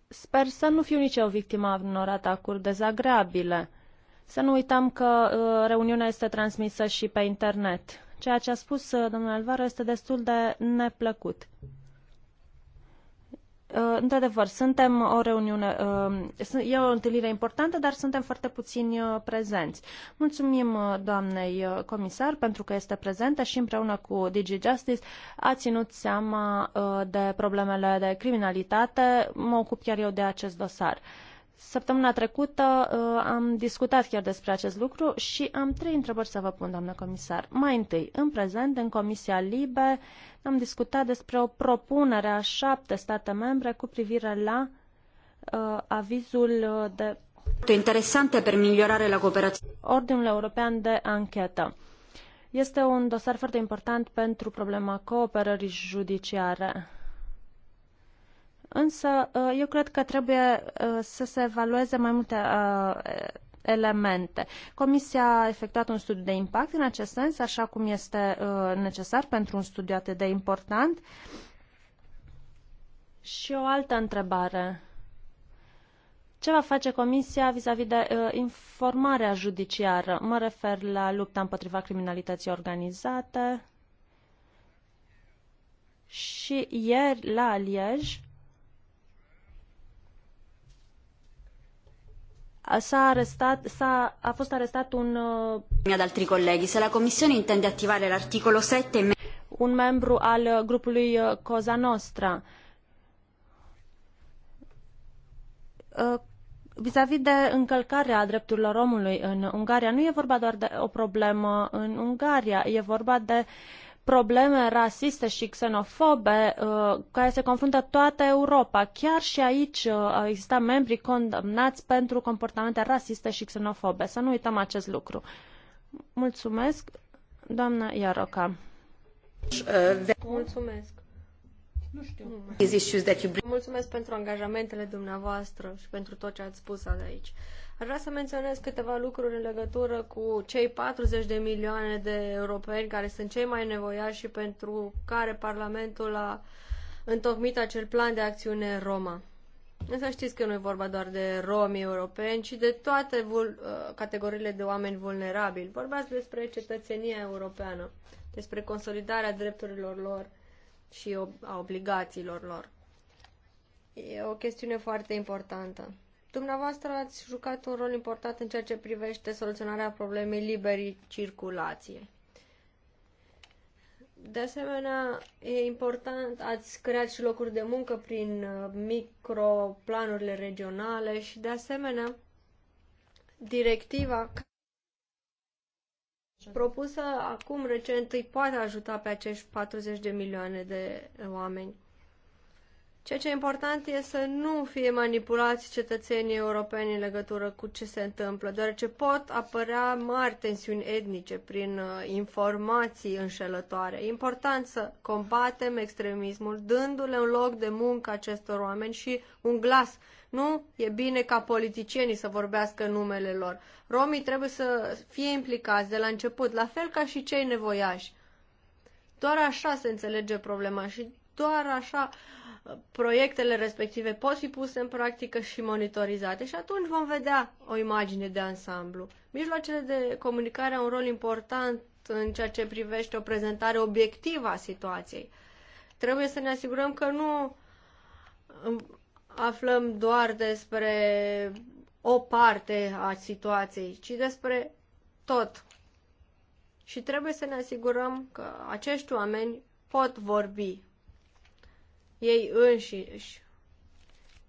Sper să nu fiu nici eu victima unor atacuri dezagreabile. Să nu uităm că uh, reuniunea este transmisă și pe internet. Ceea ce a spus uh, domnul Alvaro este destul de neplăcut. Uh, într-adevăr, suntem o reuniune, uh, e o întâlnire importantă, dar suntem foarte puțini uh, prezenți. Mulțumim doamnei comisar pentru că este prezentă și împreună cu Digi Justice a ținut seama de problemele de criminalitate. Mă ocup chiar eu de acest dosar. Săptămâna trecută uh, am discutat chiar despre acest lucru și am trei întrebări să vă pun, doamnă comisar. Mai întâi, în prezent, în Comisia Libe, am discutat despre o propunere a șapte state membre cu privire la uh, avizul de interesante pentru migliorare la cooperație. Ordinul European de Anchetă. Este un dosar foarte important pentru problema cooperării judiciare. Însă, uh, eu cred că trebuie uh, să se evalueze mai multe uh, elemente. Comisia a efectuat un studiu de impact în acest sens, așa cum este necesar pentru un studiu atât de important. Și o altă întrebare. Ce va face Comisia vis-a-vis -vis de uh, informarea judiciară? Mă refer la lupta împotriva criminalității organizate. Și ieri, la Liege, S-a arestat, s-a, a fost arestat un... Uh, Ad altri colleghi, se la Commissione intende attivare l'articolo 7... Un membru al uh, grupului uh, Cosa Nostra. vis a -vis de încălcarea drepturilor omului în Ungaria, nu e vorba doar de o problemă în Ungaria, e vorba de uh, probleme rasiste și xenofobe uh, care se confruntă toată Europa. Chiar și aici uh, au existat membri condamnați pentru comportamente rasiste și xenofobe. Să nu uităm acest lucru. Mulțumesc, doamna Iaroca. Mulțumesc. Nu știu. Mulțumesc pentru angajamentele dumneavoastră și pentru tot ce ați spus aici. Aș vrea să menționez câteva lucruri în legătură cu cei 40 de milioane de europeni care sunt cei mai nevoiași și pentru care Parlamentul a întocmit acel plan de acțiune Roma. Însă știți că nu e vorba doar de romi europeni, ci de toate uh, categoriile de oameni vulnerabili. Vorbați despre cetățenia europeană, despre consolidarea drepturilor lor și a obligațiilor lor. E o chestiune foarte importantă. Dumneavoastră ați jucat un rol important în ceea ce privește soluționarea problemei liberii circulație. De asemenea, e important, ați creat și locuri de muncă prin uh, microplanurile regionale și, de asemenea, directiva propusă acum recent îi poate ajuta pe acești 40 de milioane de oameni. Ceea ce e important e să nu fie manipulați cetățenii europeni în legătură cu ce se întâmplă, deoarece pot apărea mari tensiuni etnice prin uh, informații înșelătoare. E important să combatem extremismul, dându-le un loc de muncă acestor oameni și un glas. Nu e bine ca politicienii să vorbească numele lor. Romii trebuie să fie implicați de la început, la fel ca și cei nevoiași. Doar așa se înțelege problema și doar așa proiectele respective pot fi puse în practică și monitorizate și atunci vom vedea o imagine de ansamblu. Mijloacele de comunicare au un rol important în ceea ce privește o prezentare obiectivă a situației. Trebuie să ne asigurăm că nu um, aflăm doar despre o parte a situației, ci despre tot. Și trebuie să ne asigurăm că acești oameni pot vorbi, ei înșiși.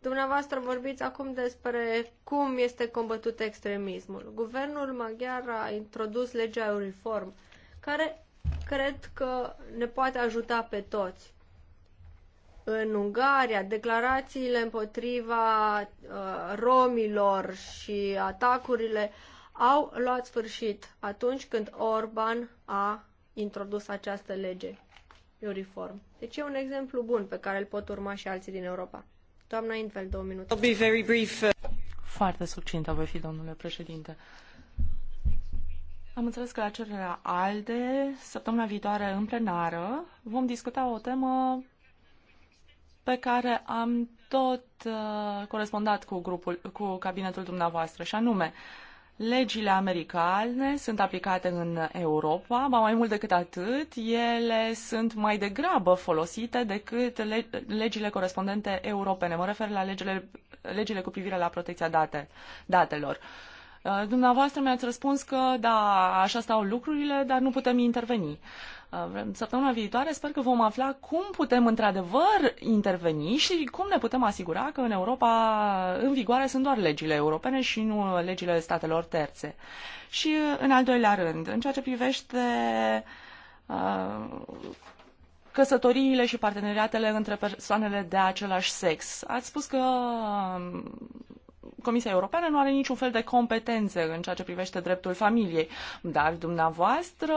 Dumneavoastră vorbiți acum despre cum este combătut extremismul. Guvernul maghiar a introdus legea Euriform, care cred că ne poate ajuta pe toți. În Ungaria, declarațiile împotriva uh, romilor și atacurile au luat sfârșit atunci când Orban a introdus această lege uniform. Deci e un exemplu bun pe care îl pot urma și alții din Europa. Doamna Invel, două minute. I'll be very brief. Uh. Foarte succintă voi fi, domnule președinte. Am înțeles că la cererea ALDE, săptămâna viitoare în plenară, vom discuta o temă pe care am tot uh, corespondat cu grupul, cu cabinetul dumneavoastră, și anume uh, Legile americane sunt aplicate în Europa, ba mai mult decât atât, ele sunt mai degrabă folosite decât legile corespondente europene. Mă refer la legile, legile cu privire la protecția date, datelor. Uh, dumneavoastră mi-ați răspuns că da, așa stau lucrurile, dar nu putem interveni. Uh, Uh, săptămâna viitoare sper că vom afla cum putem într-adevăr interveni și cum ne putem asigura că în Europa în vigoare sunt doar legile europene și nu legile statelor terțe. Și uh, în al doilea rând, în ceea ce privește uh, căsătoriile și parteneriatele între persoanele de același sex. Ați spus că um, Comisia Europeană nu are niciun fel de competențe în ceea ce privește dreptul familiei, dar dumneavoastră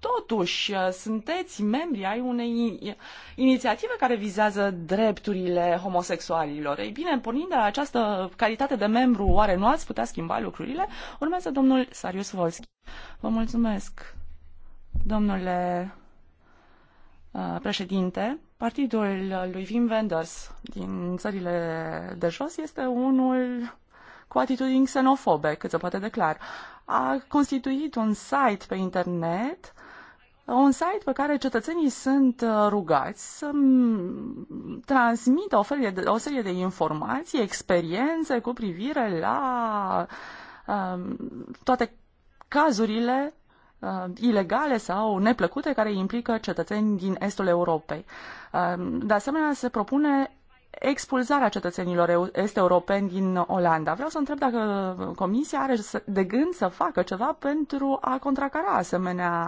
totuși sunteți membri ai unei inițiative care vizează drepturile homosexualilor. Ei bine, pornind de această calitate de membru, oare nu ați putea schimba lucrurile? Urmează domnul Sarius Volski. Vă mulțumesc, domnule uh, președinte. Partidul lui Wim Wenders din țările de jos este unul cu atitudini xenofobe, cât se poate declar. A constituit un site pe internet un site pe care cetățenii sunt uh, rugați să transmită o serie de, o serie de informații, experiențe cu privire la um, toate cazurile uh, ilegale sau neplăcute care implică cetățeni din estul Europei. Uh, de asemenea, se propune expulzarea cetățenilor este europeni din Olanda. Vreau să întreb dacă Comisia are de gând să facă ceva pentru a contracara asemenea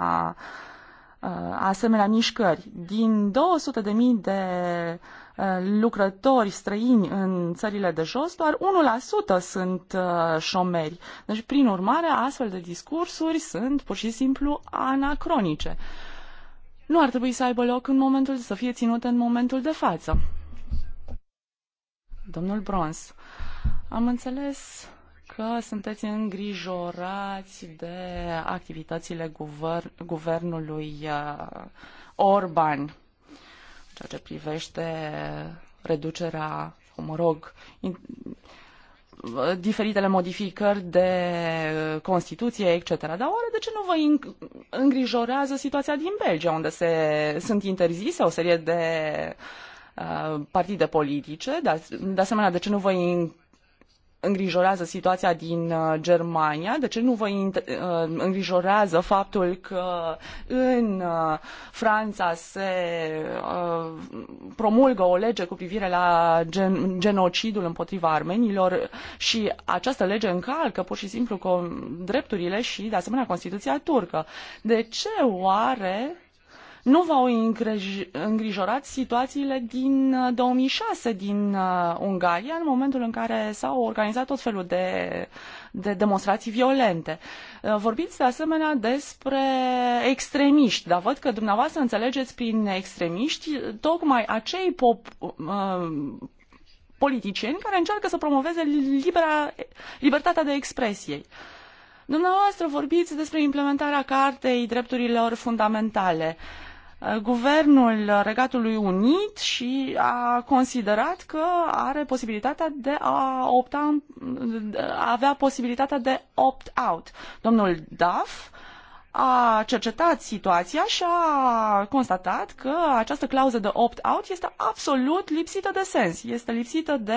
uh, asemenea mișcări. Din 200.000 de Uh, lucrători străini în țările de jos, doar 1% sunt uh, șomeri. Deci, prin urmare, astfel de discursuri sunt pur și simplu anacronice. Nu ar trebui să aibă loc în momentul, să fie ținute în momentul de față. Domnul Brons, am înțeles că sunteți îngrijorați de activitățile guvernului uh, Orban ceea ce privește reducerea, mă rog, diferitele modificări de Constituție, etc. Dar oare de ce nu vă îngrijorează situația din Belgia, unde se, sunt interzise o serie de uh, partide politice? De, de asemenea, de ce nu vă îngrijorează situația din uh, Germania, de ce nu vă uh, îngrijorează faptul că în uh, Franța se promulgă o lege cu privire la gen genocidul împotriva armenilor și această lege încalcă pur și simplu drepturile și, de asemenea, Constituția turcă. De ce oare nu vă îngrijorat situațiile din 2006 uh, din uh, Ungaria, în momentul în care s-au organizat tot felul de, de demonstrații violente. Uh, vorbiți de asemenea despre extremiști, dar văd că dumneavoastră înțelegeți prin extremiști tocmai acei pop, politicieni care încearcă să promoveze libera, libertatea de expresie. Dumneavoastră vorbiți despre implementarea Cartei Drepturilor Fundamentale. Uh, Guvernul Regatului Unit și a considerat că are posibilitatea de a opta, a avea posibilitatea de opt-out. Domnul Duff a cercetat situația și a constatat că această clauză de opt-out este absolut lipsită de sens, este lipsită de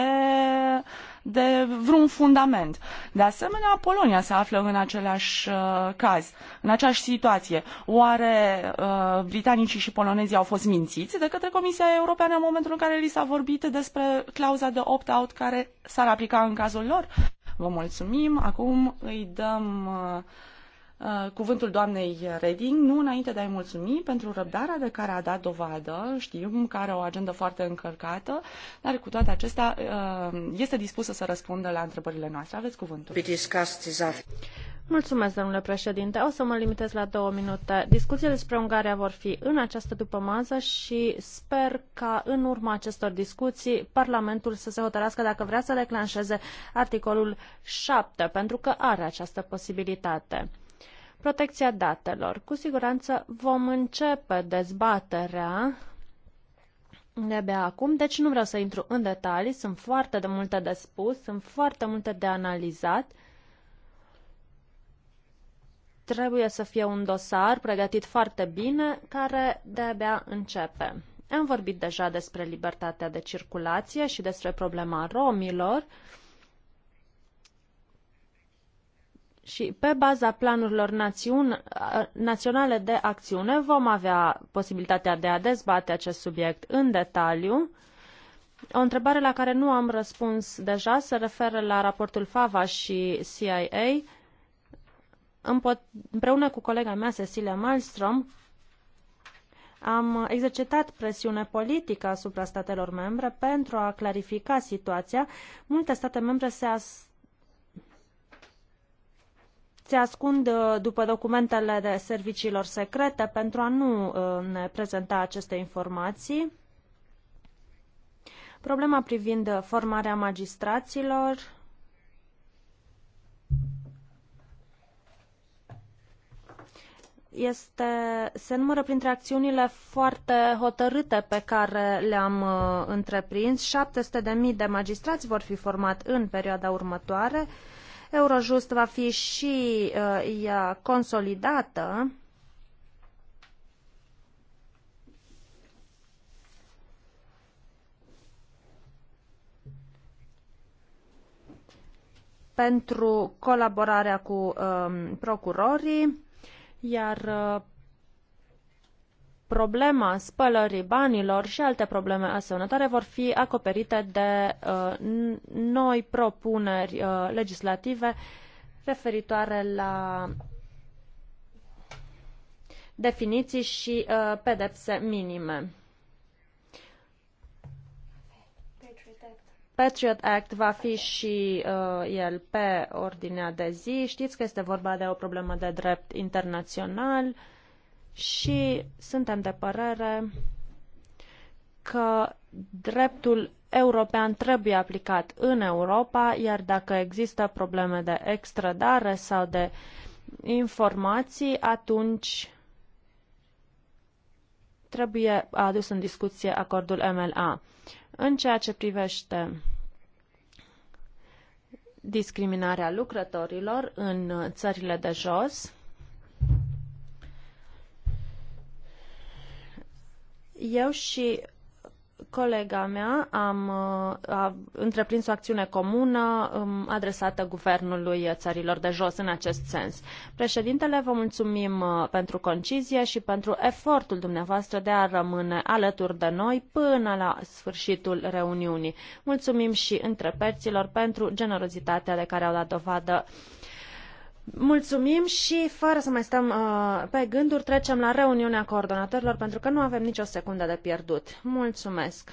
uh, de vreun fundament. De asemenea, Polonia se află în același uh, caz, în aceeași situație. Oare uh, britanicii și polonezii au fost mințiți de către Comisia Europeană în momentul în care li s-a vorbit despre clauza de opt-out care s-ar aplica în cazul lor? Vă mulțumim. Acum îi dăm uh, Uh, cuvântul doamnei Reding, nu înainte de a-i mulțumi pentru răbdarea de care a dat dovadă. Știm că are o agendă foarte încărcată, dar cu toate acestea uh, este dispusă să răspundă la întrebările noastre. Aveți cuvântul. Mulțumesc, domnule președinte. O să mă limitez la două minute. Discuțiile despre Ungaria vor fi în această dupămază și sper ca în urma acestor discuții Parlamentul să se hotărască dacă vrea să declanșeze articolul 7, pentru că are această posibilitate. Protecția datelor. Cu siguranță vom începe dezbaterea de-abia acum, deci nu vreau să intru în detalii, sunt foarte de multe de spus, sunt foarte multe de analizat. Trebuie să fie un dosar pregătit foarte bine, care de-abia începe. Am vorbit deja despre libertatea de circulație și despre problema romilor. Uh, Și pe baza planurilor națiun, naționale de acțiune vom avea posibilitatea de a dezbate acest subiect în detaliu. O întrebare la care nu am răspuns deja se referă la raportul FAVA și CIA. Împreună cu colega mea, Cecilia Malmström, am exercitat presiune politică asupra statelor membre pentru a clarifica situația. Multe state membre se as- se ascund uh, după documentele de serviciilor secrete pentru a nu uh, ne prezenta aceste informații. Problema privind uh, formarea magistraților. Este, se numără printre acțiunile foarte hotărâte pe care le-am uh, întreprins. 700.000 de magistrați vor fi format în perioada următoare. Uh, Eurojust va fi și uh, consolidată. pentru colaborarea cu um, procurorii, iar uh, problema spălării banilor și alte probleme asemănătoare vor fi acoperite de uh, noi propuneri uh, legislative referitoare la definiții și uh, pedepse minime. Patriot Act va fi și uh, el pe ordinea de zi. Știți că este vorba de o problemă de drept internațional. Uh, și suntem de părere că dreptul european trebuie aplicat în Europa, iar dacă există probleme de extradare sau de informații, atunci trebuie adus în discuție acordul MLA. În ceea ce privește discriminarea lucrătorilor în țările de jos, Eu și colega mea am uh, a întreprins o acțiune comună um, adresată guvernului țărilor de jos în acest sens. Președintele, vă mulțumim uh, pentru concizie și pentru efortul dumneavoastră de a rămâne alături de noi până la sfârșitul reuniunii. Mulțumim și întreperților pentru generozitatea de care au dat dovadă Mulțumim și, fără să mai stăm uh, pe gânduri, trecem la reuniunea coordonatorilor, pentru că nu avem nicio secundă de pierdut. Mulțumesc!